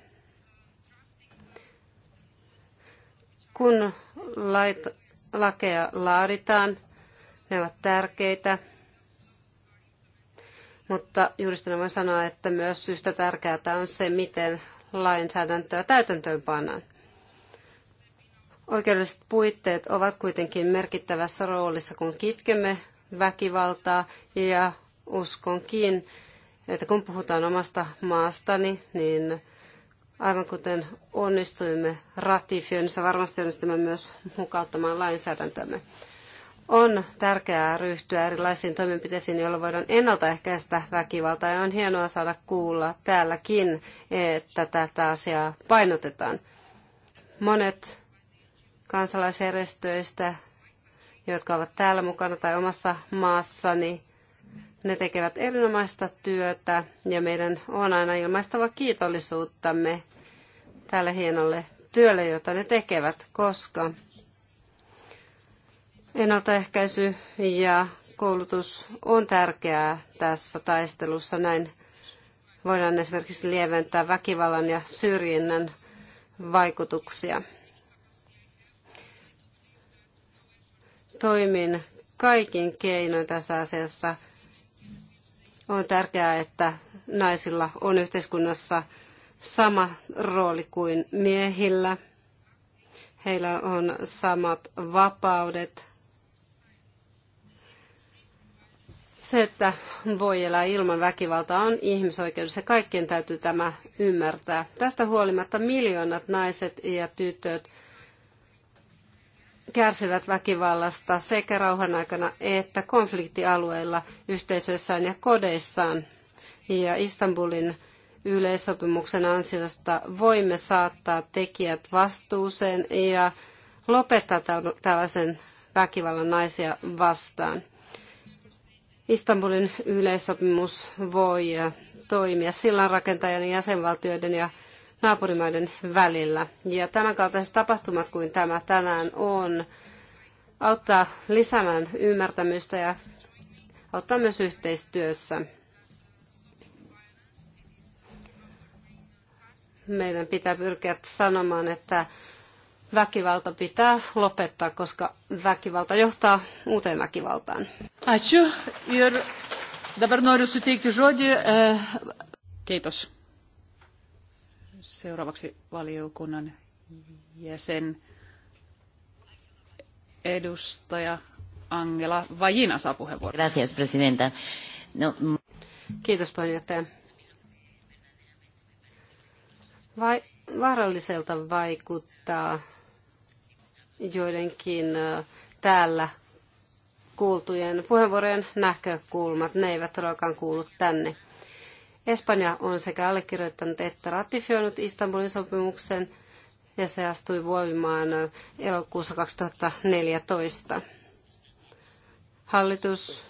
S2: Kun lait, lakeja laaditaan, ne ovat tärkeitä, mutta juristina voin sanoa, että myös yhtä tärkeää on se, miten lainsäädäntöä täytäntöön pannaan. Oikeudelliset puitteet ovat kuitenkin merkittävässä roolissa, kun kitkemme väkivaltaa ja uskonkin, että kun puhutaan omasta maastani, niin Aivan kuten onnistuimme ratifioinnissa, niin varmasti onnistumme myös mukauttamaan lainsäädäntömme. On tärkeää ryhtyä erilaisiin toimenpiteisiin, joilla voidaan ennaltaehkäistä väkivaltaa. Ja on hienoa saada kuulla täälläkin, että tätä asiaa painotetaan. Monet kansalaisjärjestöistä, jotka ovat täällä mukana tai omassa maassani, ne tekevät erinomaista työtä ja meidän on aina ilmaistava kiitollisuuttamme tälle hienolle työlle, jota ne tekevät, koska ennaltaehkäisy ja koulutus on tärkeää tässä taistelussa. Näin voidaan esimerkiksi lieventää väkivallan ja syrjinnän vaikutuksia. Toimin kaikin keinoin tässä asiassa. On tärkeää, että naisilla on yhteiskunnassa sama rooli kuin miehillä. Heillä on samat vapaudet. Se, että voi elää ilman väkivaltaa, on ihmisoikeudessa. Kaikkien täytyy tämä ymmärtää. Tästä huolimatta miljoonat naiset ja tytöt kärsivät väkivallasta sekä rauhan aikana että konfliktialueilla, yhteisöissään ja kodeissaan. Ja Istanbulin yleissopimuksen ansiosta voimme saattaa tekijät vastuuseen ja lopettaa tällaisen väkivallan naisia vastaan. Istanbulin yleissopimus voi äh, toimia sillan jäsenvaltioiden ja naapurimaiden välillä. Ja tämänkaltaiset tapahtumat kuin tämä tänään on, auttaa lisäämään ymmärtämystä ja auttaa myös yhteistyössä. meidän pitää pyrkiä sanomaan, että väkivalta pitää lopettaa, koska väkivalta johtaa uuteen väkivaltaan. Eh,
S1: Kiitos. Seuraavaksi valiokunnan jäsen edustaja Angela Vajina saa puheenvuoron. Gracias, presidenta.
S3: No... Mm.
S2: Kiitos puheenjohtaja vai, vaaralliselta vaikuttaa joidenkin täällä kuultujen puheenvuorojen näkökulmat. Ne eivät todellakaan kuulu tänne. Espanja on sekä allekirjoittanut että ratifioinut Istanbulin sopimuksen ja se astui voimaan elokuussa 2014. Hallitus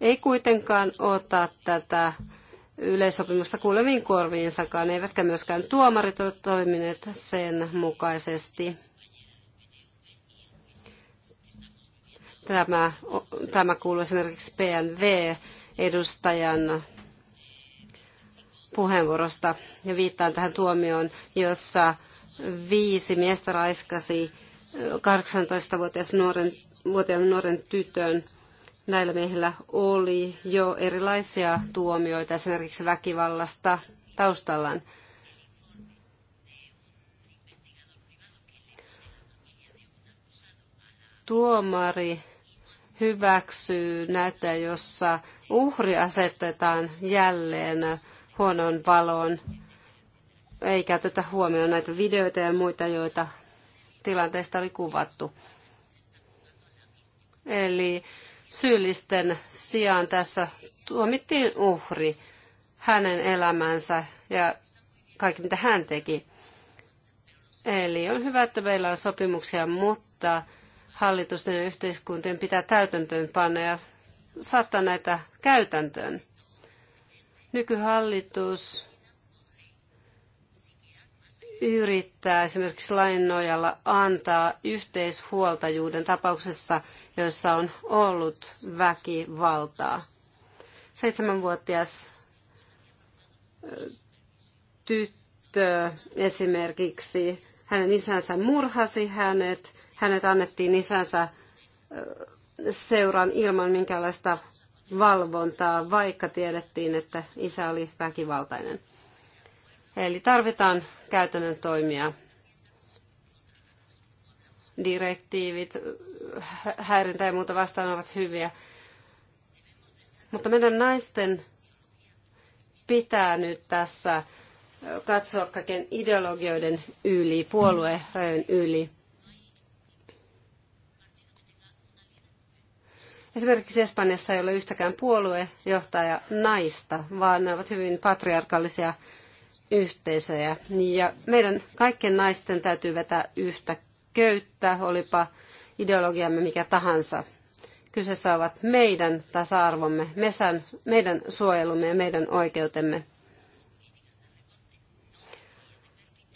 S2: ei kuitenkaan ota tätä yleisopimusta kuuleviin korviinsakaan, eivätkä myöskään tuomarit ole toimineet sen mukaisesti. Tämä, tämä kuuluu esimerkiksi PNV-edustajan puheenvuorosta ja viittaan tähän tuomioon, jossa viisi miestä raiskasi 18-vuotiaan nuoren, nuoren tytön näillä miehillä oli jo erilaisia tuomioita esimerkiksi väkivallasta taustallaan. Tuomari hyväksyy näyttöä, jossa uhri asetetaan jälleen huonon valoon. Ei käytetä huomioon näitä videoita ja muita, joita tilanteesta oli kuvattu. Eli syyllisten sijaan tässä tuomittiin uhri, hänen elämänsä ja kaikki mitä hän teki. Eli on hyvä, että meillä on sopimuksia, mutta hallitusten ja yhteiskuntien pitää täytäntöön panna ja saattaa näitä käytäntöön. Nykyhallitus yrittää esimerkiksi lain nojalla antaa yhteishuoltajuuden tapauksessa, joissa on ollut väkivaltaa. Seitsemänvuotias tyttö esimerkiksi, hänen isänsä murhasi hänet, hänet annettiin isänsä seuran ilman minkäänlaista valvontaa, vaikka tiedettiin, että isä oli väkivaltainen. Eli tarvitaan käytännön toimia. Direktiivit, häirintä ja muuta vastaan ovat hyviä. Mutta meidän naisten pitää nyt tässä katsoa kaiken ideologioiden yli, puolueen yli. Esimerkiksi Espanjassa ei ole yhtäkään puoluejohtaja naista, vaan ne ovat hyvin patriarkaalisia yhteisöjä. Ja meidän kaikkien naisten täytyy vetää yhtä köyttä, olipa ideologiamme mikä tahansa. Kyseessä ovat meidän tasa-arvomme, meidän suojelumme ja meidän oikeutemme.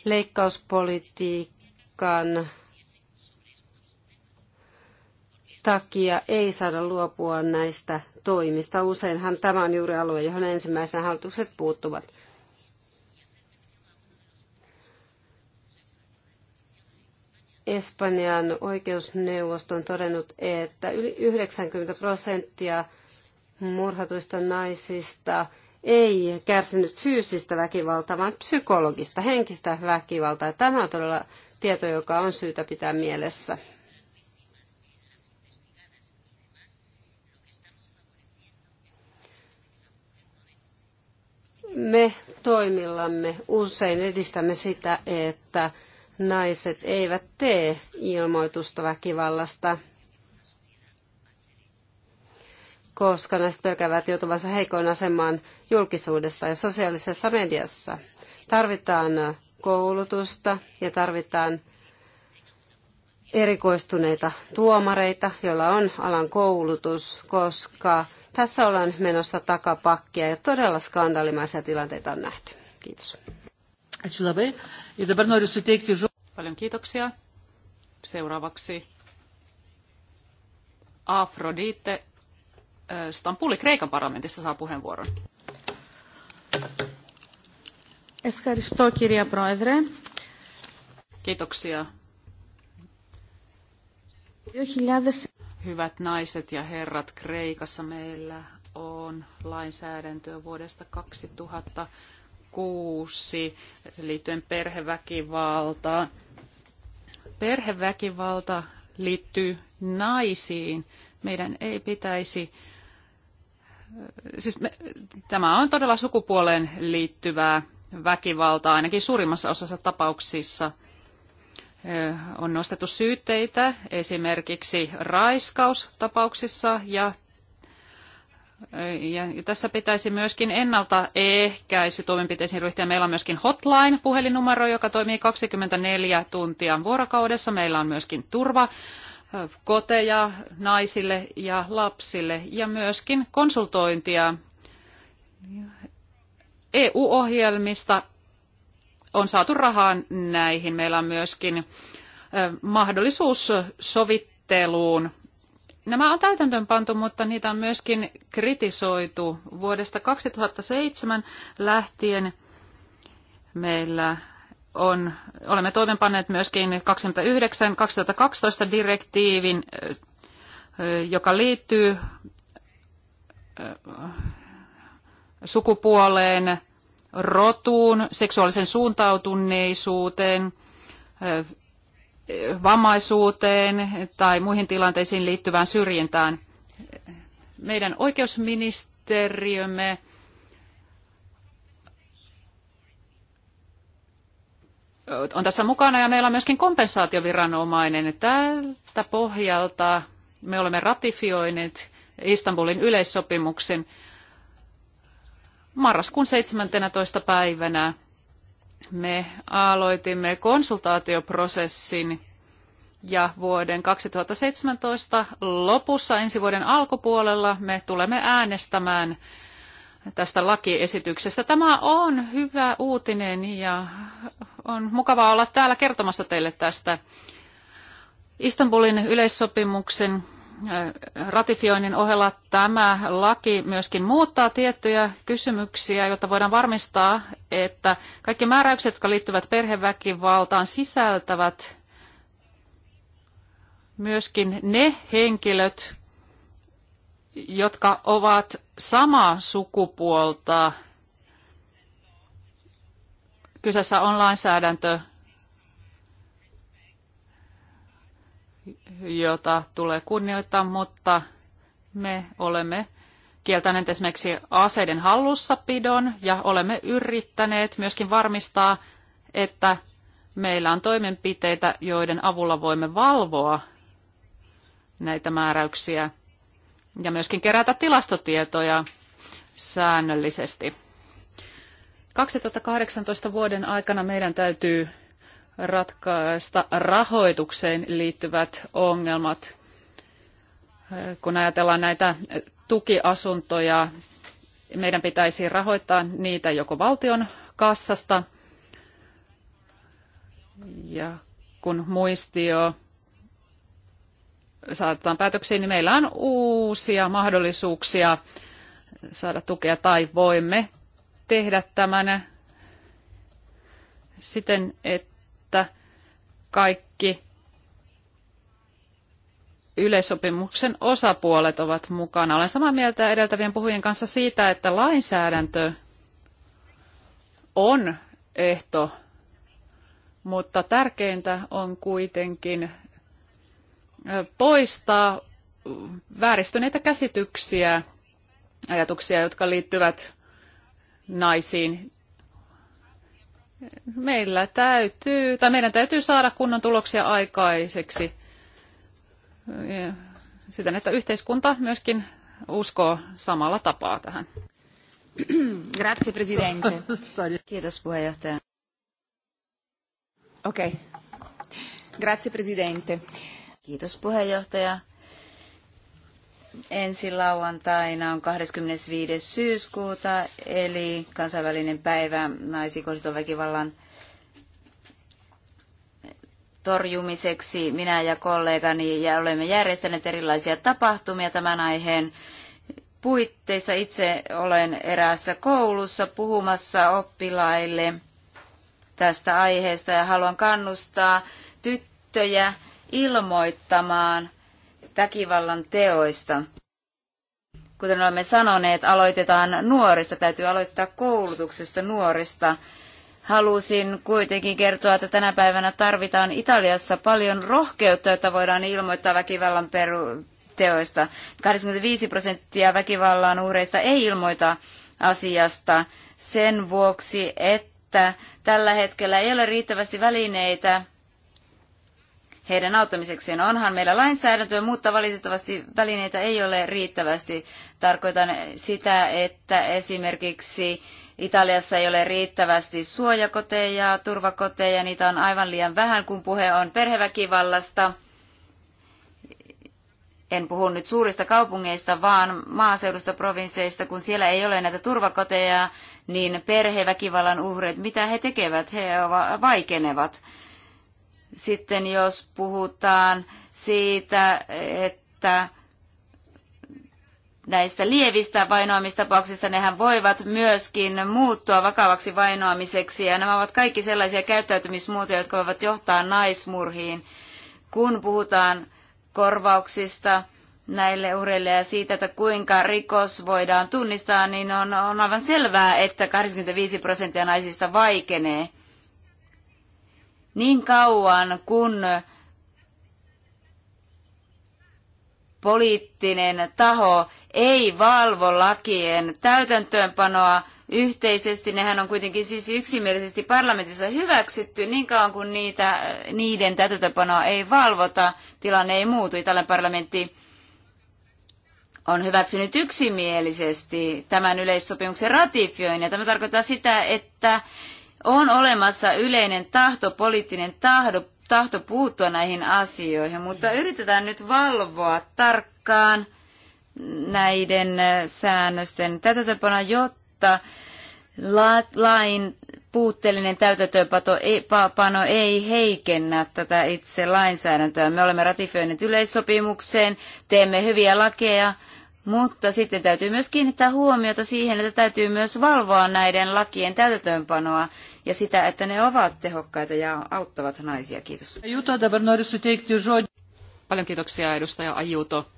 S2: Leikkauspolitiikan takia ei saada luopua näistä toimista. Useinhan tämä on juuri alue, johon ensimmäisenä hallitukset puuttuvat. Espanjan oikeusneuvosto on todennut, että yli 90 prosenttia murhatuista naisista ei kärsinyt fyysistä väkivaltaa, vaan psykologista, henkistä väkivaltaa. Tämä on todella tieto, joka on syytä pitää mielessä. Me toimillamme usein edistämme sitä, että naiset eivät tee ilmoitusta väkivallasta, koska naiset pelkäävät joutuvansa heikoin asemaan julkisuudessa ja sosiaalisessa mediassa. Tarvitaan koulutusta ja tarvitaan erikoistuneita tuomareita, joilla on alan koulutus, koska tässä ollaan menossa takapakkia ja todella skandaalimaisia tilanteita on nähty. Kiitos.
S4: Ačiū labai. Ir
S1: dabar noriu suteikti žodį. Paljon kiitoksia. Seuraavaksi Afrodite eh, Stampuli Kreikan parlamentista saa puheenvuoron. Kiitoksia. Hyvät naiset ja herrat, Kreikassa meillä on lainsäädäntöä vuodesta 2000 kuusi liittyen perheväkivaltaan. Perheväkivalta liittyy naisiin. Meidän ei pitäisi siis me, tämä on todella sukupuoleen liittyvää väkivaltaa, ainakin suurimmassa osassa tapauksissa. On nostettu syytteitä esimerkiksi raiskaustapauksissa ja ja tässä pitäisi myöskin ennaltaehkäisytoimenpiteisiin ryhtyä. Meillä on myöskin hotline-puhelinnumero, joka toimii 24 tuntia vuorokaudessa. Meillä on myöskin turva koteja naisille ja lapsille ja myöskin konsultointia EU-ohjelmista on saatu rahaa näihin. Meillä on myöskin mahdollisuus sovitteluun Nämä on täytäntöön pantu, mutta niitä on myöskin kritisoitu. Vuodesta 2007 lähtien meillä on, olemme toimenpanneet myöskin 29-2012 direktiivin, joka liittyy sukupuoleen, rotuun, seksuaalisen suuntautuneisuuteen, vammaisuuteen tai muihin tilanteisiin liittyvään syrjintään. Meidän oikeusministeriömme on tässä mukana ja meillä on myöskin kompensaatioviranomainen. Tältä pohjalta me olemme ratifioineet Istanbulin yleissopimuksen marraskuun 17. päivänä me aloitimme konsultaatioprosessin ja vuoden 2017 lopussa ensi vuoden alkupuolella me tulemme äänestämään tästä lakiesityksestä. Tämä on hyvä uutinen ja on mukavaa olla täällä kertomassa teille tästä. Istanbulin yleissopimuksen ratifioinnin ohella tämä laki myöskin muuttaa tiettyjä kysymyksiä, jotta voidaan varmistaa, että kaikki määräykset, jotka liittyvät perheväkivaltaan, sisältävät myöskin ne henkilöt, jotka ovat samaa sukupuolta. Kyseessä on lainsäädäntö, jota tulee kunnioittaa, mutta me olemme kieltäneet esimerkiksi aseiden hallussapidon ja olemme yrittäneet myöskin varmistaa, että meillä on toimenpiteitä, joiden avulla voimme valvoa näitä määräyksiä ja myöskin kerätä tilastotietoja säännöllisesti. 2018 vuoden aikana meidän täytyy ratkaista rahoitukseen liittyvät ongelmat. Kun ajatellaan näitä tukiasuntoja, meidän pitäisi rahoittaa niitä joko valtion kassasta ja kun muistio saatetaan päätöksiin, niin meillä on uusia mahdollisuuksia saada tukea tai voimme tehdä tämän siten, että että kaikki yleissopimuksen osapuolet ovat mukana. Olen samaa mieltä edeltävien puhujien kanssa siitä, että lainsäädäntö on ehto, mutta tärkeintä on kuitenkin poistaa vääristyneitä käsityksiä, ajatuksia, jotka liittyvät naisiin meillä täytyy, tai meidän täytyy saada kunnon tuloksia aikaiseksi siten, että yhteiskunta myöskin uskoo samalla tapaa tähän.
S3: [CLEARS THROAT] Grazie Presidente. Kiitos puheenjohtaja. Okei. Okay. Grazie Presidente. Kiitos puheenjohtaja ensi lauantaina on 25. syyskuuta, eli kansainvälinen päivä naisiin kohdistuvan väkivallan torjumiseksi. Minä ja kollegani ja olemme järjestäneet erilaisia tapahtumia tämän aiheen puitteissa. Itse olen eräässä koulussa puhumassa oppilaille tästä aiheesta ja haluan kannustaa tyttöjä ilmoittamaan – väkivallan teoista. Kuten olemme sanoneet, aloitetaan nuorista, täytyy aloittaa koulutuksesta nuorista. Halusin kuitenkin kertoa, että tänä päivänä tarvitaan Italiassa paljon rohkeutta, jotta voidaan ilmoittaa väkivallan peru- teoista. 85 prosenttia väkivallan uhreista ei ilmoita asiasta sen vuoksi, että tällä hetkellä ei ole riittävästi välineitä heidän auttamisekseen. Onhan meillä lainsäädäntöä, mutta valitettavasti välineitä ei ole riittävästi. Tarkoitan sitä, että esimerkiksi Italiassa ei ole riittävästi suojakoteja, turvakoteja, niitä on aivan liian vähän, kun puhe on perheväkivallasta. En puhu nyt suurista kaupungeista, vaan maaseudusta, provinseista, kun siellä ei ole näitä turvakoteja, niin perheväkivallan uhreet, mitä he tekevät, he vaikenevat. Sitten jos puhutaan siitä, että näistä lievistä vainoamistapauksista, nehän voivat myöskin muuttua vakavaksi vainoamiseksi, ja nämä ovat kaikki sellaisia käyttäytymismuutoja, jotka voivat johtaa naismurhiin. Kun puhutaan korvauksista näille uhreille ja siitä, että kuinka rikos voidaan tunnistaa, niin on, on aivan selvää, että 25 prosenttia naisista vaikenee niin kauan, kun poliittinen taho ei valvo lakien täytäntöönpanoa yhteisesti. Nehän on kuitenkin siis yksimielisesti parlamentissa hyväksytty niin kauan kuin niitä, niiden täytäntöönpanoa ei valvota. Tilanne ei muutu. Italian parlamentti on hyväksynyt yksimielisesti tämän yleissopimuksen ratifioin. Ja tämä tarkoittaa sitä, että on olemassa yleinen tahto, poliittinen tahto, tahto puuttua näihin asioihin, mutta yritetään nyt valvoa tarkkaan näiden äh, säännösten täytäntöpanoa, jotta lain puutteellinen täytäntöönpano e-, ei heikennä tätä itse lainsäädäntöä. Me olemme ratifioineet yleissopimukseen, teemme hyviä lakeja, mutta sitten täytyy myös kiinnittää huomiota siihen, että täytyy myös valvoa näiden lakien täytäntöönpanoa ja sitä, että ne ovat tehokkaita ja auttavat naisia. Kiitos.
S1: Paljon kiitoksia edustaja Ajuto.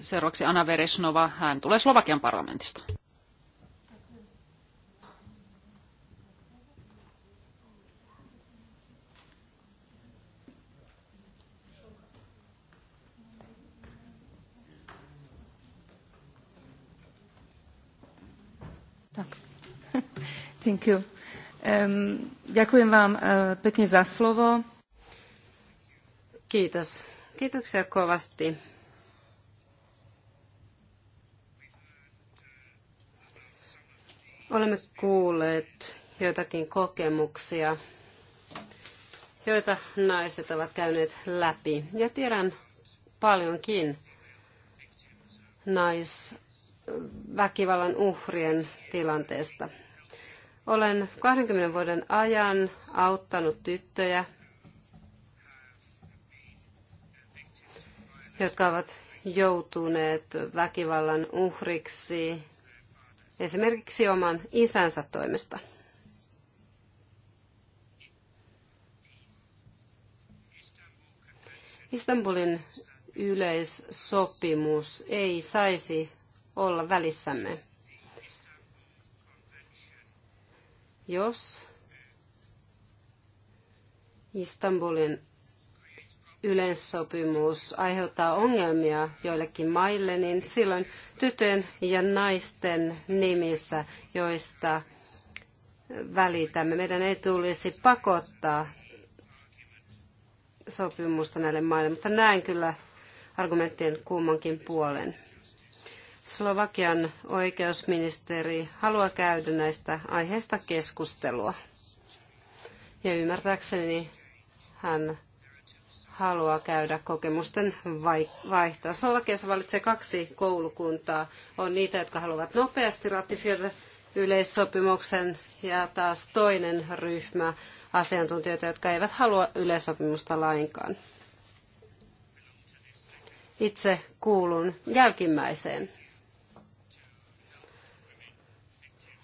S1: Seuraavaksi Anna Veresnova, hän tulee Slovakian parlamentista.
S4: ďakujem vám e, pekne za slovo.
S2: Kiitos. Kiitoksia kovasti. Olemme kuulleet joitakin kokemuksia, joita naiset ovat käyneet läpi. Ja tiedän paljonkin naisväkivallan uhrien tilanteesta. Olen 20 vuoden ajan auttanut tyttöjä, jotka ovat joutuneet väkivallan uhriksi esimerkiksi oman isänsä toimesta. Istanbulin yleissopimus ei saisi olla välissämme. jos Istanbulin yleissopimus aiheuttaa ongelmia joillekin maille, niin silloin tytön ja naisten nimissä, joista välitämme, meidän ei tulisi pakottaa sopimusta näille maille, mutta näen kyllä argumenttien kummankin puolen. Slovakian oikeusministeri haluaa käydä näistä aiheista keskustelua. Ja ymmärtääkseni hän haluaa käydä kokemusten vaihtoa. Slovakiassa valitsee kaksi koulukuntaa. On niitä, jotka haluavat nopeasti ratifioida yleissopimuksen ja taas toinen ryhmä asiantuntijoita, jotka eivät halua yleissopimusta lainkaan. Itse kuulun jälkimmäiseen.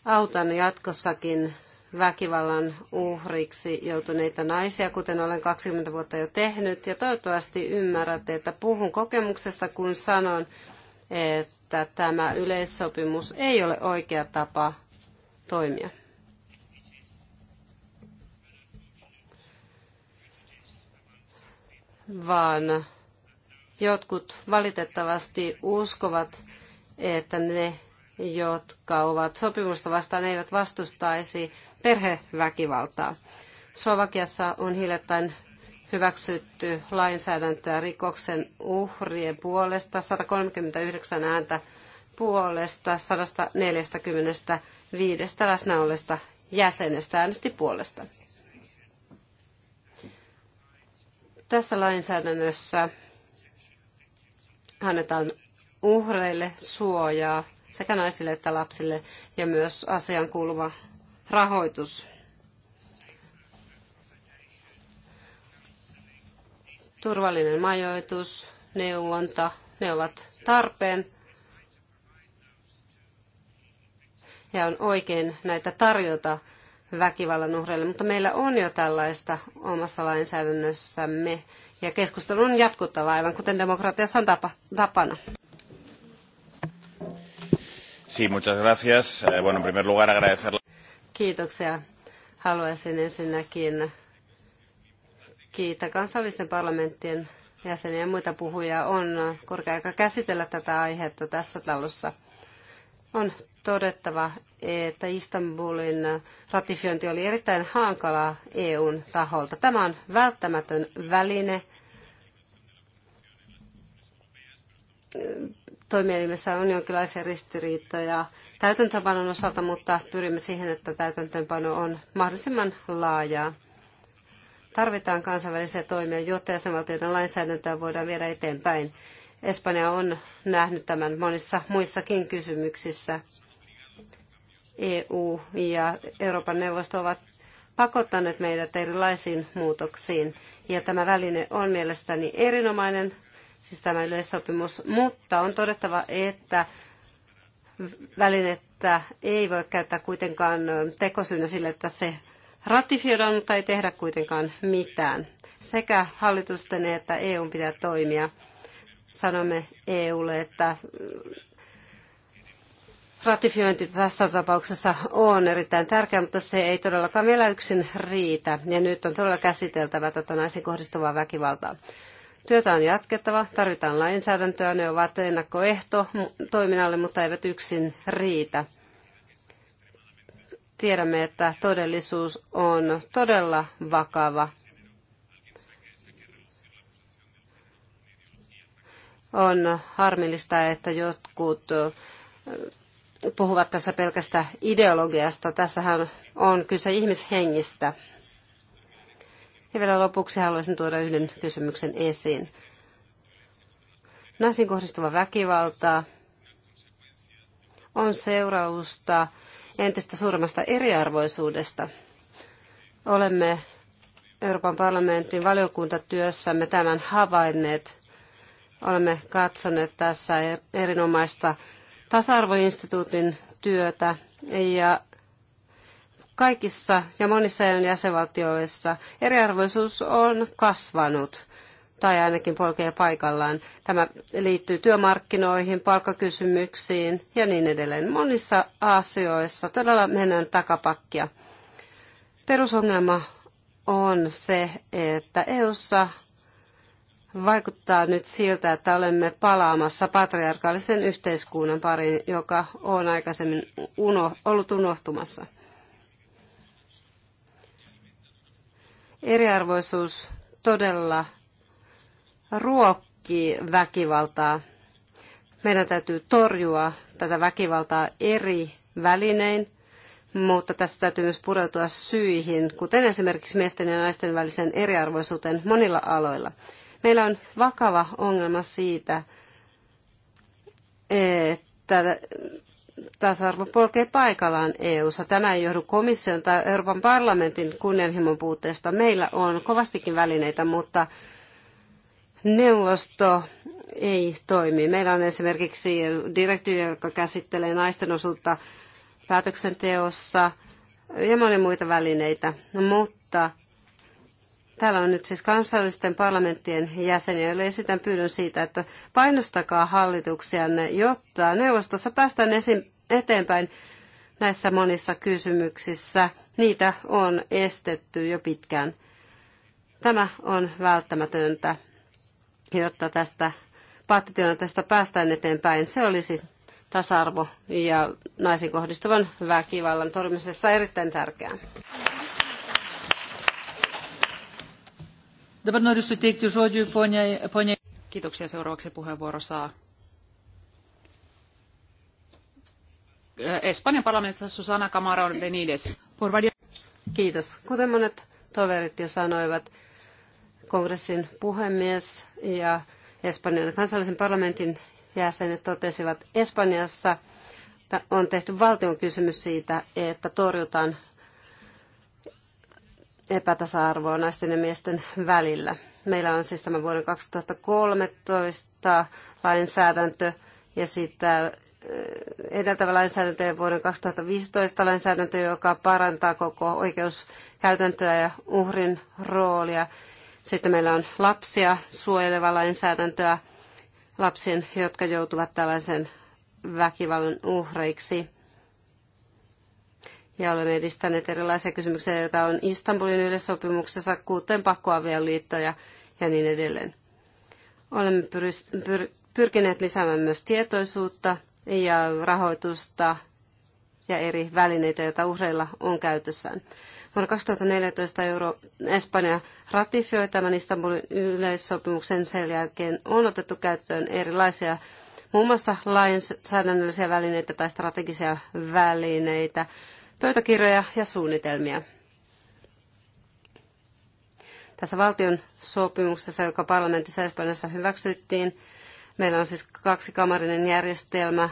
S2: Autan jatkossakin väkivallan uhriksi joutuneita naisia, kuten olen 20 vuotta jo tehnyt, ja toivottavasti ymmärrätte, että puhun kokemuksesta, kun sanon, että tämä yleissopimus ei ole oikea tapa toimia. Vaan jotkut valitettavasti uskovat, että ne jotka ovat sopimusta vastaan, eivät vastustaisi perheväkivaltaa. Slovakiassa on hiljattain hyväksytty lainsäädäntöä rikoksen uhrien puolesta 139 ääntä puolesta 145 läsnäolesta jäsenestä äänesti puolesta. Tässä lainsäädännössä annetaan uhreille suojaa sekä naisille että lapsille ja myös asian kuuluva rahoitus. Turvallinen majoitus, neuvonta, ne ovat tarpeen. Ja on oikein näitä tarjota väkivallan uhreille, mutta meillä on jo tällaista omassa lainsäädännössämme ja on jatkuttava aivan kuten demokratiassa on tapana.
S4: Eh,
S2: Kiitoksia. Haluaisin ensinnäkin kiittää kansallisten parlamenttien jäseniä ja muita puhujia. On korkea aika käsitellä tätä aihetta tässä talossa. On todettava, että Istanbulin ratifiointi oli erittäin hankalaa EUn taholta. Tämä on välttämätön väline toimielimessä on jonkinlaisia ristiriitoja täytäntöönpanon osalta, mutta pyrimme siihen, että täytäntöönpano on mahdollisimman laajaa. Tarvitaan kansainvälisiä toimia, jotta jäsenvaltioiden lainsäädäntöä voidaan viedä eteenpäin. Espanja on nähnyt tämän monissa muissakin kysymyksissä. EU ja Euroopan neuvosto ovat pakottaneet meidät erilaisiin muutoksiin. Ja tämä väline on mielestäni erinomainen siis tämä yleissopimus, mutta on todettava, että välinettä ei voi käyttää kuitenkaan tekosyynä sille, että se ratifioidaan, mutta ei tehdä kuitenkaan mitään. Sekä hallitusten että EUn pitää toimia. Sanomme EUlle, että ratifiointi tässä tapauksessa on erittäin tärkeä, mutta se ei todellakaan vielä yksin riitä. Ja nyt on todella käsiteltävä tätä naisiin kohdistuvaa väkivaltaa. Työtä on jatkettava, tarvitaan lainsäädäntöä, ne ovat ennakkoehto toiminnalle, mutta eivät yksin riitä. Tiedämme, että todellisuus on todella vakava. On harmillista, että jotkut puhuvat tässä pelkästä ideologiasta. Tässähän on kyse ihmishengistä. Ja vielä lopuksi haluaisin tuoda yhden kysymyksen esiin. Naisiin kohdistuva väkivalta on seurausta entistä suuremmasta eriarvoisuudesta. Olemme Euroopan parlamentin valiokuntatyössämme tämän havainneet. Olemme katsoneet tässä er- erinomaista tasa-arvoinstituutin työtä ja Kaikissa ja monissa EUn jäsenvaltioissa eriarvoisuus on kasvanut tai ainakin polkee paikallaan. Tämä liittyy työmarkkinoihin, palkkakysymyksiin ja niin edelleen. Monissa asioissa todella mennään takapakkia. Perusongelma on se, että EUssa vaikuttaa nyt siltä, että olemme palaamassa patriarkaalisen yhteiskunnan pariin, joka on aikaisemmin uno, ollut unohtumassa. Eriarvoisuus todella ruokkii väkivaltaa. Meidän täytyy torjua tätä väkivaltaa eri välinein, mutta tässä täytyy myös pureutua syihin, kuten esimerkiksi miesten ja naisten välisen eriarvoisuuteen monilla aloilla. Meillä on vakava ongelma siitä, että tasa-arvo polkee paikallaan EU-ssa. Tämä ei johdu komission tai Euroopan parlamentin kunnianhimon puutteesta. Meillä on kovastikin välineitä, mutta neuvosto ei toimi. Meillä on esimerkiksi direktiivi, joka käsittelee naisten osuutta päätöksenteossa ja monia muita välineitä, mutta Täällä on nyt siis kansallisten parlamenttien jäseniä, joille esitän pyydön siitä, että painostakaa hallituksianne, jotta neuvostossa päästään esiin, eteenpäin näissä monissa kysymyksissä. Niitä on estetty jo pitkään. Tämä on välttämätöntä, jotta tästä pattitilanteesta päästään eteenpäin. Se olisi tasa-arvo ja naisiin kohdistuvan väkivallan torjumisessa erittäin tärkeää. Dabar noriu suteikti žodžiu poniai. Ponia...
S1: Kiitoksia. Seuraavaksi puheenvuoro saa äh, Espanjan parlamentissa Susana Camara Benides.
S2: Kiitos. Kuten monet toverit jo sanoivat, kongressin puhemies ja Espanjan kansallisen parlamentin jäsenet totesivat, Espanjassa on tehty valtion kysymys siitä, että torjutaan epätasa-arvoa naisten ja miesten välillä. Meillä on siis tämä vuoden 2013 lainsäädäntö ja sitä eh, edeltävä lainsäädäntö ja vuoden 2015 lainsäädäntö, joka parantaa koko oikeuskäytäntöä ja uhrin roolia. Sitten meillä on lapsia suojeleva lainsäädäntöä lapsien, jotka joutuvat tällaisen väkivallan uhreiksi ja olemme edistäneet erilaisia kysymyksiä, joita on Istanbulin yleissopimuksessa, kuten pakkoavioliittoja ja niin edelleen. Olemme pyrkineet lisäämään myös tietoisuutta ja rahoitusta ja eri välineitä, joita uhreilla on käytössään. Vuonna 2014 Euro- Espanja ratifioi tämän Istanbulin yleissopimuksen. Sen jälkeen on otettu käyttöön erilaisia muun muassa lainsäädännöllisiä välineitä tai strategisia välineitä pöytäkirjoja ja suunnitelmia. Tässä valtion sopimuksessa, joka parlamentissa Espanjassa hyväksyttiin, meillä on siis kaksikamarinen järjestelmä,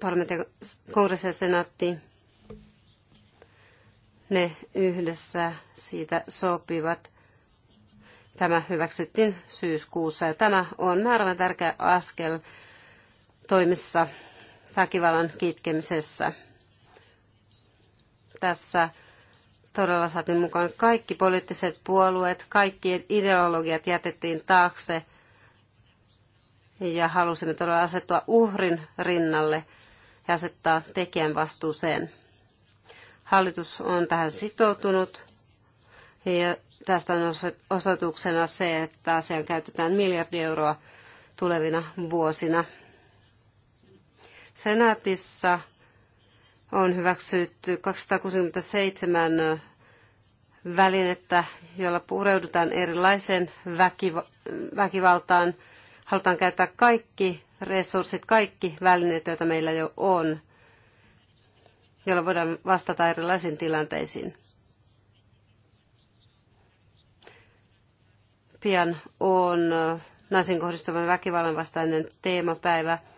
S2: parlamentin kongressi ja senaatti. Ne yhdessä siitä sopivat. Tämä hyväksyttiin syyskuussa ja tämä on määrävän tärkeä askel toimissa väkivallan kitkemisessä tässä todella saatiin mukaan kaikki poliittiset puolueet, kaikki ideologiat jätettiin taakse ja halusimme todella asettua uhrin rinnalle ja asettaa tekijän vastuuseen. Hallitus on tähän sitoutunut ja tästä on osoituksena se, että asiaan käytetään miljardi euroa tulevina vuosina. Senaatissa on hyväksytty 267 välinettä, jolla pureudutaan erilaiseen väkivaltaan. Halutaan käyttää kaikki resurssit, kaikki välineet, joita meillä jo on, joilla voidaan vastata erilaisiin tilanteisiin. Pian on naisiin kohdistuvan väkivallan vastainen teemapäivä –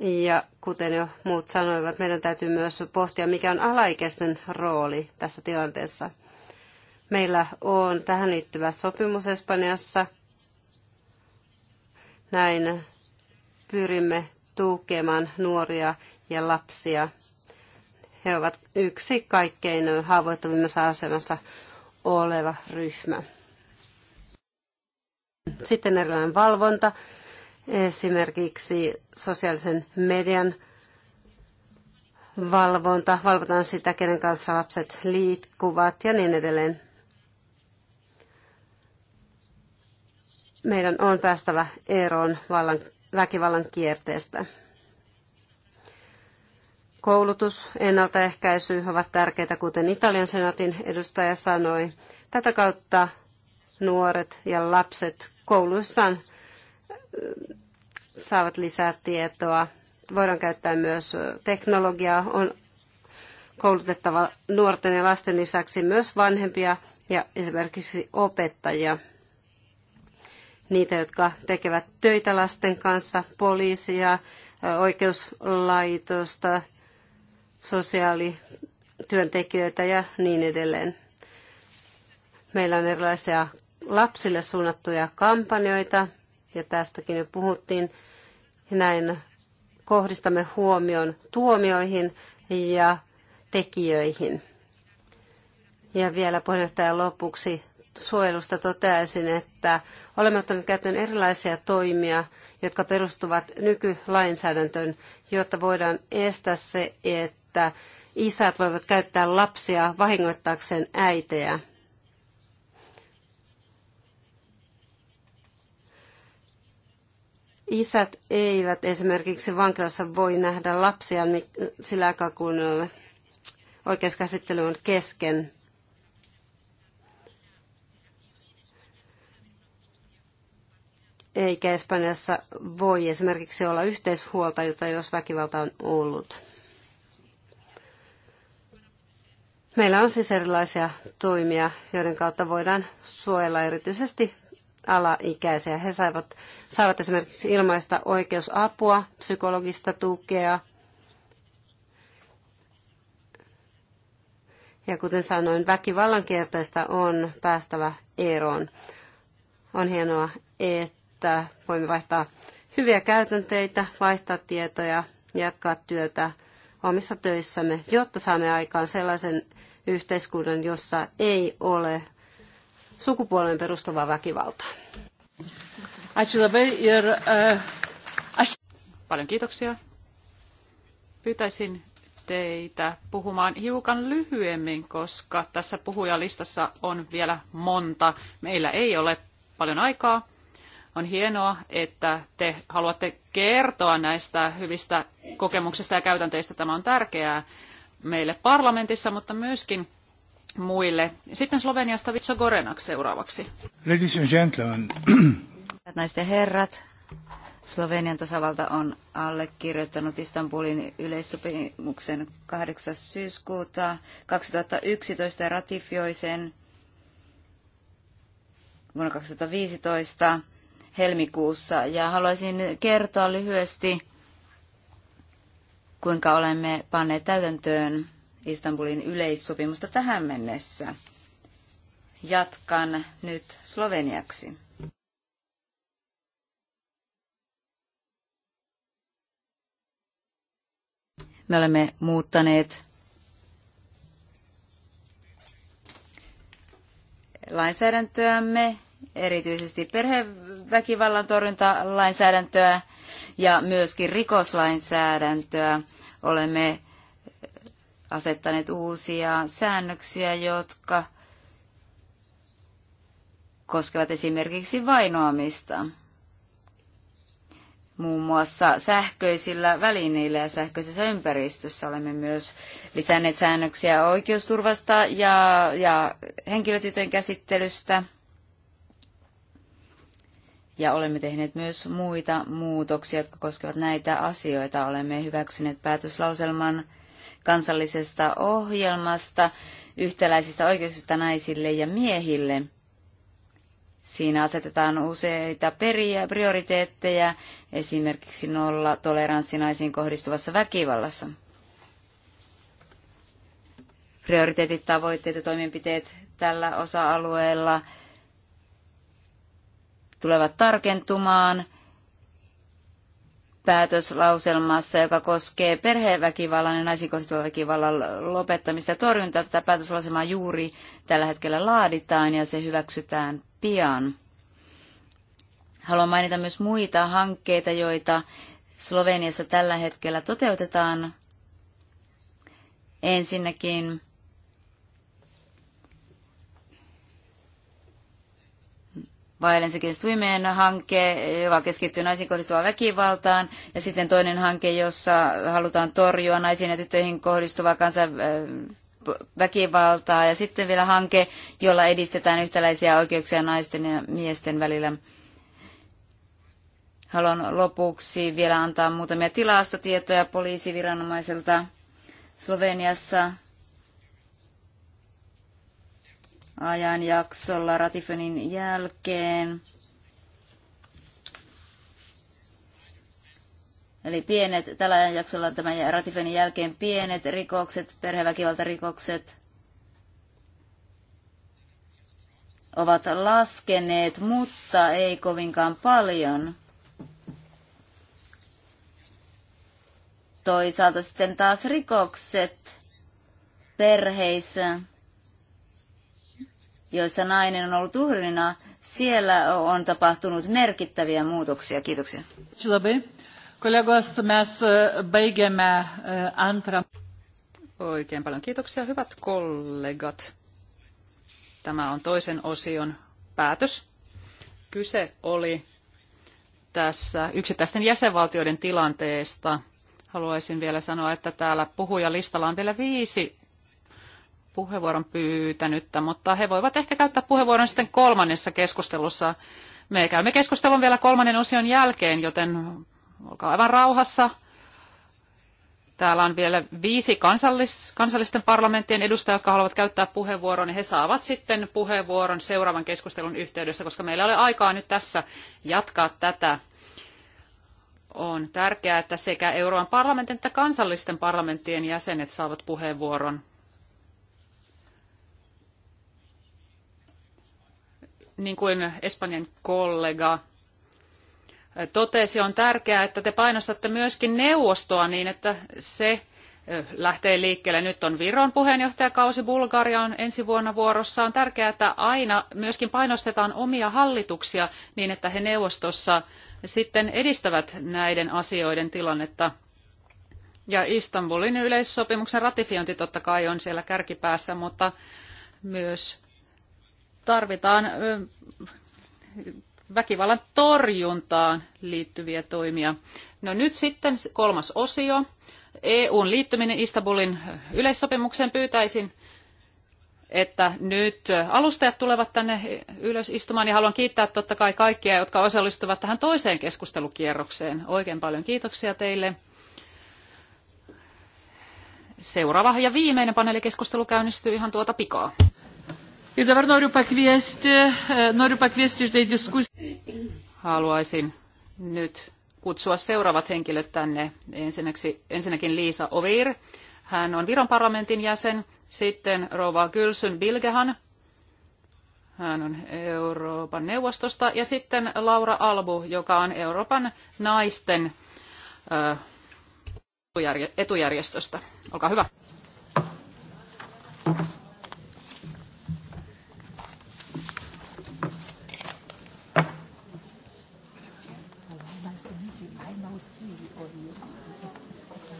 S2: Ja kuten jo muut sanoivat, meidän täytyy myös pohtia, mikä on alaikäisten rooli tässä tilanteessa. Meillä on tähän liittyvä sopimus Espanjassa. Näin pyrimme tukemaan nuoria ja lapsia. He ovat yksi kaikkein haavoittuvimmassa asemassa oleva ryhmä. Sitten erilainen valvonta. Esimerkiksi sosiaalisen median valvonta, valvotaan sitä, kenen kanssa lapset liikkuvat ja niin edelleen. Meidän on päästävä eroon vallan, väkivallan kierteestä. Koulutus, ennaltaehkäisy ovat tärkeitä, kuten Italian senaatin edustaja sanoi. Tätä kautta nuoret ja lapset kouluissaan saavat lisää tietoa. Voidaan käyttää myös teknologiaa. On koulutettava nuorten ja lasten lisäksi myös vanhempia ja esimerkiksi opettajia. Niitä, jotka tekevät töitä lasten kanssa, poliisia, oikeuslaitosta, sosiaalityöntekijöitä ja niin edelleen. Meillä on erilaisia lapsille suunnattuja kampanjoita, ja tästäkin jo puhuttiin. Näin kohdistamme huomion tuomioihin ja tekijöihin. Ja vielä puheenjohtajan lopuksi suojelusta toteaisin, että olemme ottaneet käyttöön erilaisia toimia, jotka perustuvat nykylainsäädäntöön, jotta voidaan estää se, että isät voivat käyttää lapsia vahingoittaakseen äitejä. Isät eivät esimerkiksi vankilassa voi nähdä lapsia sillä aikaa, kun oikeuskäsittely on kesken. Eikä Espanjassa voi esimerkiksi olla yhteishuolta, jota jos väkivalta on ollut. Meillä on siis erilaisia toimia, joiden kautta voidaan suojella erityisesti alaikäisiä. He saivat, saivat esimerkiksi ilmaista oikeusapua, psykologista tukea. Ja kuten sanoin, väkivallan kierteestä on päästävä eroon. On hienoa, että voimme vaihtaa hyviä käytänteitä, vaihtaa tietoja, jatkaa työtä omissa töissämme, jotta saamme aikaan sellaisen yhteiskunnan, jossa ei ole sukupuoleen perustuvaa väkivaltaa. E,
S1: paljon kiitoksia. Pyytäisin teitä puhumaan hiukan lyhyemmin, koska tässä puhujalistassa on vielä monta. Meillä ei ole paljon aikaa. On hienoa, että te haluatte kertoa näistä hyvistä kokemuksista ja käytänteistä. Tämä on tärkeää meille parlamentissa, mutta myöskin muille. Sitten Sloveniasta Vitsa Gorenak seuraavaksi.
S4: Ladies and gentlemen.
S3: naiset ja herrat, Slovenian tasavalta on allekirjoittanut Istanbulin yleissopimuksen 8. syyskuuta 2011 ja ratifioi sen vuonna 2015 helmikuussa. Ja haluaisin kertoa lyhyesti, kuinka olemme panneet täytäntöön Istanbulin yleissopimusta tähän mennessä. Jatkan nyt sloveniaksi. Me olemme muuttaneet lainsäädäntöämme, erityisesti perheväkivallan torjuntalainsäädäntöä ja myöskin rikoslainsäädäntöä. Olemme asettaneet uusia säännöksiä, jotka koskevat esimerkiksi vainoamista. Muun muassa sähköisillä välineillä ja sähköisessä ympäristössä olemme myös lisänneet säännöksiä oikeusturvasta ja, ja henkilötietojen käsittelystä. Ja olemme tehneet myös muita muutoksia, jotka koskevat näitä asioita. Olemme hyväksyneet päätöslauselman kansallisesta ohjelmasta yhtäläisistä oikeuksista naisille ja miehille. Siinä asetetaan useita periä, prioriteetteja, esimerkiksi nolla toleranssi naisiin kohdistuvassa väkivallassa. Prioriteetit, tavoitteet ja toimenpiteet tällä osa-alueella tulevat tarkentumaan – päätöslauselmassa, joka koskee perheväkivallan ja naisiin kohdistuvan väkivallan lopettamista ja torjuntaa. Tätä päätöslauselmaa juuri tällä hetkellä laaditaan ja se hyväksytään pian. Haluan mainita myös muita hankkeita, joita Sloveniassa tällä hetkellä toteutetaan. Ensinnäkin Violence Against Women hanke, joka keskittyy naisiin kohdistuvaan väkivaltaan, ja sitten toinen hanke, jossa halutaan torjua naisiin ja tyttöihin kohdistuvaa kansan väkivaltaa, ja sitten vielä hanke, jolla edistetään yhtäläisiä oikeuksia naisten ja miesten välillä. Haluan lopuksi vielä antaa muutamia tilastotietoja poliisiviranomaiselta Sloveniassa ajanjaksolla ratifioinnin jälkeen. Eli pienet, tällä ajanjaksolla tämän ratifioinnin jälkeen pienet rikokset, perheväkivaltarikokset ovat laskeneet, mutta ei kovinkaan paljon. Toisaalta sitten taas rikokset perheissä joissa nainen on ollut uhrina, siellä on tapahtunut merkittäviä muutoksia. Kiitoksia. Kollegos,
S1: mes e, baigiame e, antra. Oikein paljon kiitoksia, hyvät kollegat. Tämä on toisen osion päätös. Kyse oli tässä yksittäisten jäsenvaltioiden tilanteesta. Haluaisin vielä sanoa, että täällä puhujalistalla on vielä viisi puheenvuoron pyytänyttä, mutta he voivat ehkä käyttää puheenvuoron sitten kolmannessa keskustelussa. Me käymme keskustelun vielä kolmannen osion jälkeen, joten olkaa aivan rauhassa. Täällä on vielä viisi kansallis, kansallisten parlamenttien edustajaa, jotka haluavat käyttää puheenvuoron. He saavat sitten puheenvuoron seuraavan keskustelun yhteydessä, koska meillä ei ole aikaa nyt tässä jatkaa tätä. On tärkeää, että sekä Euroopan parlamentin että kansallisten parlamenttien jäsenet saavat puheenvuoron. Niin kuin Espanjan kollega totesi, on tärkeää, että te painostatte myöskin neuvostoa niin, että se lähtee liikkeelle. Nyt on Viron puheenjohtajakausi, Bulgaria on ensi vuonna vuorossa. On tärkeää, että aina myöskin painostetaan omia hallituksia niin, että he neuvostossa sitten edistävät näiden asioiden tilannetta. Ja Istanbulin yleissopimuksen ratifiointi totta kai on siellä kärkipäässä, mutta myös tarvitaan väkivallan torjuntaan liittyviä toimia. No nyt sitten kolmas osio. EUn liittyminen Istanbulin yleissopimukseen pyytäisin, että nyt alustajat tulevat tänne ylös istumaan ja haluan kiittää totta kai kaikkia, jotka osallistuvat tähän toiseen keskustelukierrokseen. Oikein paljon kiitoksia teille. Seuraava ja viimeinen paneelikeskustelu käynnistyy ihan tuota pikaa. Ja dabar noriu pakviesti, e, noriu pakviesti iš diskusi. Haluaisin nyt kutsua seuraavat henkilöt tänne. Ensinnäksi, ensinnäkin Liisa Ovir. Hän on Viron parlamentin jäsen. Sitten Rova Gylsyn Bilgehan. Hän on Euroopan neuvostosta. Ja sitten Laura Albu, joka on Euroopan naisten etujärjestöstä. Olkaa hyvä. Thank you.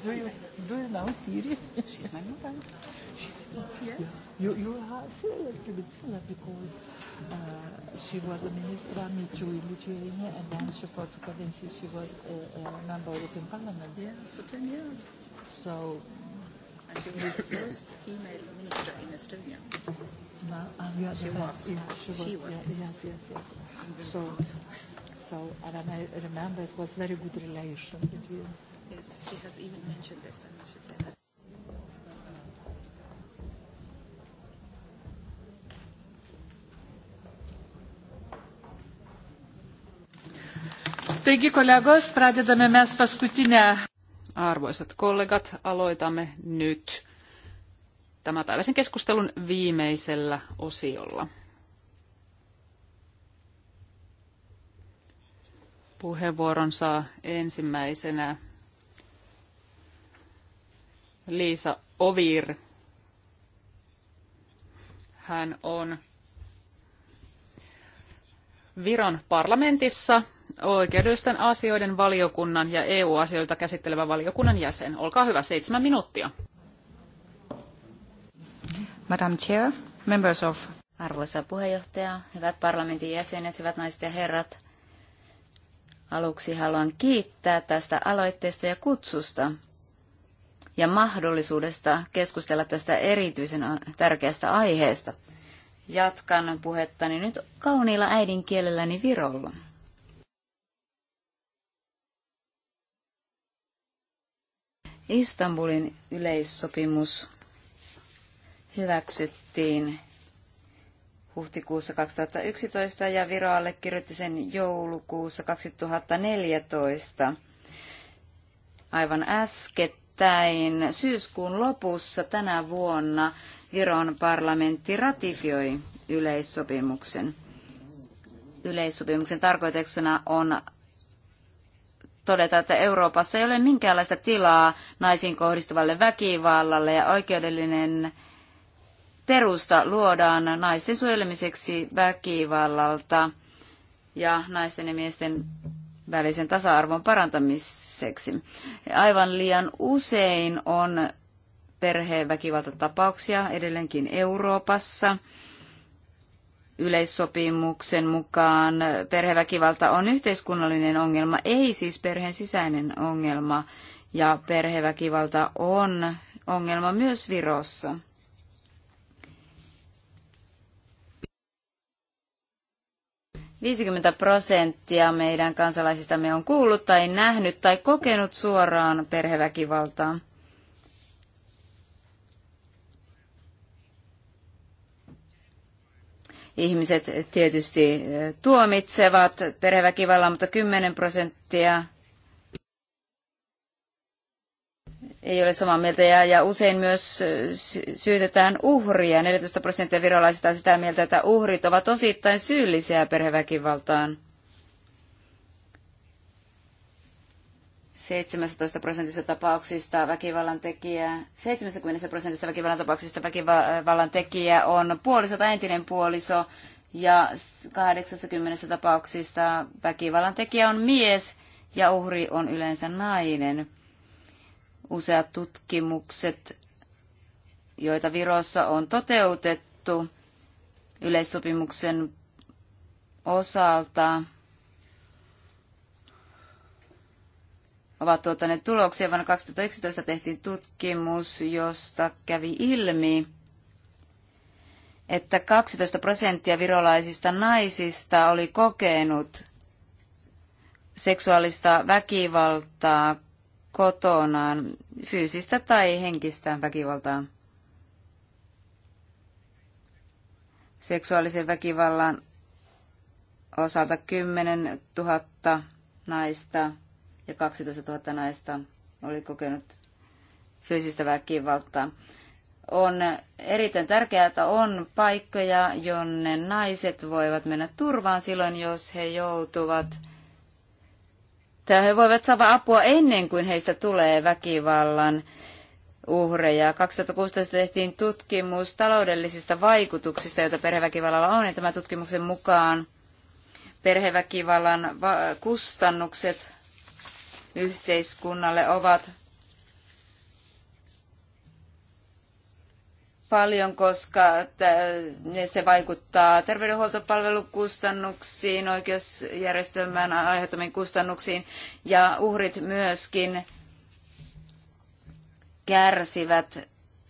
S4: Do you, do you know Syria? She's my mother. She's, yes. yes. You, you are still a little bit similar because uh, she was a minister me too in Lithuania and then she for two provinces she was a, a member of the European Parliament. Yes, for 10 years. So. And she was the first female minister in Estonia. No, um, yeah, she, was. Yeah, she was. She was. Yeah, yes, yes, yes. yes. So, so, and I remember it was very good relation between. Mm-hmm
S1: is she has even mentioned this she said that
S4: Taigi, kollegos, pradedame mes
S1: paskutinę. Arvoisat kollegat, aloitamme nyt tämän päiväisen keskustelun viimeisellä osiolla. Puheenvuoron saa ensimmäisenä Liisa Ovir. Hän on Viron parlamentissa oikeudellisten asioiden valiokunnan ja EU-asioita käsittelevän
S3: valiokunnan jäsen. Olkaa hyvä, seitsemän minuuttia. Madam Chair, members of... Arvoisa puheenjohtaja, hyvät parlamentin jäsenet, hyvät naiset ja herrat. Aluksi haluan kiittää tästä aloitteesta ja kutsusta ja mahdollisuudesta keskustella tästä erityisen tärkeästä aiheesta. Jatkan puhettani nyt kauniilla äidinkielelläni Virolla. Istanbulin yleissopimus hyväksyttiin huhtikuussa 2011 ja Viro allekirjoitti sen joulukuussa 2014. Aivan äsken. Nimittäin syyskuun lopussa tänä vuonna Viron parlamentti ratifioi yleissopimuksen. Yleissopimuksen tarkoituksena on todeta, että Euroopassa ei ole minkäänlaista tilaa naisiin kohdistuvalle väkivallalle ja oikeudellinen perusta luodaan naisten suojelemiseksi väkivallalta ja naisten ja miesten välisen tasa-arvon parantamiseksi. Aivan liian usein on perheväkivaltatapauksia edelleenkin Euroopassa. Yleissopimuksen mukaan perheväkivalta on yhteiskunnallinen ongelma, ei siis perheen sisäinen ongelma. Ja perheväkivalta on ongelma myös Virossa. 50 prosenttia meidän kansalaisistamme on kuullut tai nähnyt tai kokenut suoraan perheväkivaltaa. Ihmiset tietysti eh, tuomitsevat perheväkivallan, mutta 10 prosenttia ei ole samaa mieltä ja, ja usein myös syytetään uhria. 14 prosenttia virolaisista on sitä mieltä, että uhrit ovat osittain syyllisiä perheväkivaltaan. 17 prosentissa tapauksista väkivallan tekijä, 70 prosentissa väkivallan tapauksista väkivallan tekijä on puoliso tai entinen puoliso ja 80 tapauksista väkivallan tekijä on mies ja uhri on yleensä nainen. Useat tutkimukset, joita Virossa on toteutettu yleissopimuksen osalta, ovat tuottaneet tuloksia. Vuonna 2011 tehtiin tutkimus, josta kävi ilmi, että 12 prosenttia virolaisista naisista oli kokenut seksuaalista väkivaltaa kotonaan fyysistä tai henkistä väkivaltaa. Seksuaalisen väkivallan osalta 10 000 naista ja 12 000 naista oli kokenut fyysistä väkivaltaa. On erittäin tärkeää, että on paikkoja, jonne naiset voivat mennä turvaan silloin, jos he joutuvat – että he voivat saada apua ennen kuin heistä tulee väkivallan uhreja. 2016 tehtiin tutkimus taloudellisista vaikutuksista, joita perheväkivallalla on, ja tämän tutkimuksen mukaan perheväkivallan kustannukset yhteiskunnalle ovat paljon, koska se vaikuttaa terveydenhuoltopalvelukustannuksiin, oikeusjärjestelmään aiheuttamiin kustannuksiin ja uhrit myöskin kärsivät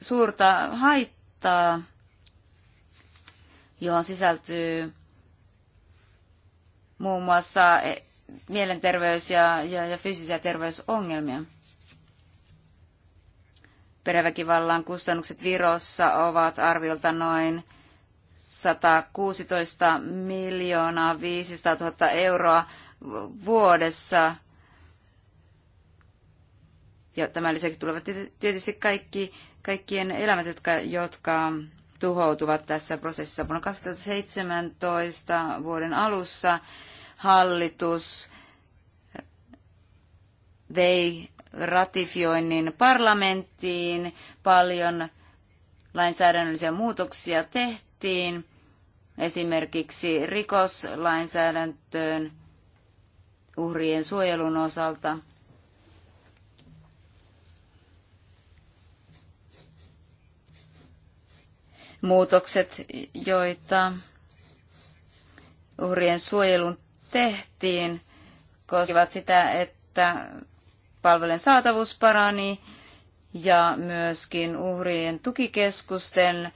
S3: suurta haittaa, johon sisältyy muun muassa eh, mielenterveys- ja, ja, ja fyysisiä terveysongelmia. Perheväkivallan kustannukset Virossa ovat arviolta noin 116 miljoonaa 500 000 euroa vuodessa. Ja tämän lisäksi tulevat tietysti kaikki, kaikkien elämät, jotka, jotka tuhoutuvat tässä prosessissa. Vuonna 2017 vuoden alussa hallitus vei ratifioinnin parlamenttiin, paljon lainsäädännöllisiä muutoksia tehtiin, esimerkiksi rikoslainsäädäntöön uhrien suojelun osalta. Muutokset, joita uhrien suojelun tehtiin, koskivat sitä, että palvelujen saatavuus parani ja myöskin uhrien tukikeskusten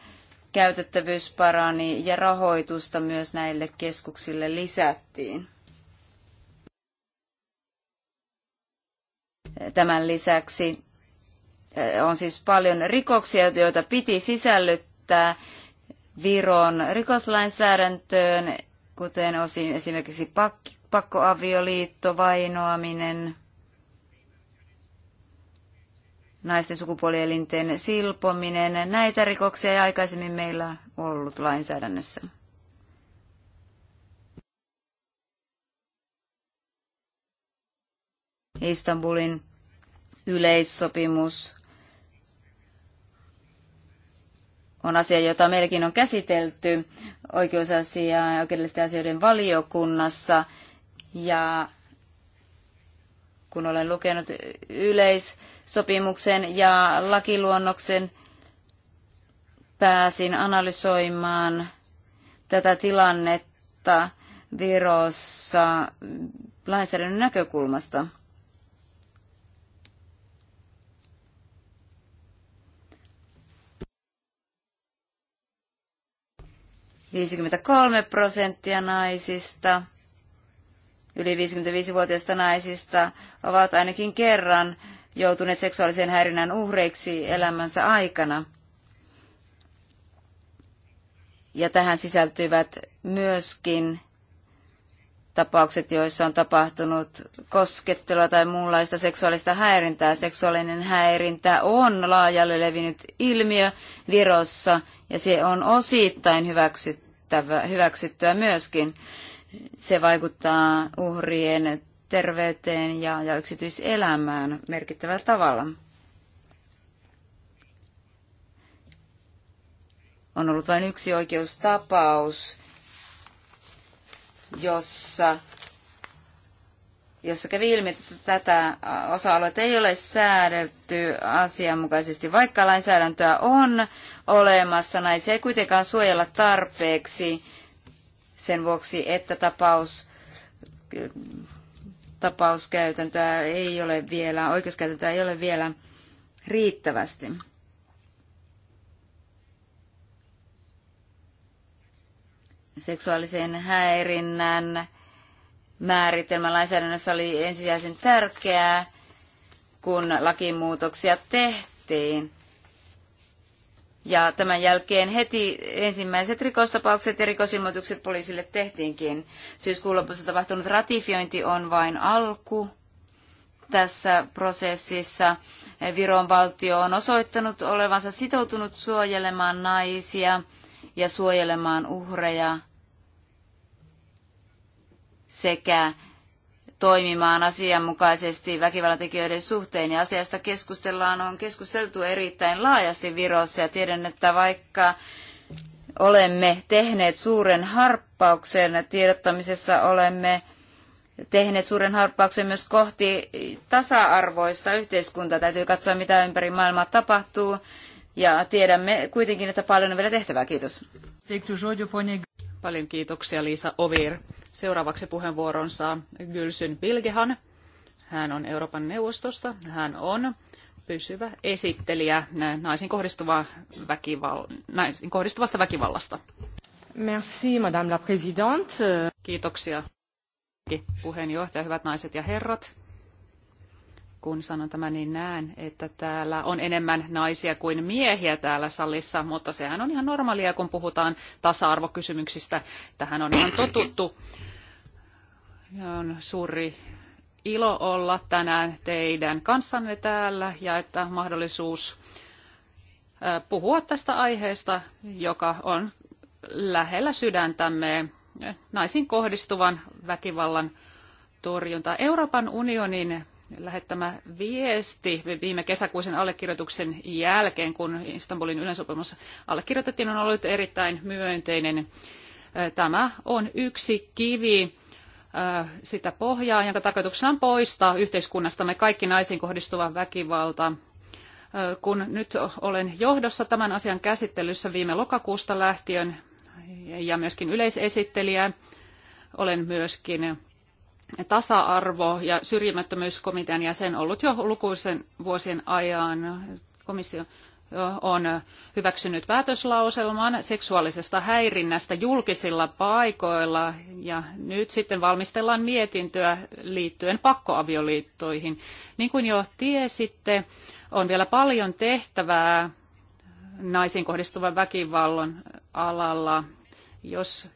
S3: käytettävyys parani ja rahoitusta myös näille keskuksille lisättiin. Tämän lisäksi eh, on siis paljon rikoksia, joita piti sisällyttää Viron rikoslainsäädäntöön, kuten osin esimerkiksi pakkoavioliitto, vainoaminen, naisten sukupuolielinten silpominen. Näitä rikoksia ei aikaisemmin meillä ollut lainsäädännössä. Istanbulin yleissopimus on asia, jota meilläkin on käsitelty oikeusasia- ja oikeudellisten asioiden valiokunnassa. Ja kun olen lukenut yleis sopimuksen ja lakiluonnoksen pääsin analysoimaan tätä tilannetta Virossa lainsäädännön näkökulmasta. Viisikymmentä kolme prosenttia naisista, yli 55-vuotiaista naisista ovat ainakin kerran joutuneet seksuaalisen häirinnän uhreiksi elämänsä aikana. Ja tähän sisältyvät myöskin tapaukset, joissa on tapahtunut koskettelua tai muunlaista seksuaalista häirintää. Seksuaalinen häirintä on laajalle levinnyt ilmiö Virossa ja se on osittain hyväksyttävä, hyväksyttyä myöskin. Se vaikuttaa uhrien terveyteen ja, ja yksityiselämään merkittävällä tavalla. On ollut vain yksi oikeustapaus, jossa, jossa kävi ilmi, että tätä osa-aluetta ei ole säädelty asianmukaisesti. Vaikka lainsäädäntöä on olemassa, naisia ei kuitenkaan suojella tarpeeksi sen vuoksi, että tapaus tapauskäytäntöä ei ole vielä, oikeuskäytäntöä ei ole vielä riittävästi. Seksuaalisen häirinnän määritelmä lainsäädännössä oli ensisijaisen tärkeää, kun lakimuutoksia tehtiin. Ja tämän jälkeen heti ensimmäiset rikostapaukset ja rikosilmoitukset poliisille tehtiinkin. Syyskuun lopussa tapahtunut ratifiointi on vain alku tässä prosessissa. Viron valtio on osoittanut olevansa sitoutunut suojelemaan naisia ja suojelemaan uhreja sekä toimimaan asianmukaisesti väkivallatekijöiden suhteen ja asiasta keskustellaan, on keskusteltu erittäin laajasti Virossa ja tiedän, että vaikka olemme tehneet suuren harppauksen tiedottamisessa, olemme tehneet suuren harppauksen myös kohti tasa-arvoista yhteiskuntaa. Täytyy katsoa, mitä ympäri maailmaa tapahtuu. Ja tiedämme kuitenkin, että paljon on vielä tehtävää. Kiitos.
S1: Paljon kiitoksia Liisa Ovir. Seuraavaksi puheenvuoron saa Gylsyn Bilgehan. Hän on Euroopan neuvostosta. Hän on pysyvä esittelijä naisiin, kohdistuva väkival... naisiin kohdistuvasta väkivallasta. Merci, Madame la Présidente. Kiitoksia, puheenjohtaja, hyvät naiset ja herrat kun sanon tämän, niin näen, että täällä on enemmän naisia kuin miehiä täällä salissa, mutta sehän on ihan normaalia, kun puhutaan tasa-arvokysymyksistä. Tähän on ihan totuttu. Ja on suuri ilo olla tänään teidän kanssanne täällä ja että mahdollisuus puhua tästä aiheesta, joka on lähellä sydäntämme naisiin kohdistuvan väkivallan torjunta. Euroopan unionin lähettämä viesti viime kesäkuisen allekirjoituksen jälkeen, kun Istanbulin yleisopimus allekirjoitettiin, on ollut erittäin myönteinen. Tämä on yksi kivi sitä pohjaa, jonka tarkoituksena on poistaa yhteiskunnastamme kaikki naisiin kohdistuva väkivalta. Kun nyt olen johdossa tämän asian käsittelyssä viime lokakuusta lähtien ja myöskin yleisesittelijä, olen myöskin tasa-arvo- ja syrjimättömyyskomitean jäsen ollut jo lukuisen vuosien ajan. Komissio on hyväksynyt päätöslauselman seksuaalisesta häirinnästä julkisilla paikoilla ja nyt sitten valmistellaan mietintöä liittyen pakkoavioliittoihin. Niin kuin jo tiesitte, on vielä paljon tehtävää naisiin kohdistuvan väkivallan alalla. Jos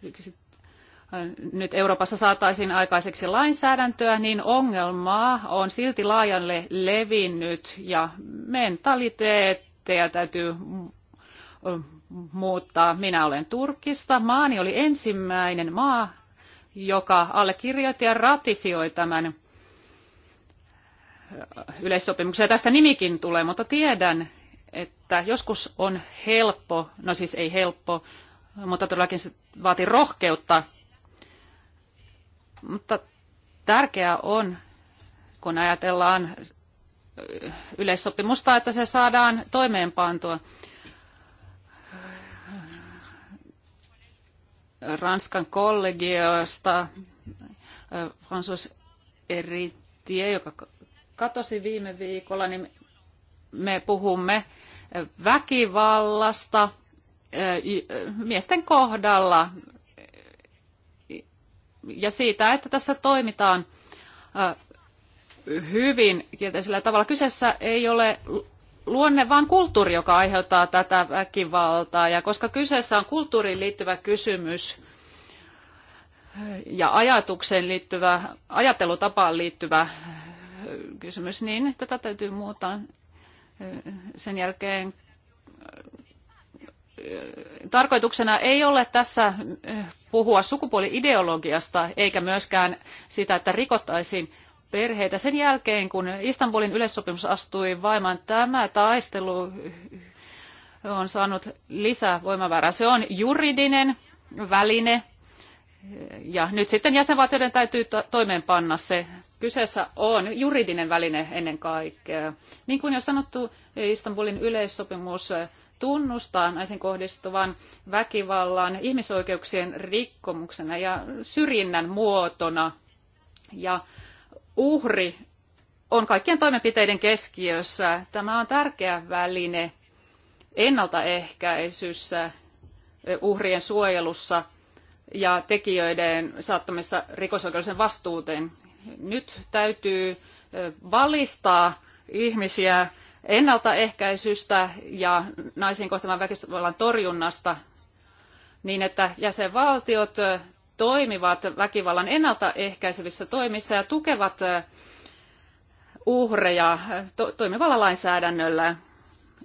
S1: nyt Euroopassa saataisiin aikaiseksi lainsäädäntöä, niin ongelmaa on silti laajalle levinnyt ja mentaliteetteja täytyy muuttaa. Minä olen Turkista. Maani oli ensimmäinen maa, joka allekirjoitti ja ratifioi tämän yleissopimuksen. Ja tästä nimikin tulee, mutta tiedän, että joskus on helppo, no siis ei helppo, mutta todellakin se vaatii rohkeutta mutta tärkeää on, kun ajatellaan yleissopimusta, että se saadaan toimeenpantua. Ranskan kollegiosta François Eritie, joka katosi viime viikolla, niin me puhumme väkivallasta miesten kohdalla ja siitä, että tässä toimitaan hyvin kielteisellä tavalla. Kyseessä ei ole luonne, vaan kulttuuri, joka aiheuttaa tätä väkivaltaa. Ja koska kyseessä on kulttuuriin liittyvä kysymys ja ajatukseen liittyvä, ajattelutapaan liittyvä kysymys, niin tätä täytyy muuttaa sen jälkeen, tarkoituksena ei ole tässä äh, puhua sukupuoliideologiasta eikä myöskään sitä, että rikottaisiin perheitä. Sen jälkeen, kun Istanbulin yleissopimus astui vaimaan, tämä taistelu on saanut lisää voimavaraa. Se on juridinen väline ja nyt sitten jäsenvaltioiden täytyy toimeenpanna se. Kyseessä on juridinen väline ennen kaikkea. Niin kuin jo sanottu, Istanbulin yleissopimus tunnustaa naisen kohdistuvan väkivallan ihmisoikeuksien rikkomuksena ja syrjinnän muotona. Ja uhri on kaikkien toimenpiteiden keskiössä. Tämä on tärkeä väline ennaltaehkäisyssä, eh, uhrien suojelussa ja tekijöiden saattamissa rikosoikeudellisen vastuuteen. Nyt täytyy eh, valistaa ihmisiä ennaltaehkäisystä ja naisiin kohtaman väkivallan torjunnasta niin, että jäsenvaltiot toimivat väkivallan ennaltaehkäisevissä toimissa ja tukevat uhreja to- toimivalla lainsäädännöllä.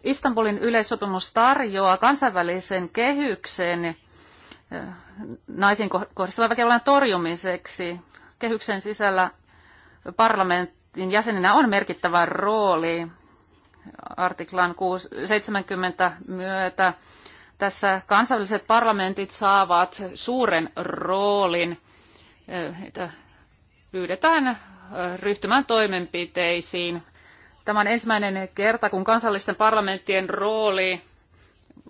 S1: Istanbulin yleissopimus tarjoaa kansainvälisen kehyksen naisiin kohdistuvan väkivallan torjumiseksi. Kehyksen sisällä parlamentin jäsenenä on merkittävä rooli artiklan 70 myötä tässä kansalliset parlamentit saavat suuren roolin, eh, että pyydetään eh, ryhtymään toimenpiteisiin. Tämä on ensimmäinen kerta, kun kansallisten parlamenttien rooli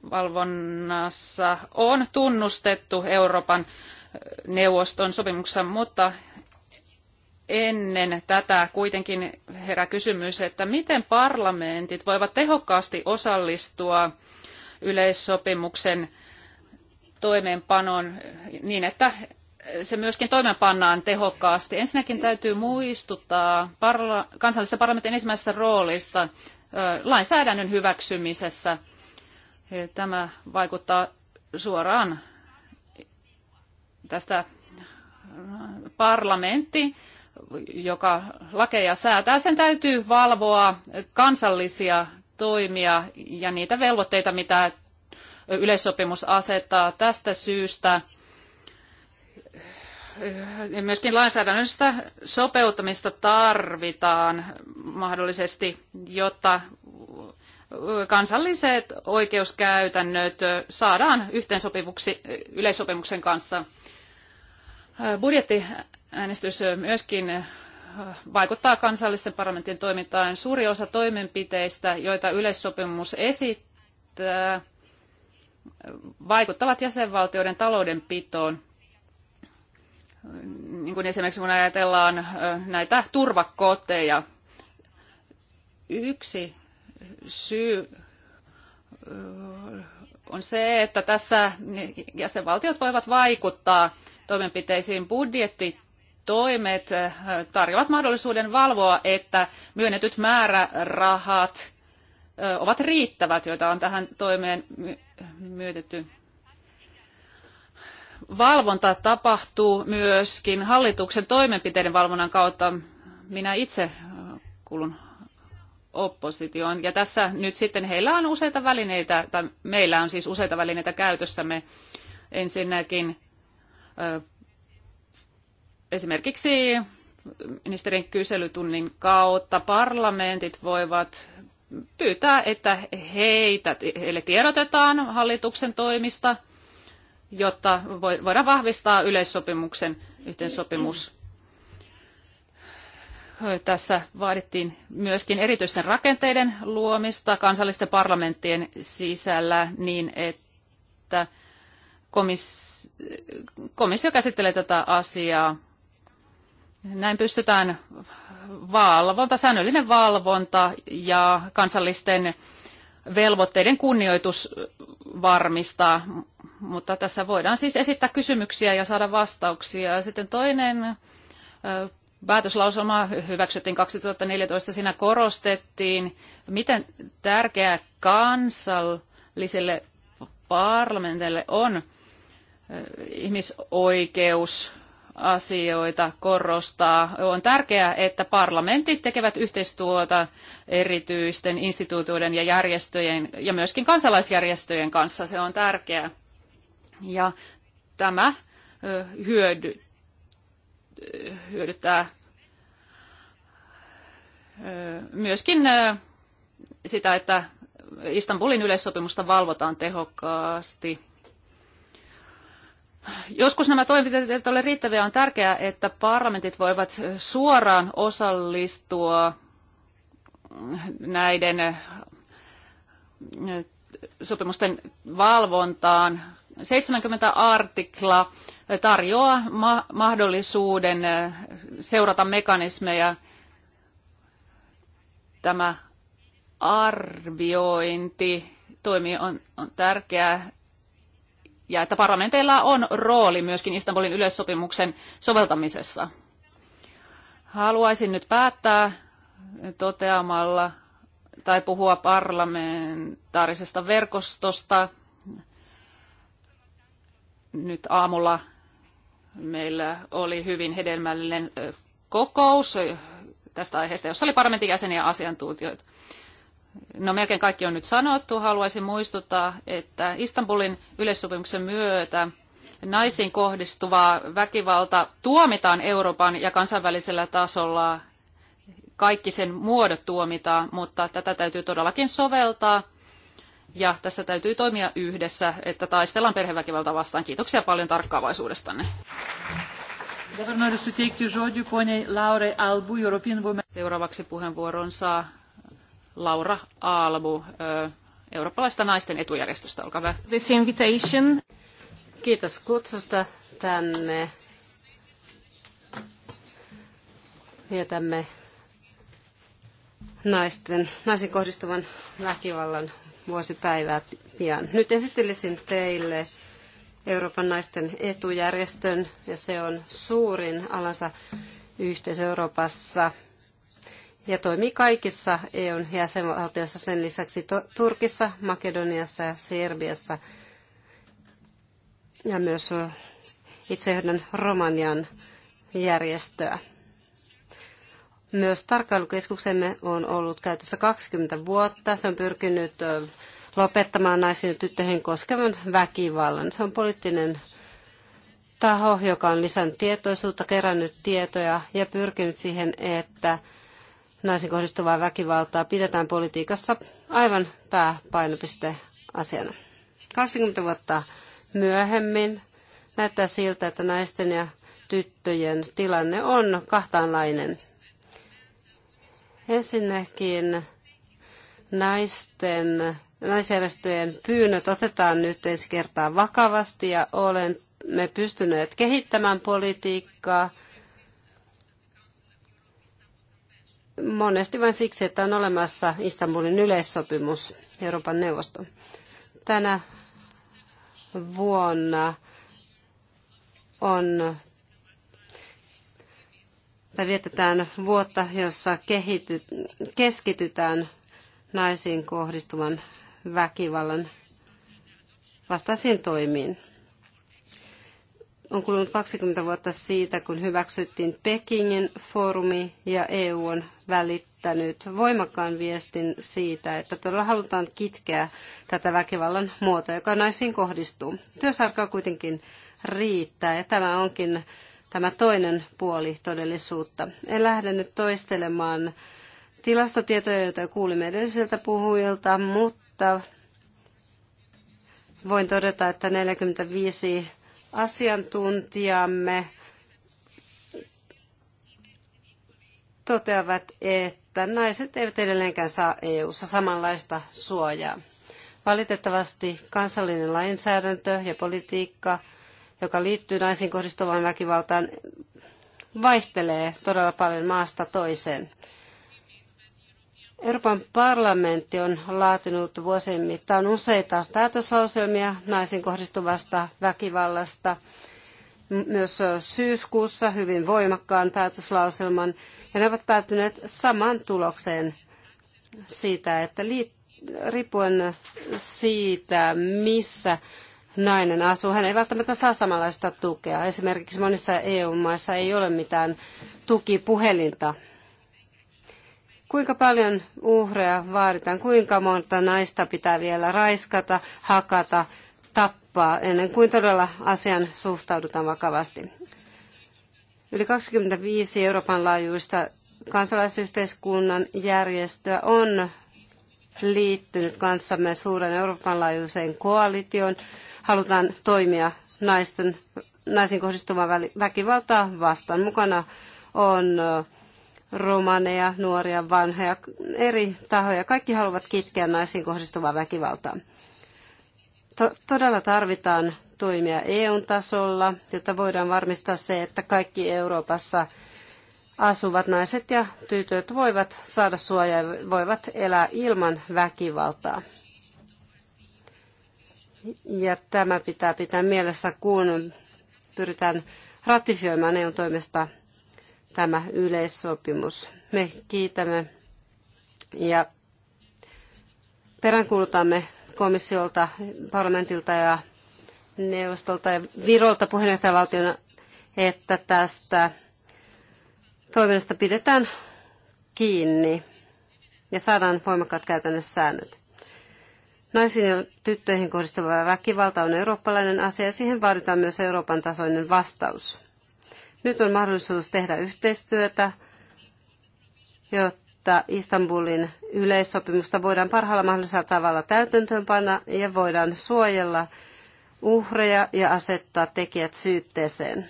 S1: valvonnassa on tunnustettu Euroopan eh, neuvoston sopimuksessa, mutta ennen tätä kuitenkin herää kysymys, että miten parlamentit voivat tehokkaasti osallistua yleissopimuksen toimeenpanoon niin, että se myöskin toimeenpannaan tehokkaasti. Ensinnäkin täytyy muistuttaa parla- kansallisten parlamentin ensimmäisestä roolista lainsäädännön hyväksymisessä. Tämä vaikuttaa suoraan tästä parlamentti joka lakeja säätää, sen täytyy valvoa kansallisia toimia ja niitä velvoitteita, mitä yleissopimus asettaa. Tästä syystä myöskin lainsäädännöllistä sopeuttamista tarvitaan mahdollisesti, jotta kansalliset oikeuskäytännöt saadaan yhteensopivuksi yleissopimuksen kanssa. Budjetti äänestys myöskin äh, vaikuttaa kansallisten parlamenttien toimintaan. Suuri osa toimenpiteistä, joita yleissopimus esittää, äh, vaikuttavat jäsenvaltioiden taloudenpitoon. Niin kuin esimerkiksi kun ajatellaan äh, näitä turvakoteja. Yksi syy on se, että tässä jäsenvaltiot voivat vaikuttaa toimenpiteisiin. Budjetti toimet eh, tarjoavat mahdollisuuden valvoa, että myönnetyt määrärahat eh, ovat riittävät, joita on tähän toimeen myötetty. Valvonta tapahtuu myöskin hallituksen toimenpiteiden valvonnan kautta. Minä itse eh, kuulun oppositioon. Ja tässä nyt sitten heillä on useita välineitä, tai meillä on siis useita välineitä käytössämme. Ensinnäkin esimerkiksi ministerin kyselytunnin kautta parlamentit voivat pyytää, että heitä, heille tiedotetaan hallituksen toimista, jotta voidaan vahvistaa yleissopimuksen yhteensopimus. Tässä vaadittiin myöskin erityisten rakenteiden luomista kansallisten parlamenttien sisällä niin, että komissio käsittelee tätä asiaa näin pystytään valvonta, säännöllinen valvonta ja kansallisten velvoitteiden kunnioitus varmistaa. Mutta tässä voidaan siis esittää kysymyksiä ja saada vastauksia. Sitten toinen päätöslausuma hyväksyttiin 2014. Siinä korostettiin, miten tärkeää kansalliselle parlamentille on ihmisoikeus asioita korostaa. On tärkeää, että parlamentit tekevät yhteistyötä erityisten instituutioiden ja järjestöjen ja myöskin kansalaisjärjestöjen kanssa. Se on tärkeää. Ja tämä hyödy, hyödyttää myöskin sitä, että Istanbulin yleissopimusta valvotaan tehokkaasti. Joskus nämä toimenpiteet eivät ole riittäviä. On tärkeää, että parlamentit voivat suoraan osallistua näiden eh, sopimusten valvontaan. 70 artikla tarjoaa ma- mahdollisuuden eh, seurata mekanismeja. Tämä arviointi on, on tärkeää ja että parlamenteilla on rooli myöskin Istanbulin yleissopimuksen soveltamisessa. Haluaisin nyt päättää toteamalla tai puhua parlamentaarisesta verkostosta. Nyt aamulla meillä oli hyvin hedelmällinen kokous tästä aiheesta, jossa oli parlamentin jäseniä ja asiantuntijoita no melkein kaikki on nyt sanottu, haluaisin muistuttaa, että Istanbulin yleissopimuksen myötä naisiin kohdistuva väkivalta tuomitaan Euroopan ja kansainvälisellä tasolla. Kaikki sen muodot tuomitaan, mutta tätä täytyy todellakin soveltaa. Ja tässä täytyy toimia yhdessä, että taistellaan perheväkivalta vastaan. Kiitoksia paljon tarkkaavaisuudestanne. Seuraavaksi puheenvuoron saa Laura Aalbu eurooppalaista naisten etujärjestöstä. Olkaa hyvä.
S2: This invitation. Kiitos kutsusta tänne. Vietämme naisten, naisen kohdistuvan väkivallan vuosipäivää pian. Nyt esittelisin teille Euroopan naisten etujärjestön, ja se on suurin alansa yhteisö Euroopassa – ja toimii kaikissa EUn jäsenvaltioissa, sen lisäksi Turkissa, Makedoniassa ja Serbiassa ja myös itsehdon Romanian järjestöä. Myös tarkkailukeskuksemme on ollut käytössä 20 vuotta. Se on pyrkinyt lopettamaan naisiin ja tyttöihin koskevan väkivallan. Se on poliittinen taho, joka on lisännyt tietoisuutta, kerännyt tietoja ja pyrkinyt siihen, että naisen kohdistuvaa väkivaltaa pidetään politiikassa aivan asiana. 20 vuotta myöhemmin näyttää siltä, että naisten ja tyttöjen tilanne on kahtaanlainen. Ensinnäkin naisten, naisjärjestöjen pyynnöt otetaan nyt ensi kertaa vakavasti ja olemme pystyneet kehittämään politiikkaa – monesti vain siksi, että on olemassa Istanbulin yleissopimus Euroopan neuvosto. Tänä vuonna on tai vietetään vuotta, jossa kehity, keskitytään naisiin kohdistuvan väkivallan vastaisiin toimiin. On kulunut 20 vuotta siitä, kun hyväksyttiin Pekingin foorumi ja EU on välittänyt voimakkaan viestin siitä, että todella halutaan kitkeä tätä väkivallan muotoa, joka naisiin kohdistuu. Työsarkaa kuitenkin riittää ja tämä onkin tämä toinen puoli todellisuutta. En lähde nyt toistelemaan tilastotietoja, joita kuulimme edellisiltä puhujilta, mutta voin todeta, että 45 asiantuntijamme toteavat, että naiset eivät edelleenkään saa EU-ssa samanlaista suojaa. Valitettavasti kansallinen lainsäädäntö ja politiikka, joka liittyy naisiin kohdistuvaan väkivaltaan, vaihtelee todella paljon maasta toiseen. Euroopan parlamentti on laatinut vuosien mittaan useita päätöslauselmia naisiin kohdistuvasta väkivallasta. Myös syyskuussa hyvin voimakkaan päätöslauselman, ja ne ovat päätyneet samaan tulokseen siitä, että riippuen siitä, missä nainen asuu, hän ei välttämättä saa samanlaista tukea. Esimerkiksi monissa EU-maissa ei ole mitään tukipuhelinta Kuinka paljon uhreja vaaditaan? Kuinka monta naista pitää vielä raiskata, hakata, tappaa ennen kuin todella asian suhtaudutaan vakavasti? Yli 25 Euroopan laajuista kansalaisyhteiskunnan järjestöä on liittynyt kanssamme suuren Euroopan laajuiseen koalitioon. Halutaan toimia naisten, naisiin kohdistuvaa väkivaltaa vastaan. Mukana on romaneja, nuoria, vanhoja, eri tahoja. Kaikki haluavat kitkeä naisiin kohdistuvaa väkivaltaa. To- todella tarvitaan toimia EU-tasolla, jotta voidaan varmistaa se, että kaikki Euroopassa asuvat naiset ja tytöt voivat saada suojaa ja voivat elää ilman väkivaltaa. Ja tämä pitää pitää mielessä, kun pyritään ratifioimaan eu toimesta tämä yleissopimus. Me kiitämme ja peräänkuulutamme komissiolta, parlamentilta ja neuvostolta ja Virolta puheenjohtajavaltiona, että tästä toiminnasta pidetään kiinni ja saadaan voimakkaat käytännössä säännöt. Naisiin ja tyttöihin kohdistuva väkivalta on eurooppalainen asia ja siihen vaaditaan myös Euroopan tasoinen vastaus. Nyt on mahdollisuus tehdä yhteistyötä, jotta Istanbulin yleissopimusta voidaan parhaalla mahdollisella tavalla täytäntöönpanna ja voidaan suojella uhreja ja asettaa tekijät syytteeseen.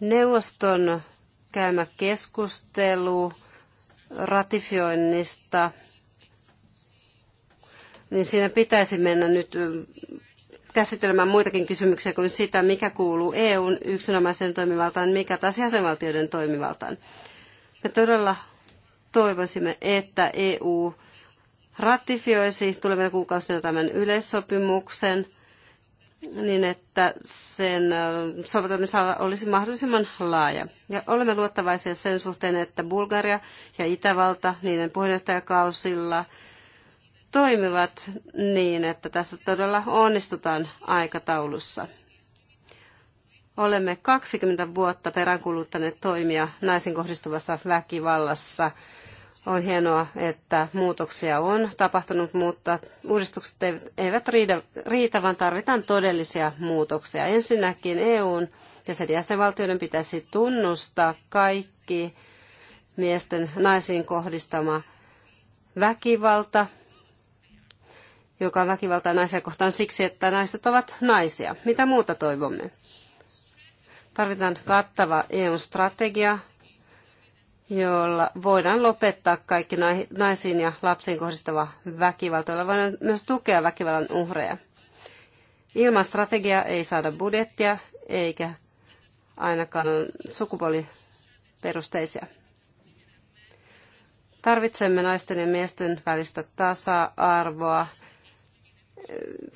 S2: Neuvoston käymä keskustelu ratifioinnista, niin siinä pitäisi mennä nyt käsittelemään muitakin kysymyksiä kuin sitä, mikä kuuluu EUn yksinomaiseen toimivaltaan, mikä taas jäsenvaltioiden toimivaltaan. Me todella toivoisimme, että EU ratifioisi tulevina kuukausina tämän yleissopimuksen niin, että sen soveltamisala olisi mahdollisimman laaja. Ja olemme luottavaisia sen suhteen, että Bulgaria ja Itävalta niiden puheenjohtajakausilla – toimivat niin, että tässä todella onnistutaan aikataulussa. Olemme 20 vuotta peräänkuluttaneet toimia naisin kohdistuvassa väkivallassa. On hienoa, että muutoksia on tapahtunut, mutta uudistukset eivät riitä, riitä vaan tarvitaan todellisia muutoksia. Ensinnäkin EUn ja sen jäsenvaltioiden pitäisi tunnustaa kaikki miesten naisiin kohdistama väkivalta – joka on väkivaltaa naisia kohtaan siksi, että naiset ovat naisia. Mitä muuta toivomme? Tarvitaan kattava EU-strategia, jolla voidaan lopettaa kaikki naisiin ja lapsiin kohdistava väkivalta, jolla voidaan myös tukea väkivallan uhreja. Ilman strategiaa ei saada budjettia eikä ainakaan sukupuoliperusteisia. Tarvitsemme naisten ja miesten välistä tasa-arvoa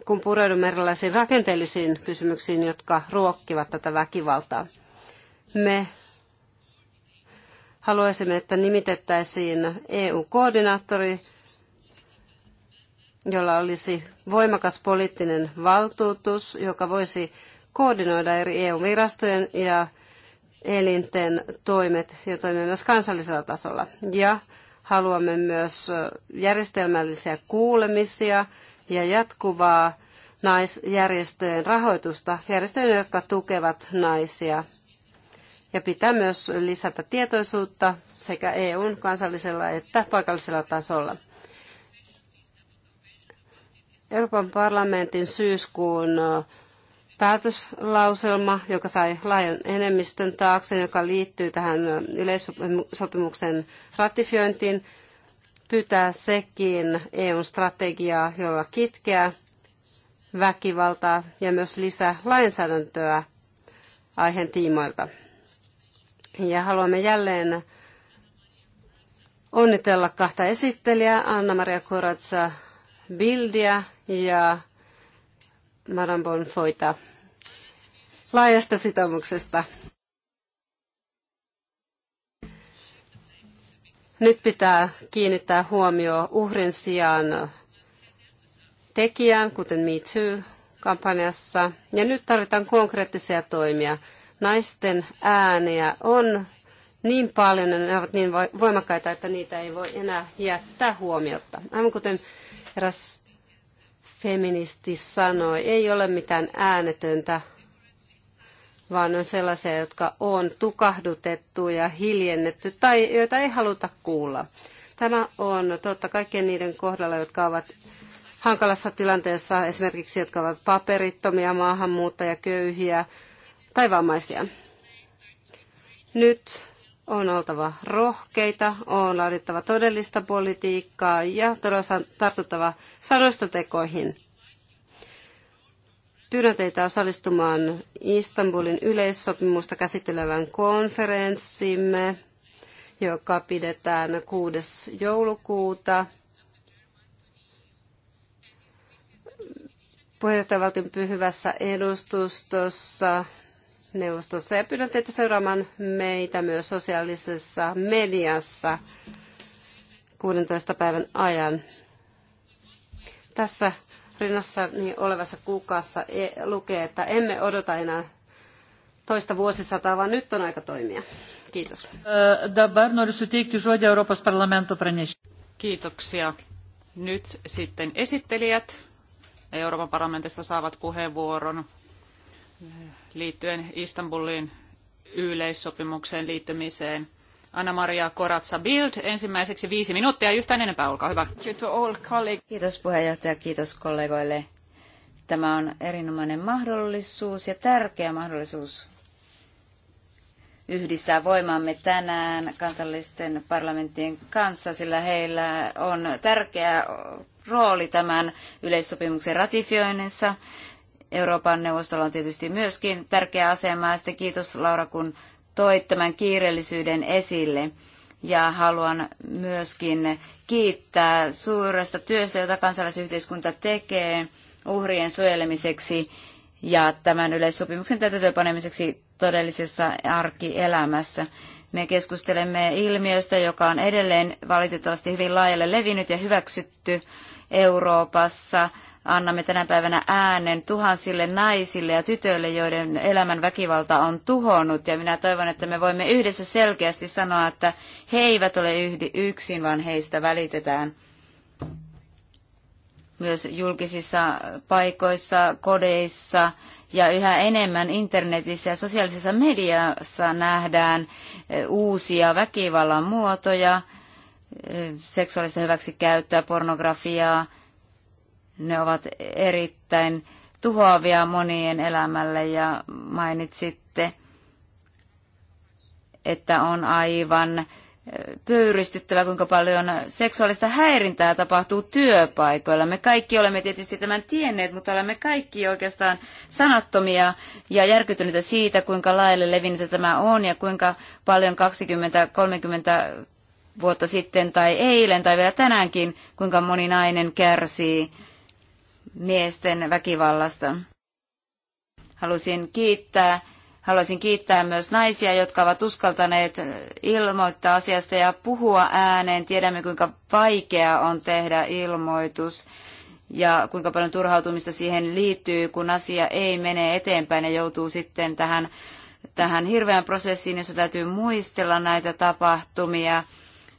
S2: kun pureudumme erilaisiin rakenteellisiin kysymyksiin, jotka ruokkivat tätä väkivaltaa. Me haluaisimme, että nimitettäisiin EU-koordinaattori, jolla olisi voimakas poliittinen valtuutus, joka voisi koordinoida eri EU-virastojen ja elinten toimet ja toimia myös kansallisella tasolla. Ja haluamme myös järjestelmällisiä kuulemisia ja jatkuvaa naisjärjestöjen rahoitusta, järjestöjen, jotka tukevat naisia. Ja pitää myös lisätä tietoisuutta sekä EUn kansallisella että paikallisella tasolla. Euroopan parlamentin syyskuun päätöslauselma, joka sai laajan enemmistön taakse, joka liittyy tähän yleissopimuksen ratifiointiin, pyytää sekin EUn strategiaa, jolla kitkeä väkivaltaa ja myös lisää lainsäädäntöä aiheen tiimoilta. Ja haluamme jälleen onnitella kahta esittelijää, Anna-Maria Koratsa Bildia ja Madame Bonfoita laajasta sitoumuksesta Nyt pitää kiinnittää huomio uhrin sijaan tekijään, kuten Me Too-kampanjassa. Ja nyt tarvitaan konkreettisia toimia. Naisten ääniä on niin paljon ja ne ovat niin voimakkaita, että niitä ei voi enää jättää huomiota. Aivan kuten eräs feministi sanoi, ei ole mitään äänetöntä vaan on sellaisia, jotka on tukahdutettu ja hiljennetty tai joita ei haluta kuulla. Tämä on totta kaikkien niiden kohdalla, jotka ovat hankalassa tilanteessa, esimerkiksi jotka ovat paperittomia, köyhiä tai vammaisia. Nyt on oltava rohkeita, on laadittava todellista politiikkaa ja todella tartuttava sanoista tekoihin. Pyydän teitä osallistumaan Istanbulin yleissopimusta käsittelevän konferenssimme, joka pidetään 6. joulukuuta. Puheenjohtajavaltion pyhyvässä edustustossa neuvostossa ja pyydän teitä seuraamaan meitä myös sosiaalisessa mediassa 16 päivän ajan. Tässä niin olevassa kuukassa e, lukee, että emme odota enää toista vuosisataa, vaan nyt on aika toimia. Kiitos.
S1: Kiitoksia.
S2: Nyt sitten
S1: esittelijät Euroopan parlamentista saavat puheenvuoron liittyen Istanbulin yleissopimukseen liittymiseen – Anna-Maria Koratsa Bild. Ensimmäiseksi viisi minuuttia, yhtään enempää, olkaa hyvä.
S3: Kiitos puheenjohtaja, kiitos kollegoille. Tämä on erinomainen mahdollisuus ja tärkeä mahdollisuus yhdistää voimamme tänään kansallisten parlamenttien kanssa, sillä heillä on tärkeä rooli tämän yleissopimuksen ratifioinnissa. Euroopan neuvostolla on tietysti myöskin tärkeä asema. Ja sitten kiitos Laura, kun toit tämän kiireellisyyden esille. Ja haluan myöskin kiittää suuresta työstä, jota kansalaisyhteiskunta tekee uhrien suojelemiseksi ja tämän yleissopimuksen täytäntöönpanemiseksi todellisessa arkielämässä. Me keskustelemme ilmiöstä, joka on edelleen valitettavasti hyvin laajalle levinnyt ja hyväksytty Euroopassa annamme tänä päivänä äänen tuhansille naisille ja tytöille, joiden elämän väkivalta on tuhonnut. Ja minä toivon, että me voimme yhdessä selkeästi sanoa, että he eivät ole yksin, vaan heistä välitetään. Myös julkisissa paikoissa, kodeissa ja yhä enemmän internetissä ja sosiaalisessa mediassa nähdään e, uusia väkivallan muotoja, e, seksuaalista hyväksikäyttöä, pornografiaa, ne ovat erittäin tuhoavia monien elämälle ja mainitsitte, että on aivan pöyristyttävä, kuinka paljon seksuaalista häirintää tapahtuu työpaikoilla. Me kaikki olemme tietysti tämän tienneet, mutta olemme kaikki oikeastaan sanattomia ja järkytyneitä siitä, kuinka laille levinnyt tämä on ja kuinka paljon 20-30 vuotta sitten tai eilen tai vielä tänäänkin, kuinka moni nainen kärsii miesten väkivallasta. Halusin kiittää, haluaisin kiittää myös naisia, jotka ovat uskaltaneet ilmoittaa asiasta ja puhua ääneen. Tiedämme, kuinka vaikea on tehdä ilmoitus ja kuinka paljon turhautumista siihen liittyy, kun asia ei mene eteenpäin ja joutuu sitten tähän, tähän hirveän prosessiin, jossa täytyy muistella näitä tapahtumia.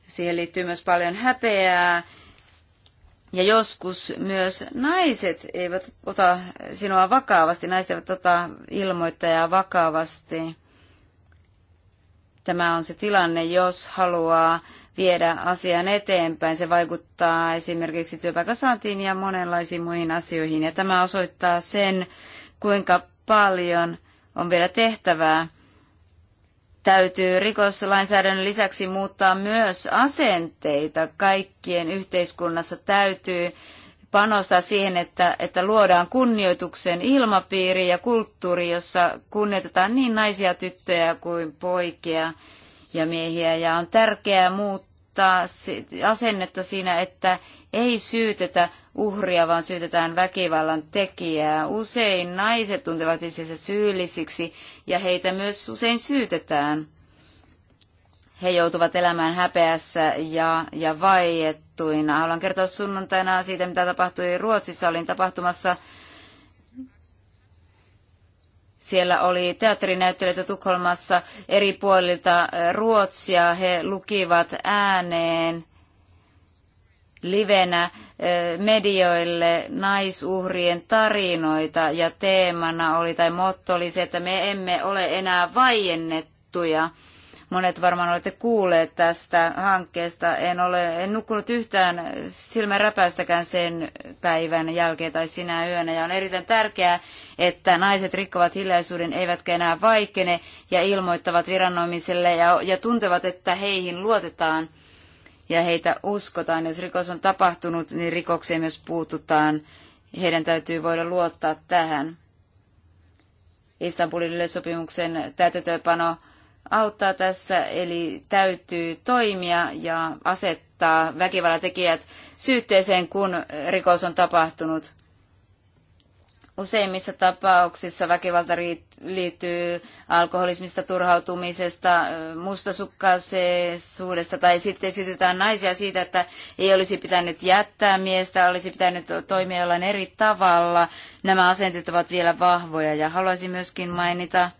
S3: Siihen liittyy myös paljon häpeää ja joskus myös naiset eivät ota sinua vakavasti, naiset eivät ota ilmoittajaa vakavasti. Tämä on se tilanne, jos haluaa viedä asian eteenpäin. Se vaikuttaa esimerkiksi työpaikasaantiin ja monenlaisiin muihin asioihin. Ja tämä osoittaa sen, kuinka paljon on vielä tehtävää täytyy rikoslainsäädännön lisäksi muuttaa myös asenteita. Kaikkien yhteiskunnassa täytyy panostaa siihen, että, että luodaan kunnioituksen ilmapiiri ja kulttuuri, jossa kunnioitetaan niin naisia, tyttöjä kuin poikia ja miehiä. Ja on tärkeää muuttaa asennetta siinä, että ei syytetä uhria, vaan syytetään väkivallan tekijää. Usein naiset tuntevat itsensä syyllisiksi ja heitä myös usein syytetään. He joutuvat elämään häpeässä ja, ja vaiettuina. Haluan kertoa sunnuntaina siitä, mitä tapahtui Ruotsissa. Olin tapahtumassa siellä oli teatterinäyttelijöitä Tukholmassa eri puolilta Ruotsia. He lukivat ääneen livenä eh, medioille naisuhrien tarinoita ja teemana oli tai motto oli se, että me emme ole enää vaiennettuja. Monet varmaan olette kuulleet tästä hankkeesta. En ole en nukkunut yhtään silmäräpäystäkään sen päivän jälkeen tai sinä yönä. Ja on erittäin tärkeää, että naiset rikkovat hiljaisuuden, eivätkä enää vaikene ja ilmoittavat viranomaisille ja, ja tuntevat, että heihin luotetaan – ja heitä uskotaan. Jos rikos on tapahtunut, niin rikokseen myös puututaan. Heidän täytyy voida luottaa tähän. Istanbulin yleissopimuksen täytäntöönpano auttaa tässä, eli täytyy toimia ja asettaa väkivallatekijät syytteeseen, kun rikos on tapahtunut. Useimmissa tapauksissa väkivalta liittyy alkoholismista, turhautumisesta, mustasukkaisuudesta tai sitten syytetään naisia siitä, että ei olisi pitänyt jättää miestä, olisi pitänyt toimia jollain eri tavalla. Nämä asenteet ovat vielä vahvoja ja haluaisin myöskin mainita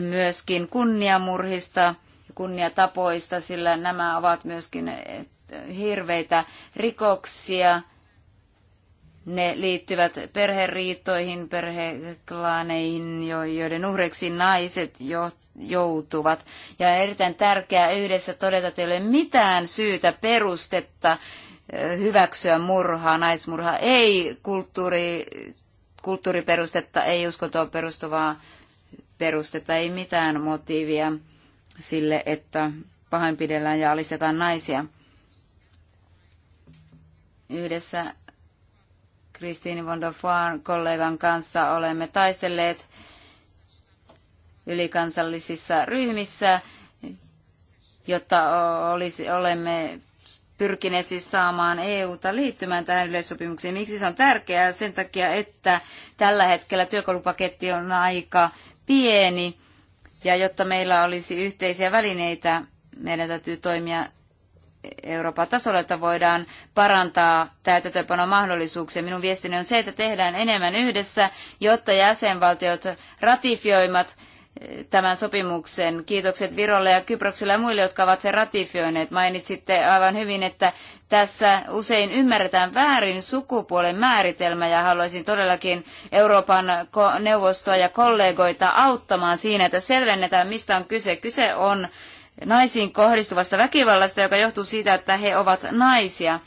S3: myöskin kunniamurhista, kunniatapoista, sillä nämä ovat myöskin hirveitä rikoksia – ne liittyvät perheriitoihin, perheklaaneihin, joiden uhreiksi naiset joutuvat. Ja on erittäin tärkeää yhdessä todeta, että ei ole mitään syytä perustetta hyväksyä murhaa, naismurhaa. Ei kulttuuri, kulttuuriperustetta, ei uskontoon perustuvaa perustetta, ei mitään motiivia sille, että pahoinpidellään ja alistetaan naisia. Yhdessä Kristiini von Dofuan kollegan kanssa olemme taistelleet ylikansallisissa ryhmissä, jotta olisi, olemme pyrkineet siis saamaan EUta liittymään tähän yleissopimukseen. Miksi se on tärkeää? Sen takia, että tällä hetkellä työkalupaketti on aika pieni ja jotta meillä olisi yhteisiä välineitä, meidän täytyy toimia Euroopan tasolla, että voidaan parantaa täytäntöönpanon mahdollisuuksia. Minun viestini on se, että tehdään enemmän yhdessä, jotta jäsenvaltiot ratifioimat eh, tämän sopimuksen. Kiitokset Virolle ja Kyprokselle ja muille, jotka ovat sen ratifioineet. Mainitsitte aivan hyvin, että tässä usein ymmärretään väärin sukupuolen määritelmä ja haluaisin todellakin Euroopan neuvostoa ja kollegoita auttamaan siinä, että selvennetään mistä on kyse. Kyse on naisiin kohdistuvasta väkivallasta, joka johtuu siitä, että he ovat naisia.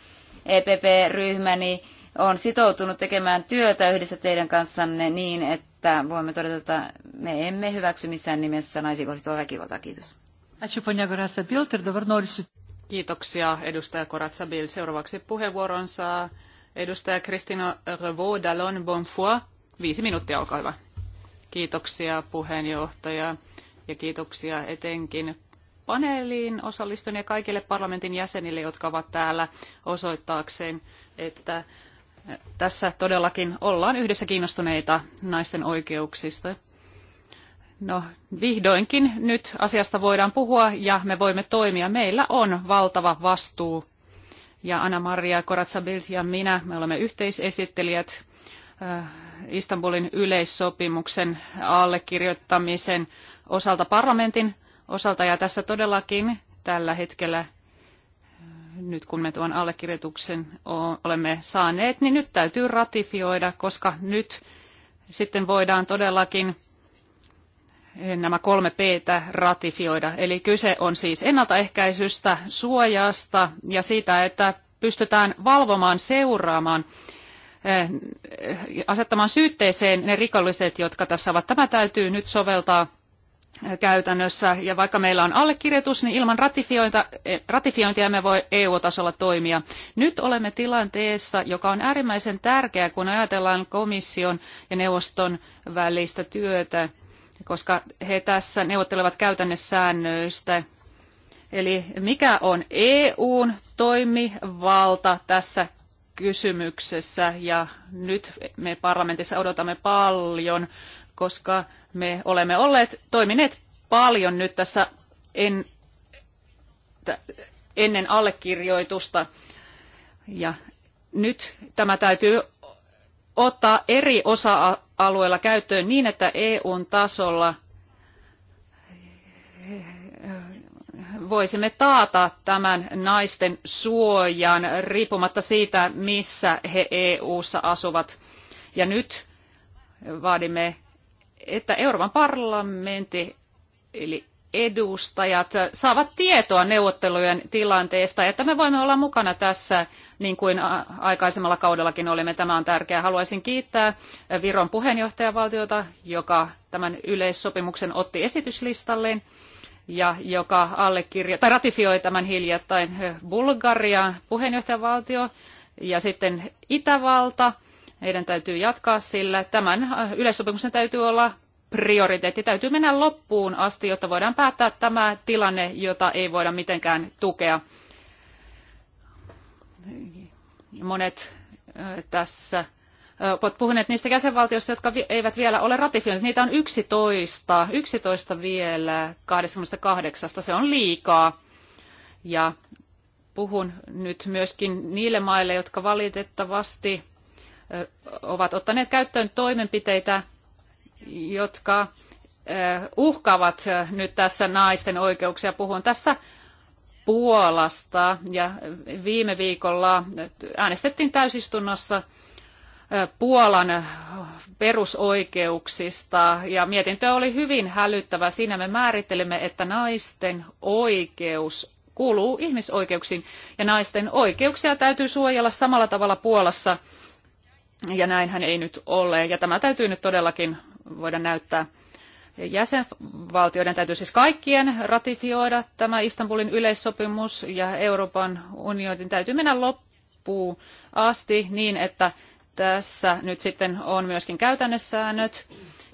S3: EPP-ryhmäni on sitoutunut tekemään työtä yhdessä teidän kanssanne niin, että voimme todeta, että me emme hyväksy missään nimessä naisiin kohdistuvaa väkivaltaa. Kiitos.
S1: Kiitoksia edustaja Bill Seuraavaksi puheenvuoron saa edustaja Kristina Revaux Dallon Bonfoy. Viisi minuuttia, olkaa hyvä. Kiitoksia puheenjohtaja ja kiitoksia etenkin paneeliin ja kaikille parlamentin jäsenille, jotka ovat täällä osoittaakseen, että tässä todellakin ollaan yhdessä kiinnostuneita naisten oikeuksista. No, vihdoinkin nyt asiasta voidaan puhua ja me voimme toimia. Meillä on valtava vastuu. Ja Anna-Maria Koratsabil ja minä, me olemme yhteisesittelijät äh, Istanbulin yleissopimuksen allekirjoittamisen osalta parlamentin osalta. Ja tässä todellakin tällä hetkellä, nyt kun me tuon allekirjoituksen olemme saaneet, niin nyt täytyy ratifioida, koska nyt sitten voidaan todellakin nämä kolme p ratifioida. Eli kyse on siis ennaltaehkäisystä, suojasta ja siitä, että pystytään valvomaan, seuraamaan, eh, asettamaan syytteeseen ne rikolliset, jotka tässä ovat. Tämä täytyy nyt soveltaa käytännössä. Ja vaikka meillä on allekirjoitus, niin ilman eh, ratifiointia emme voi EU-tasolla toimia. Nyt olemme tilanteessa, joka on äärimmäisen tärkeä, kun ajatellaan komission ja neuvoston välistä työtä, koska he tässä neuvottelevat käytännössäännöistä. Eli mikä on EUn toimivalta tässä kysymyksessä ja nyt me parlamentissa odotamme paljon koska me olemme olleet toimineet paljon nyt tässä en, ennen allekirjoitusta. Ja nyt tämä täytyy ottaa eri osa-alueilla käyttöön niin, että EUn tasolla voisimme taata tämän naisten suojan riippumatta siitä, missä he EU-ssa asuvat. Ja nyt vaadimme että Euroopan parlamentti, eli edustajat saavat tietoa neuvottelujen tilanteesta, että me voimme olla mukana tässä, niin kuin aikaisemmalla kaudellakin olimme. Tämä on tärkeää. Haluaisin kiittää Viron puheenjohtajavaltiota, joka tämän yleissopimuksen otti esityslistalleen ja joka allekirjo- tai ratifioi tämän hiljattain Bulgarian puheenjohtajavaltio ja sitten Itävalta – meidän täytyy jatkaa sillä. Tämän äh, yleissopimuksen täytyy olla prioriteetti. Täytyy mennä loppuun asti, jotta voidaan päättää tämä tilanne, jota ei voida mitenkään tukea. Monet äh, tässä äh, ovat puhuneet niistä jäsenvaltioista, jotka eivät vielä ole ratifioineet. Niitä on 11, 11 vielä 28, se on liikaa. Ja puhun nyt myöskin niille maille, jotka valitettavasti ovat ottaneet käyttöön toimenpiteitä, jotka uhkaavat nyt tässä naisten oikeuksia. Puhun tässä Puolasta ja viime viikolla äänestettiin täysistunnossa Puolan perusoikeuksista ja mietintö oli hyvin hälyttävä. Siinä me määrittelemme, että naisten oikeus kuuluu ihmisoikeuksiin ja naisten oikeuksia täytyy suojella samalla tavalla Puolassa ja näinhän ei nyt ole. Ja tämä täytyy nyt todellakin voida näyttää. Jäsenvaltioiden täytyy siis kaikkien ratifioida tämä Istanbulin yleissopimus ja Euroopan unionin täytyy mennä loppuun asti niin, että tässä nyt sitten on myöskin käytännössäännöt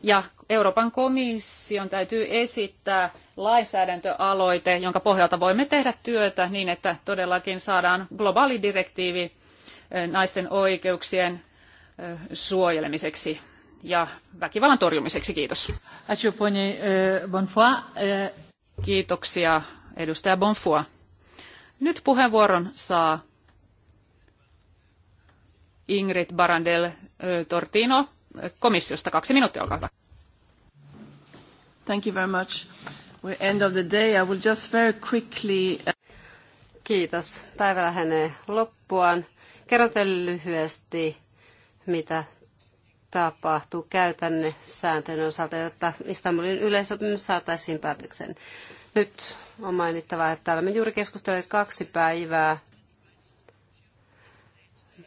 S1: ja Euroopan komission täytyy esittää lainsäädäntöaloite, jonka pohjalta voimme tehdä työtä niin, että todellakin saadaan globaali direktiivi eh, naisten oikeuksien suojelemiseksi ja väkivallan torjumiseksi. Kiitos. E, e, Kiitoksia, edustaja Bonfua. Nyt puheenvuoron saa Ingrid Barandel e, Tortino komissiosta. Kaksi minuuttia, olkaa hyvä.
S2: Thank you very much. We're end of the day. I will just very quickly... Kiitos. Päivä lähenee loppuaan. Kerron teille lyhyesti mitä tapahtuu käytänne sääntöjen osalta, jotta Istanbulin yleisopimus saataisiin päätöksen. Nyt on mainittava, että me juuri keskustelleet kaksi päivää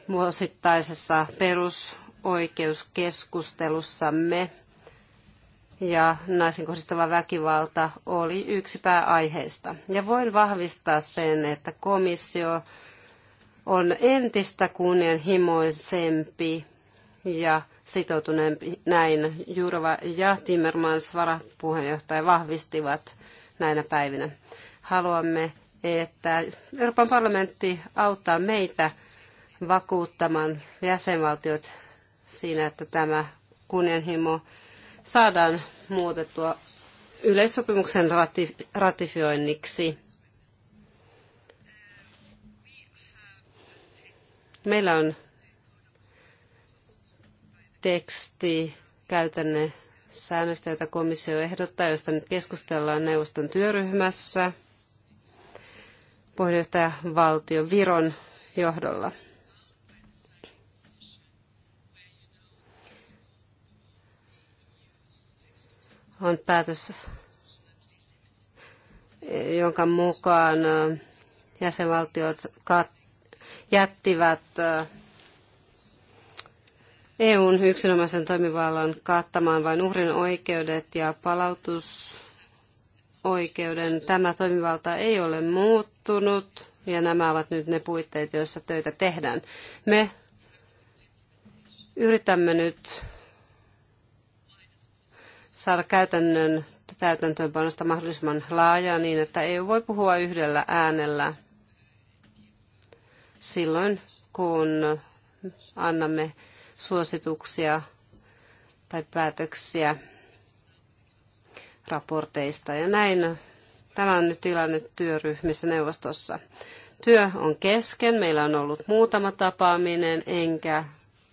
S2: vuosittaisessa perusoikeuskeskustelussamme. Ja naisen kohdistava väkivalta oli yksi pääaiheista. Ja voin vahvistaa sen, että komissio on entistä kunnianhimoisempi ja sitoutuneempi. Näin Jurva ja Timmermans varapuheenjohtaja vahvistivat näinä päivinä. Haluamme, että Euroopan parlamentti auttaa meitä vakuuttamaan jäsenvaltiot siinä, että tämä kunnianhimo saadaan muutettua yleissopimuksen ratifioinniksi. Meillä on teksti käytänne säännöstä, jota komissio ehdottaa, josta nyt keskustellaan neuvoston työryhmässä puheenjohtajavaltio Viron johdolla. On päätös, jonka mukaan jäsenvaltiot kat- jättivät EUn yksinomaisen toimivallan kattamaan vain uhrin oikeudet ja palautusoikeuden. Tämä toimivalta ei ole muuttunut ja nämä ovat nyt ne puitteet, joissa töitä tehdään. Me yritämme nyt saada käytännön täytäntöönpanosta mahdollisimman laajaa niin, että EU voi puhua yhdellä äänellä – silloin, kun annamme suosituksia tai päätöksiä raporteista. Ja näin tämä on nyt tilanne työryhmissä neuvostossa. Työ on kesken, meillä on ollut muutama tapaaminen, enkä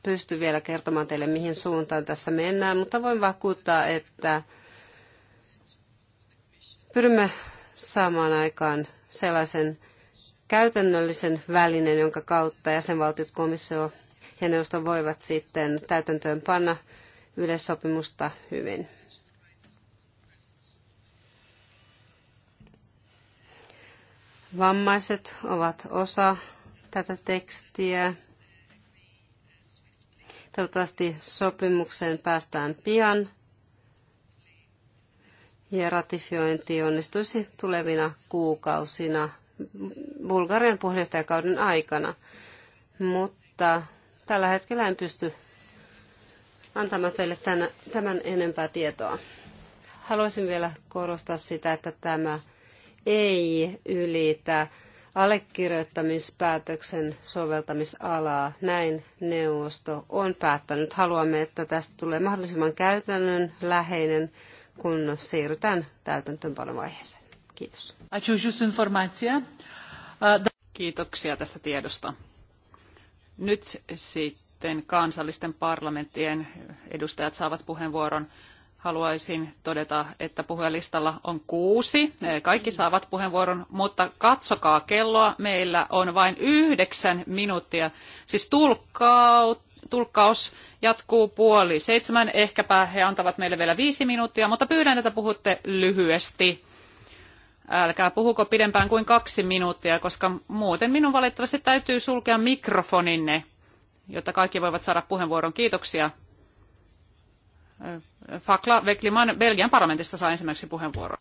S2: pysty vielä kertomaan teille, mihin suuntaan tässä mennään, mutta voin vakuuttaa, että pyrimme saamaan aikaan sellaisen käytännöllisen välinen, jonka kautta jäsenvaltiot, komissio ja neuvosto voivat sitten täytäntöön panna yleissopimusta hyvin. Vammaiset ovat osa tätä tekstiä. Toivottavasti sopimukseen päästään pian ja ratifiointi onnistuisi tulevina kuukausina. Bulgarian puheenjohtajakauden aikana. Mutta tällä hetkellä en pysty antamaan teille tämän, tämän enempää tietoa. Haluaisin vielä korostaa sitä, että tämä ei ylitä allekirjoittamispäätöksen soveltamisalaa. Näin neuvosto on päättänyt. Haluamme, että tästä tulee mahdollisimman käytännön läheinen, kun siirrytään täytäntöönpanovaiheeseen. Kiitos.
S1: Kiitoksia tästä tiedosta. Nyt sitten kansallisten parlamenttien edustajat saavat puheenvuoron. Haluaisin todeta, että puhujalistalla on kuusi. E, kaikki saavat puheenvuoron, mutta katsokaa kelloa. Meillä on vain yhdeksän minuuttia. Siis tulkkaus jatkuu puoli seitsemän. Ehkäpä he antavat meille vielä viisi minuuttia, mutta pyydän, että puhutte lyhyesti Älkää puhuko pidempään kuin kaksi minuuttia, koska muuten minun valitettavasti täytyy sulkea mikrofoninne, jotta kaikki voivat saada puheenvuoron. Kiitoksia. Fakla Vekliman Belgian parlamentista saa ensimmäiseksi puheenvuoron.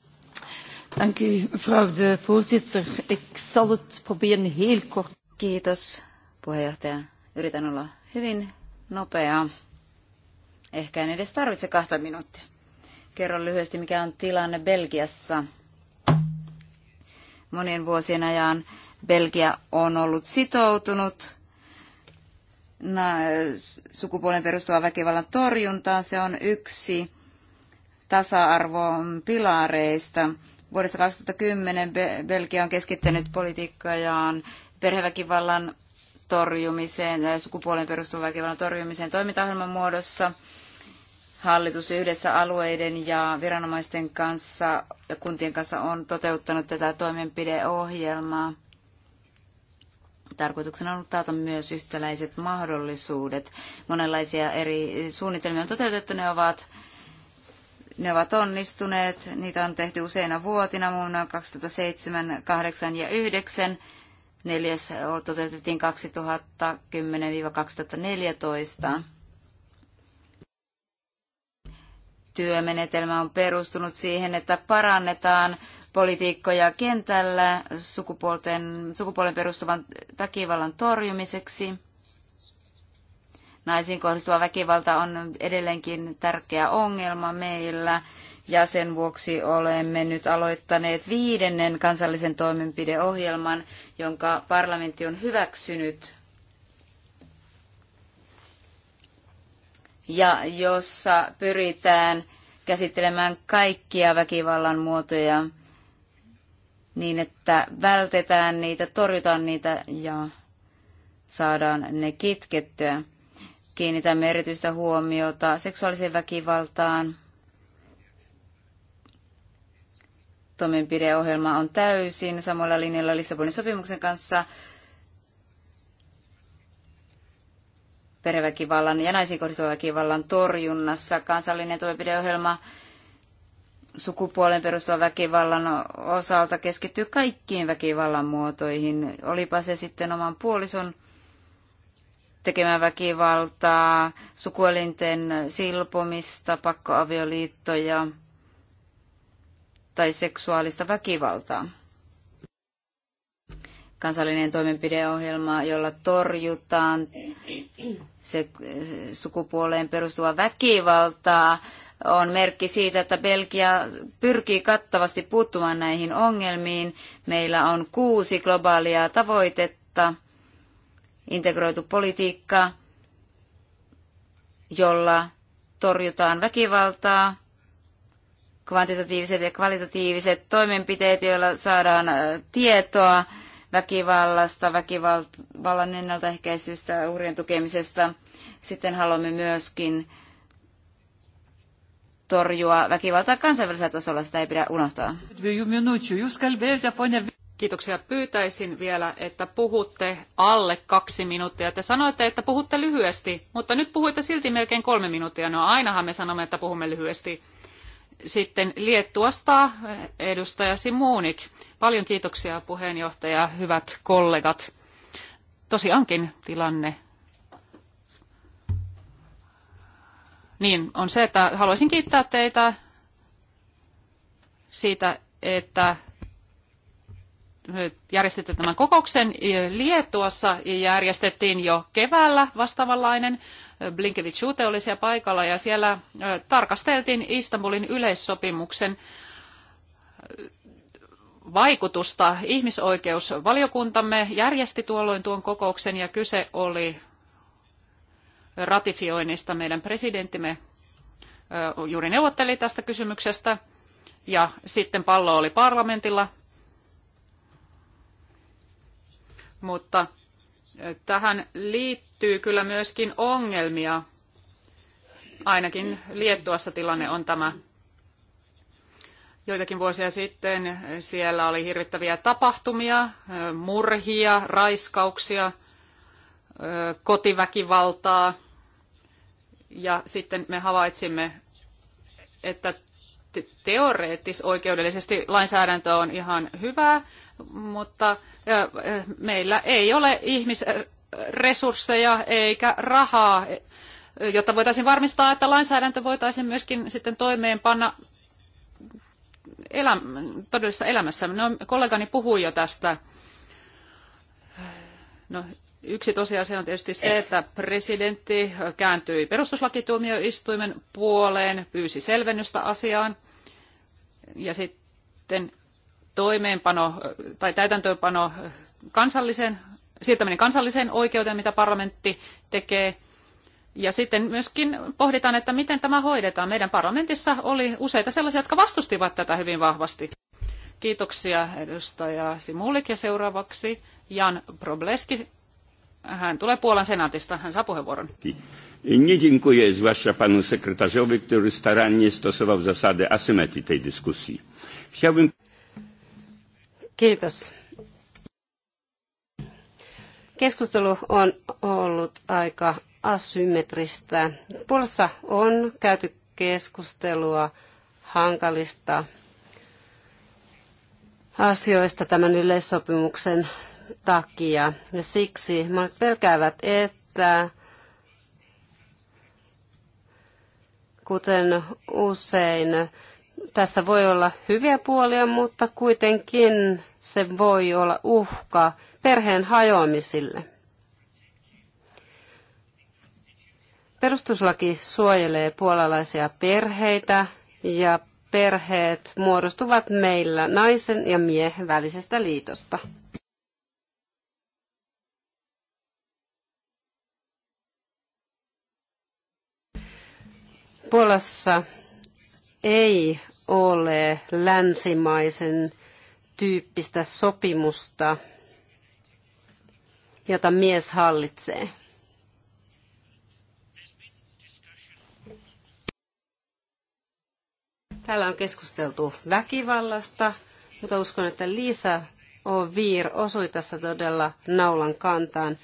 S3: Dank u, de voorzitter. Ik zal het proberen heel kort. Kiitos, puheenjohtaja. Yritän olla hyvin nopea. Ehkä en edes tarvitse kahta minuuttia. Kerron lyhyesti, mikä on tilanne Belgiassa – monien vuosien ajan Belgia on ollut sitoutunut sukupuolen perustuvan väkivallan torjuntaan. Se on yksi tasa-arvon pilareista. Vuodesta 2010 Belgia on keskittänyt politiikkojaan perheväkivallan torjumiseen, sukupuolen perustuvan väkivallan torjumiseen toimintaohjelman muodossa – Hallitus yhdessä alueiden ja viranomaisten kanssa ja kuntien kanssa on toteuttanut tätä toimenpideohjelmaa. Tarkoituksena on ollut taata myös yhtäläiset mahdollisuudet. Monenlaisia eri suunnitelmia on toteutettu. Ne ovat, ne ovat onnistuneet. Niitä on tehty useina vuotina, muassa 2007, 2008 ja 2009. Neljäs toteutettiin 2010-2014. työmenetelmä on perustunut siihen, että parannetaan politiikkoja kentällä sukupuolten, sukupuolen perustuvan väkivallan torjumiseksi. Naisiin kohdistuva väkivalta on edelleenkin tärkeä ongelma meillä ja sen vuoksi olemme nyt aloittaneet viidennen kansallisen toimenpideohjelman, jonka parlamentti on hyväksynyt ja jossa pyritään käsittelemään kaikkia väkivallan muotoja niin, että vältetään niitä, torjutaan niitä ja saadaan ne kitkettyä. Kiinnitämme erityistä huomiota seksuaaliseen väkivaltaan. Toimenpideohjelma on täysin samalla linjalla Lissabonin sopimuksen kanssa perheväkivallan ja naisiin kohdistuvan väkivallan torjunnassa. Kansallinen toimenpideohjelma sukupuolen perustuvan väkivallan osalta keskittyy kaikkiin väkivallan muotoihin. Olipa se sitten oman puolison tekemään väkivaltaa, sukuelinten silpomista, pakkoavioliittoja tai seksuaalista väkivaltaa kansallinen toimenpideohjelma, jolla torjutaan se eh, sukupuoleen perustuva väkivaltaa, on merkki siitä, että Belgia pyrkii kattavasti puuttumaan näihin ongelmiin. Meillä on kuusi globaalia tavoitetta, integroitu politiikka, jolla torjutaan väkivaltaa, kvantitatiiviset ja kvalitatiiviset toimenpiteet, joilla saadaan eh, tietoa väkivallasta, väkivallan ennaltaehkäisystä, uhrien tukemisesta. Sitten haluamme myöskin torjua väkivaltaa kansainvälisellä tasolla, sitä ei pidä unohtaa.
S1: Kiitoksia. Pyytäisin vielä, että puhutte alle kaksi minuuttia. Te sanoitte, että puhutte lyhyesti, mutta nyt puhuitte silti melkein kolme minuuttia. No ainahan me sanomme, että puhumme lyhyesti. Sitten Liettuasta edustaja Simunik. Paljon kiitoksia puheenjohtaja, hyvät kollegat. Tosiaankin tilanne niin, on se, että haluaisin kiittää teitä siitä, että järjestitte tämän kokouksen. Lietuassa järjestettiin jo keväällä vastaavanlainen. Blinkevich Ute oli siellä paikalla ja siellä tarkasteltiin Istanbulin yleissopimuksen vaikutusta. Ihmisoikeusvaliokuntamme järjesti tuolloin tuon kokouksen ja kyse oli ratifioinnista. Meidän presidenttimme juuri neuvotteli tästä kysymyksestä ja sitten pallo oli parlamentilla. Mutta tähän liittyy kyllä myöskin ongelmia. Ainakin Liettuassa tilanne on tämä Joitakin vuosia sitten siellä oli hirvittäviä tapahtumia, murhia, raiskauksia, kotiväkivaltaa. Ja sitten me havaitsimme, että teoreettis-oikeudellisesti lainsäädäntö on ihan hyvää, mutta meillä ei ole ihmisresursseja eikä rahaa, jotta voitaisiin varmistaa, että lainsäädäntö voitaisiin myöskin sitten toimeenpanna elä, todellisessa elämässä. No, kollegani puhui jo tästä. No, yksi tosiasia on tietysti se, että presidentti kääntyi perustuslakituomioistuimen puoleen, pyysi selvennystä asiaan ja sitten toimeenpano tai täytäntöönpano kansalliseen, siirtäminen kansalliseen oikeuteen, mitä parlamentti tekee, ja sitten myöskin pohditaan, että miten tämä hoidetaan. Meidän parlamentissa oli useita sellaisia, jotka vastustivat tätä hyvin vahvasti. Kiitoksia edustaja Simulik ja seuraavaksi Jan Probleski. Hän tulee Puolan senaatista, hän saa puheenvuoron.
S4: Nie dziękuję zwłaszcza panu sekretarzowi, który starannie stosował zasady asymetrii tej dyskusji. Chciałbym...
S2: Kiitos. Keskustelu on ollut aika asymmetristä. Puolassa on käyty keskustelua hankalista asioista tämän yleissopimuksen takia. Ja siksi monet pelkäävät, että kuten usein, tässä voi olla hyviä puolia, mutta kuitenkin se voi olla uhka perheen hajoamisille. Perustuslaki suojelee puolalaisia perheitä ja perheet muodostuvat meillä naisen ja miehen välisestä liitosta. Puolassa ei ole länsimaisen tyyppistä sopimusta, jota mies hallitsee. Täällä on keskusteltu väkivallasta, mutta uskon, että Liisa O. Viir osui tässä todella naulan kantaan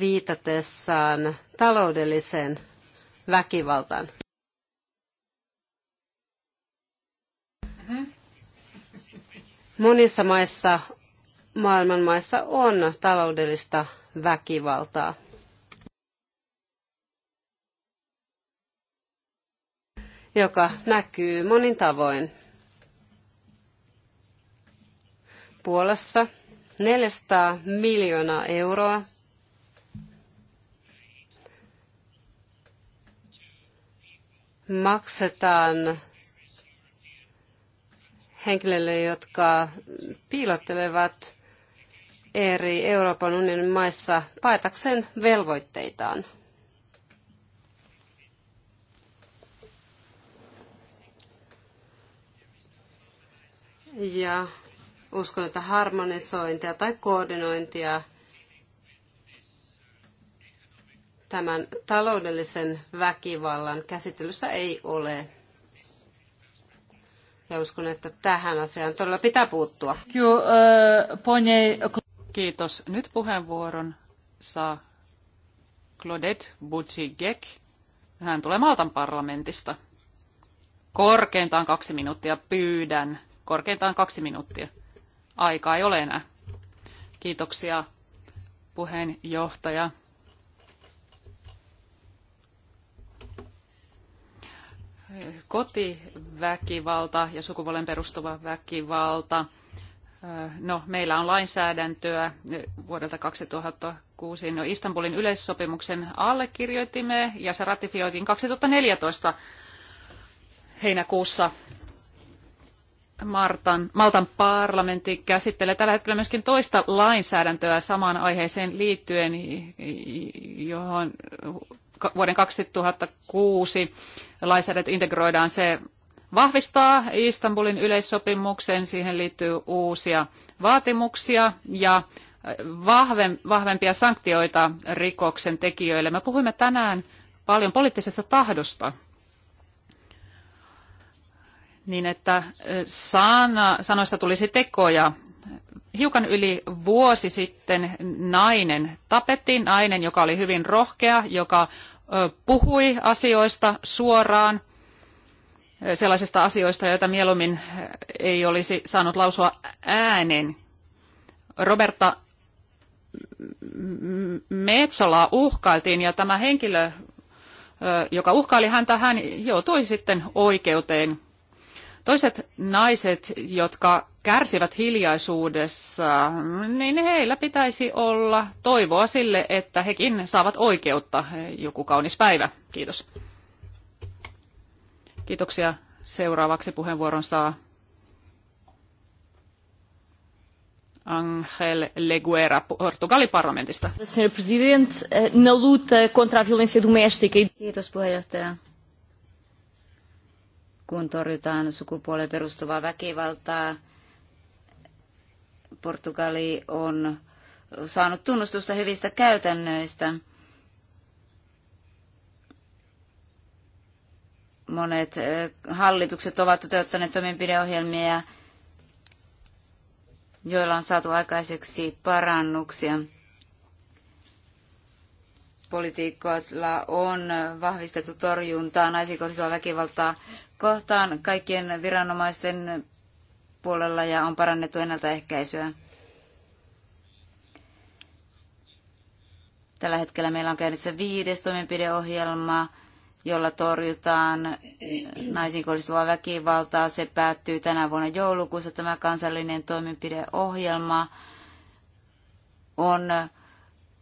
S2: viitatessaan taloudelliseen väkivaltaan. Monissa maissa, maailman maissa on taloudellista väkivaltaa. joka näkyy monin tavoin. Puolassa 400 miljoonaa euroa maksetaan henkilöille, jotka piilottelevat eri Euroopan unionin maissa paetakseen velvoitteitaan. Ja uskon, että harmonisointia tai koordinointia tämän taloudellisen väkivallan käsittelyssä ei ole. Ja uskon, että tähän asiaan todella pitää puuttua. Kiitos. Nyt puheenvuoron saa
S1: Claudette Butchigek. Hän tulee Maltan parlamentista. Korkeintaan kaksi minuuttia pyydän korkeintaan kaksi minuuttia. Aikaa ei ole enää. Kiitoksia puheenjohtaja. Kotiväkivalta ja sukupuolen perustuva väkivalta. No, meillä on lainsäädäntöä vuodelta 2006. No, Istanbulin yleissopimuksen allekirjoitimme ja se ratifioitiin 2014 heinäkuussa Martan, Maltan parlamentti käsittelee tällä hetkellä myöskin toista lainsäädäntöä samaan aiheeseen liittyen, johon vuoden 2006 lainsäädäntö integroidaan. Se vahvistaa Istanbulin yleissopimuksen, siihen liittyy uusia vaatimuksia ja vahvempia sanktioita rikoksen tekijöille. Me puhuimme tänään paljon poliittisesta tahdosta niin että sana, sanoista tulisi tekoja. Hiukan yli vuosi sitten nainen tapettiin, nainen, joka oli hyvin rohkea, joka puhui asioista suoraan, sellaisista asioista, joita mieluummin ei olisi saanut lausua äänen. Roberta Metsolaa uhkailtiin ja tämä henkilö, joka uhkaili häntä, hän joutui sitten oikeuteen. Toiset naiset, jotka kärsivät hiljaisuudessa, niin heillä pitäisi olla toivoa sille, että hekin saavat oikeutta joku kaunis päivä. Kiitos. Kiitoksia. Seuraavaksi puheenvuoron saa Angel Leguera, Portugalin parlamentista.
S3: E- Kiitos puheenjohtaja kun torjutaan sukupuoleen perustuvaa väkivaltaa. Portugali on saanut tunnustusta hyvistä käytännöistä. Monet hallitukset ovat toteuttaneet toimenpideohjelmia, joilla on saatu aikaiseksi parannuksia. Politiikoilla on vahvistettu torjuntaa naisiin kohdistuvaa väkivaltaa kohtaan kaikkien viranomaisten puolella ja on parannettu ennaltaehkäisyä. Tällä hetkellä meillä on käynnissä viides toimenpideohjelma, jolla torjutaan naisiin kohdistuvaa väkivaltaa. Se päättyy tänä vuonna joulukuussa. Tämä kansallinen toimenpideohjelma on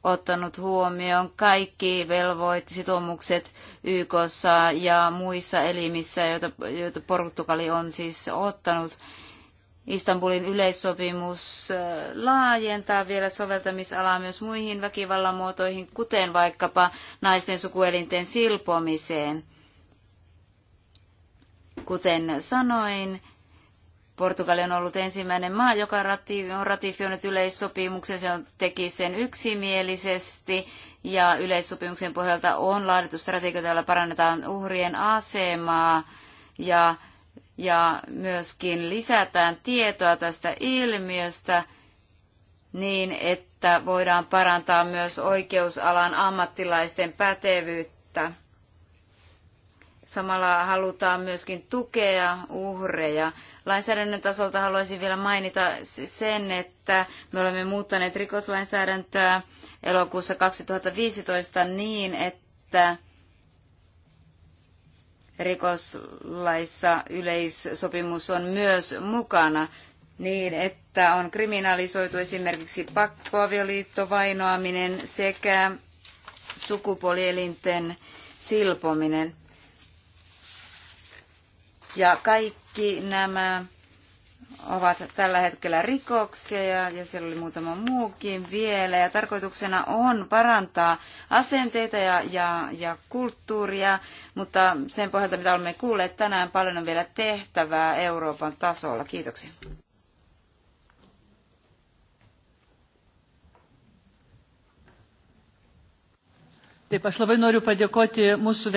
S3: ottanut huomioon kaikki velvoit, sitoumukset YKssa ja muissa elimissä, joita, joita Portugali on siis ottanut. Istanbulin yleissopimus äh, laajentaa vielä soveltamisalaa myös muihin väkivallan muotoihin, kuten vaikkapa naisten sukuelinten silpomiseen. Kuten sanoin, Portugali on ollut ensimmäinen maa, joka on ratifioinut yleissopimuksen. Se on, teki sen yksimielisesti ja yleissopimuksen pohjalta on laadittu strategioita, joilla parannetaan uhrien asemaa ja, ja myöskin lisätään tietoa tästä ilmiöstä niin, että voidaan parantaa myös oikeusalan ammattilaisten pätevyyttä. Samalla halutaan myöskin tukea uhreja. Lainsäädännön tasolta haluaisin vielä mainita sen, että me olemme muuttaneet rikoslainsäädäntöä elokuussa 2015 niin, että rikoslaissa yleissopimus on myös mukana niin, että on kriminalisoitu esimerkiksi pakkoavioliitto, vainoaminen sekä sukupuolielinten silpominen. Ja kaikki kaikki nämä ovat tällä hetkellä rikoksia ja, ja siellä oli muutama muukin vielä. Ja tarkoituksena on parantaa asenteita ja, ja, ja kulttuuria, mutta sen pohjalta, mitä olemme kuulleet tänään, paljon on vielä tehtävää Euroopan tasolla. Kiitoksia. Taip, aš
S4: labai noriu padėkoti mūsų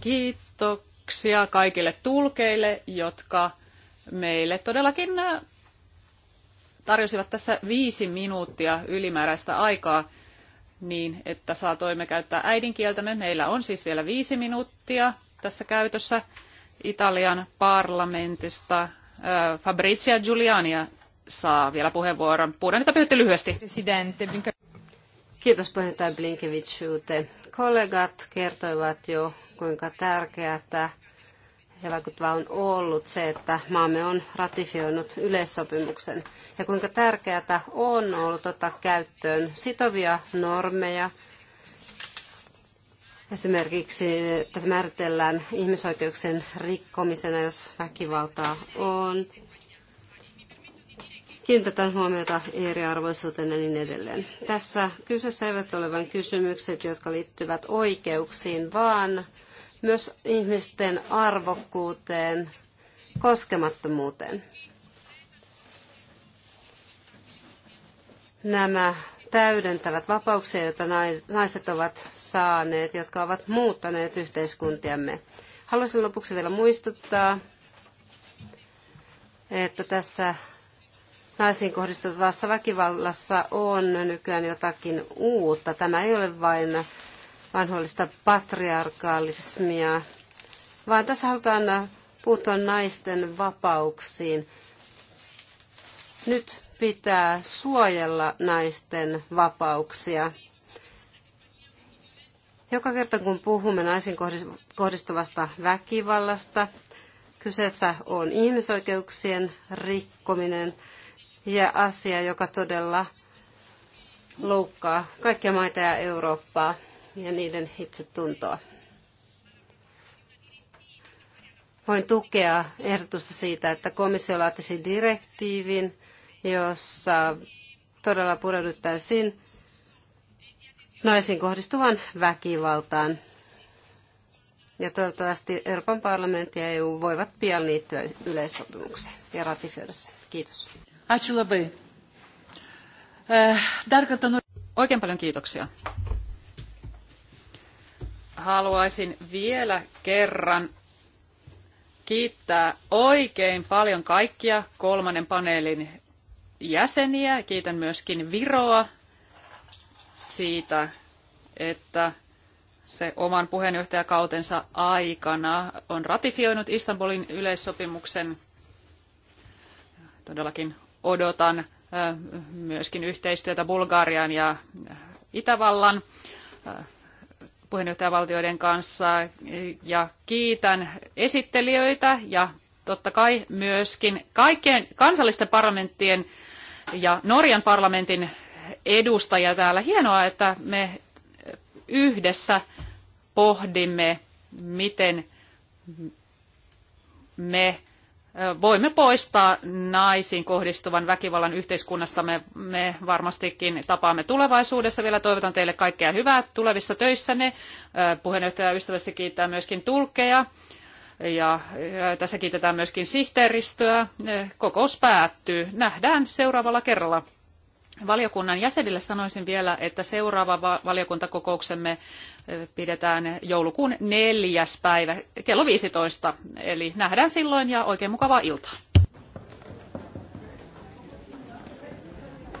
S1: Kiitos kiitoksia kaikille tulkeille, jotka meille todellakin äh, tarjosivat tässä viisi minuuttia ylimääräistä aikaa niin, että saatoimme käyttää äidinkieltämme. Meillä on siis vielä viisi minuuttia tässä käytössä Italian parlamentista. Äh, Fabrizia Giuliania saa vielä puheenvuoron. Puhutaan,
S2: että puhutte lyhyesti. Kiitos puheenjohtaja Blinkevichiute. Kollegat kertoivat jo, kuinka tärkeää ja vaikuttavaa on ollut se, että maamme on ratifioinut yleissopimuksen. Ja kuinka tärkeää on ollut ottaa käyttöön sitovia normeja, Esimerkiksi tässä määritellään ihmisoikeuksien rikkomisena, jos väkivaltaa on. Kiinnitetään huomiota eriarvoisuuteen ja niin edelleen. Tässä kyseessä eivät ole vain kysymykset, jotka liittyvät oikeuksiin, vaan myös ihmisten arvokkuuteen, koskemattomuuteen. Nämä täydentävät vapauksia, joita naiset ovat saaneet, jotka ovat muuttaneet yhteiskuntiamme. Haluaisin lopuksi vielä muistuttaa, että tässä naisiin kohdistuvassa väkivallassa on nykyään jotakin uutta. Tämä ei ole vain vanhollista patriarkaalismia, vaan tässä halutaan puuttua naisten vapauksiin. Nyt pitää suojella naisten vapauksia. Joka kerta kun puhumme naisiin kohdistuvasta väkivallasta, kyseessä on ihmisoikeuksien rikkominen ja asia, joka todella loukkaa kaikkia maita ja Eurooppaa ja niiden itsetuntoa. Voin tukea ehdotusta siitä, että komissio laatisi direktiivin, jossa todella pureuduttaisiin naisiin kohdistuvan väkivaltaan. Ja toivottavasti Euroopan parlamentti ja EU voivat pian liittyä yleissopimukseen ja ratifioida sen. Kiitos. Ačiū eh, Oikein paljon kiitoksia
S1: haluaisin vielä kerran kiittää oikein paljon kaikkia kolmannen paneelin jäseniä. Kiitän myöskin Viroa siitä, että se oman puheenjohtajakautensa aikana on ratifioinut Istanbulin yleissopimuksen. Todellakin odotan myöskin yhteistyötä Bulgarian ja Itävallan puheenjohtajavaltioiden kanssa ja kiitän esittelijöitä ja totta kai myöskin kaikkien kansallisten parlamenttien ja Norjan parlamentin edustajia täällä. Hienoa, että me yhdessä pohdimme, miten me voimme poistaa naisiin kohdistuvan väkivallan yhteiskunnasta. Me, me varmastikin tapaamme tulevaisuudessa. Vielä toivotan teille kaikkea hyvää tulevissa töissänne. Puheenjohtaja ystävästi kiittää myöskin tulkkeja. Ja tässä kiitetään myöskin sihteeristöä. Kokous päättyy. Nähdään seuraavalla kerralla. Valiokunnan jäsenille sanoisin vielä, että seuraava valiokuntakokouksemme pidetään joulukuun neljäs päivä kello 15. Eli nähdään silloin ja oikein mukavaa iltaa.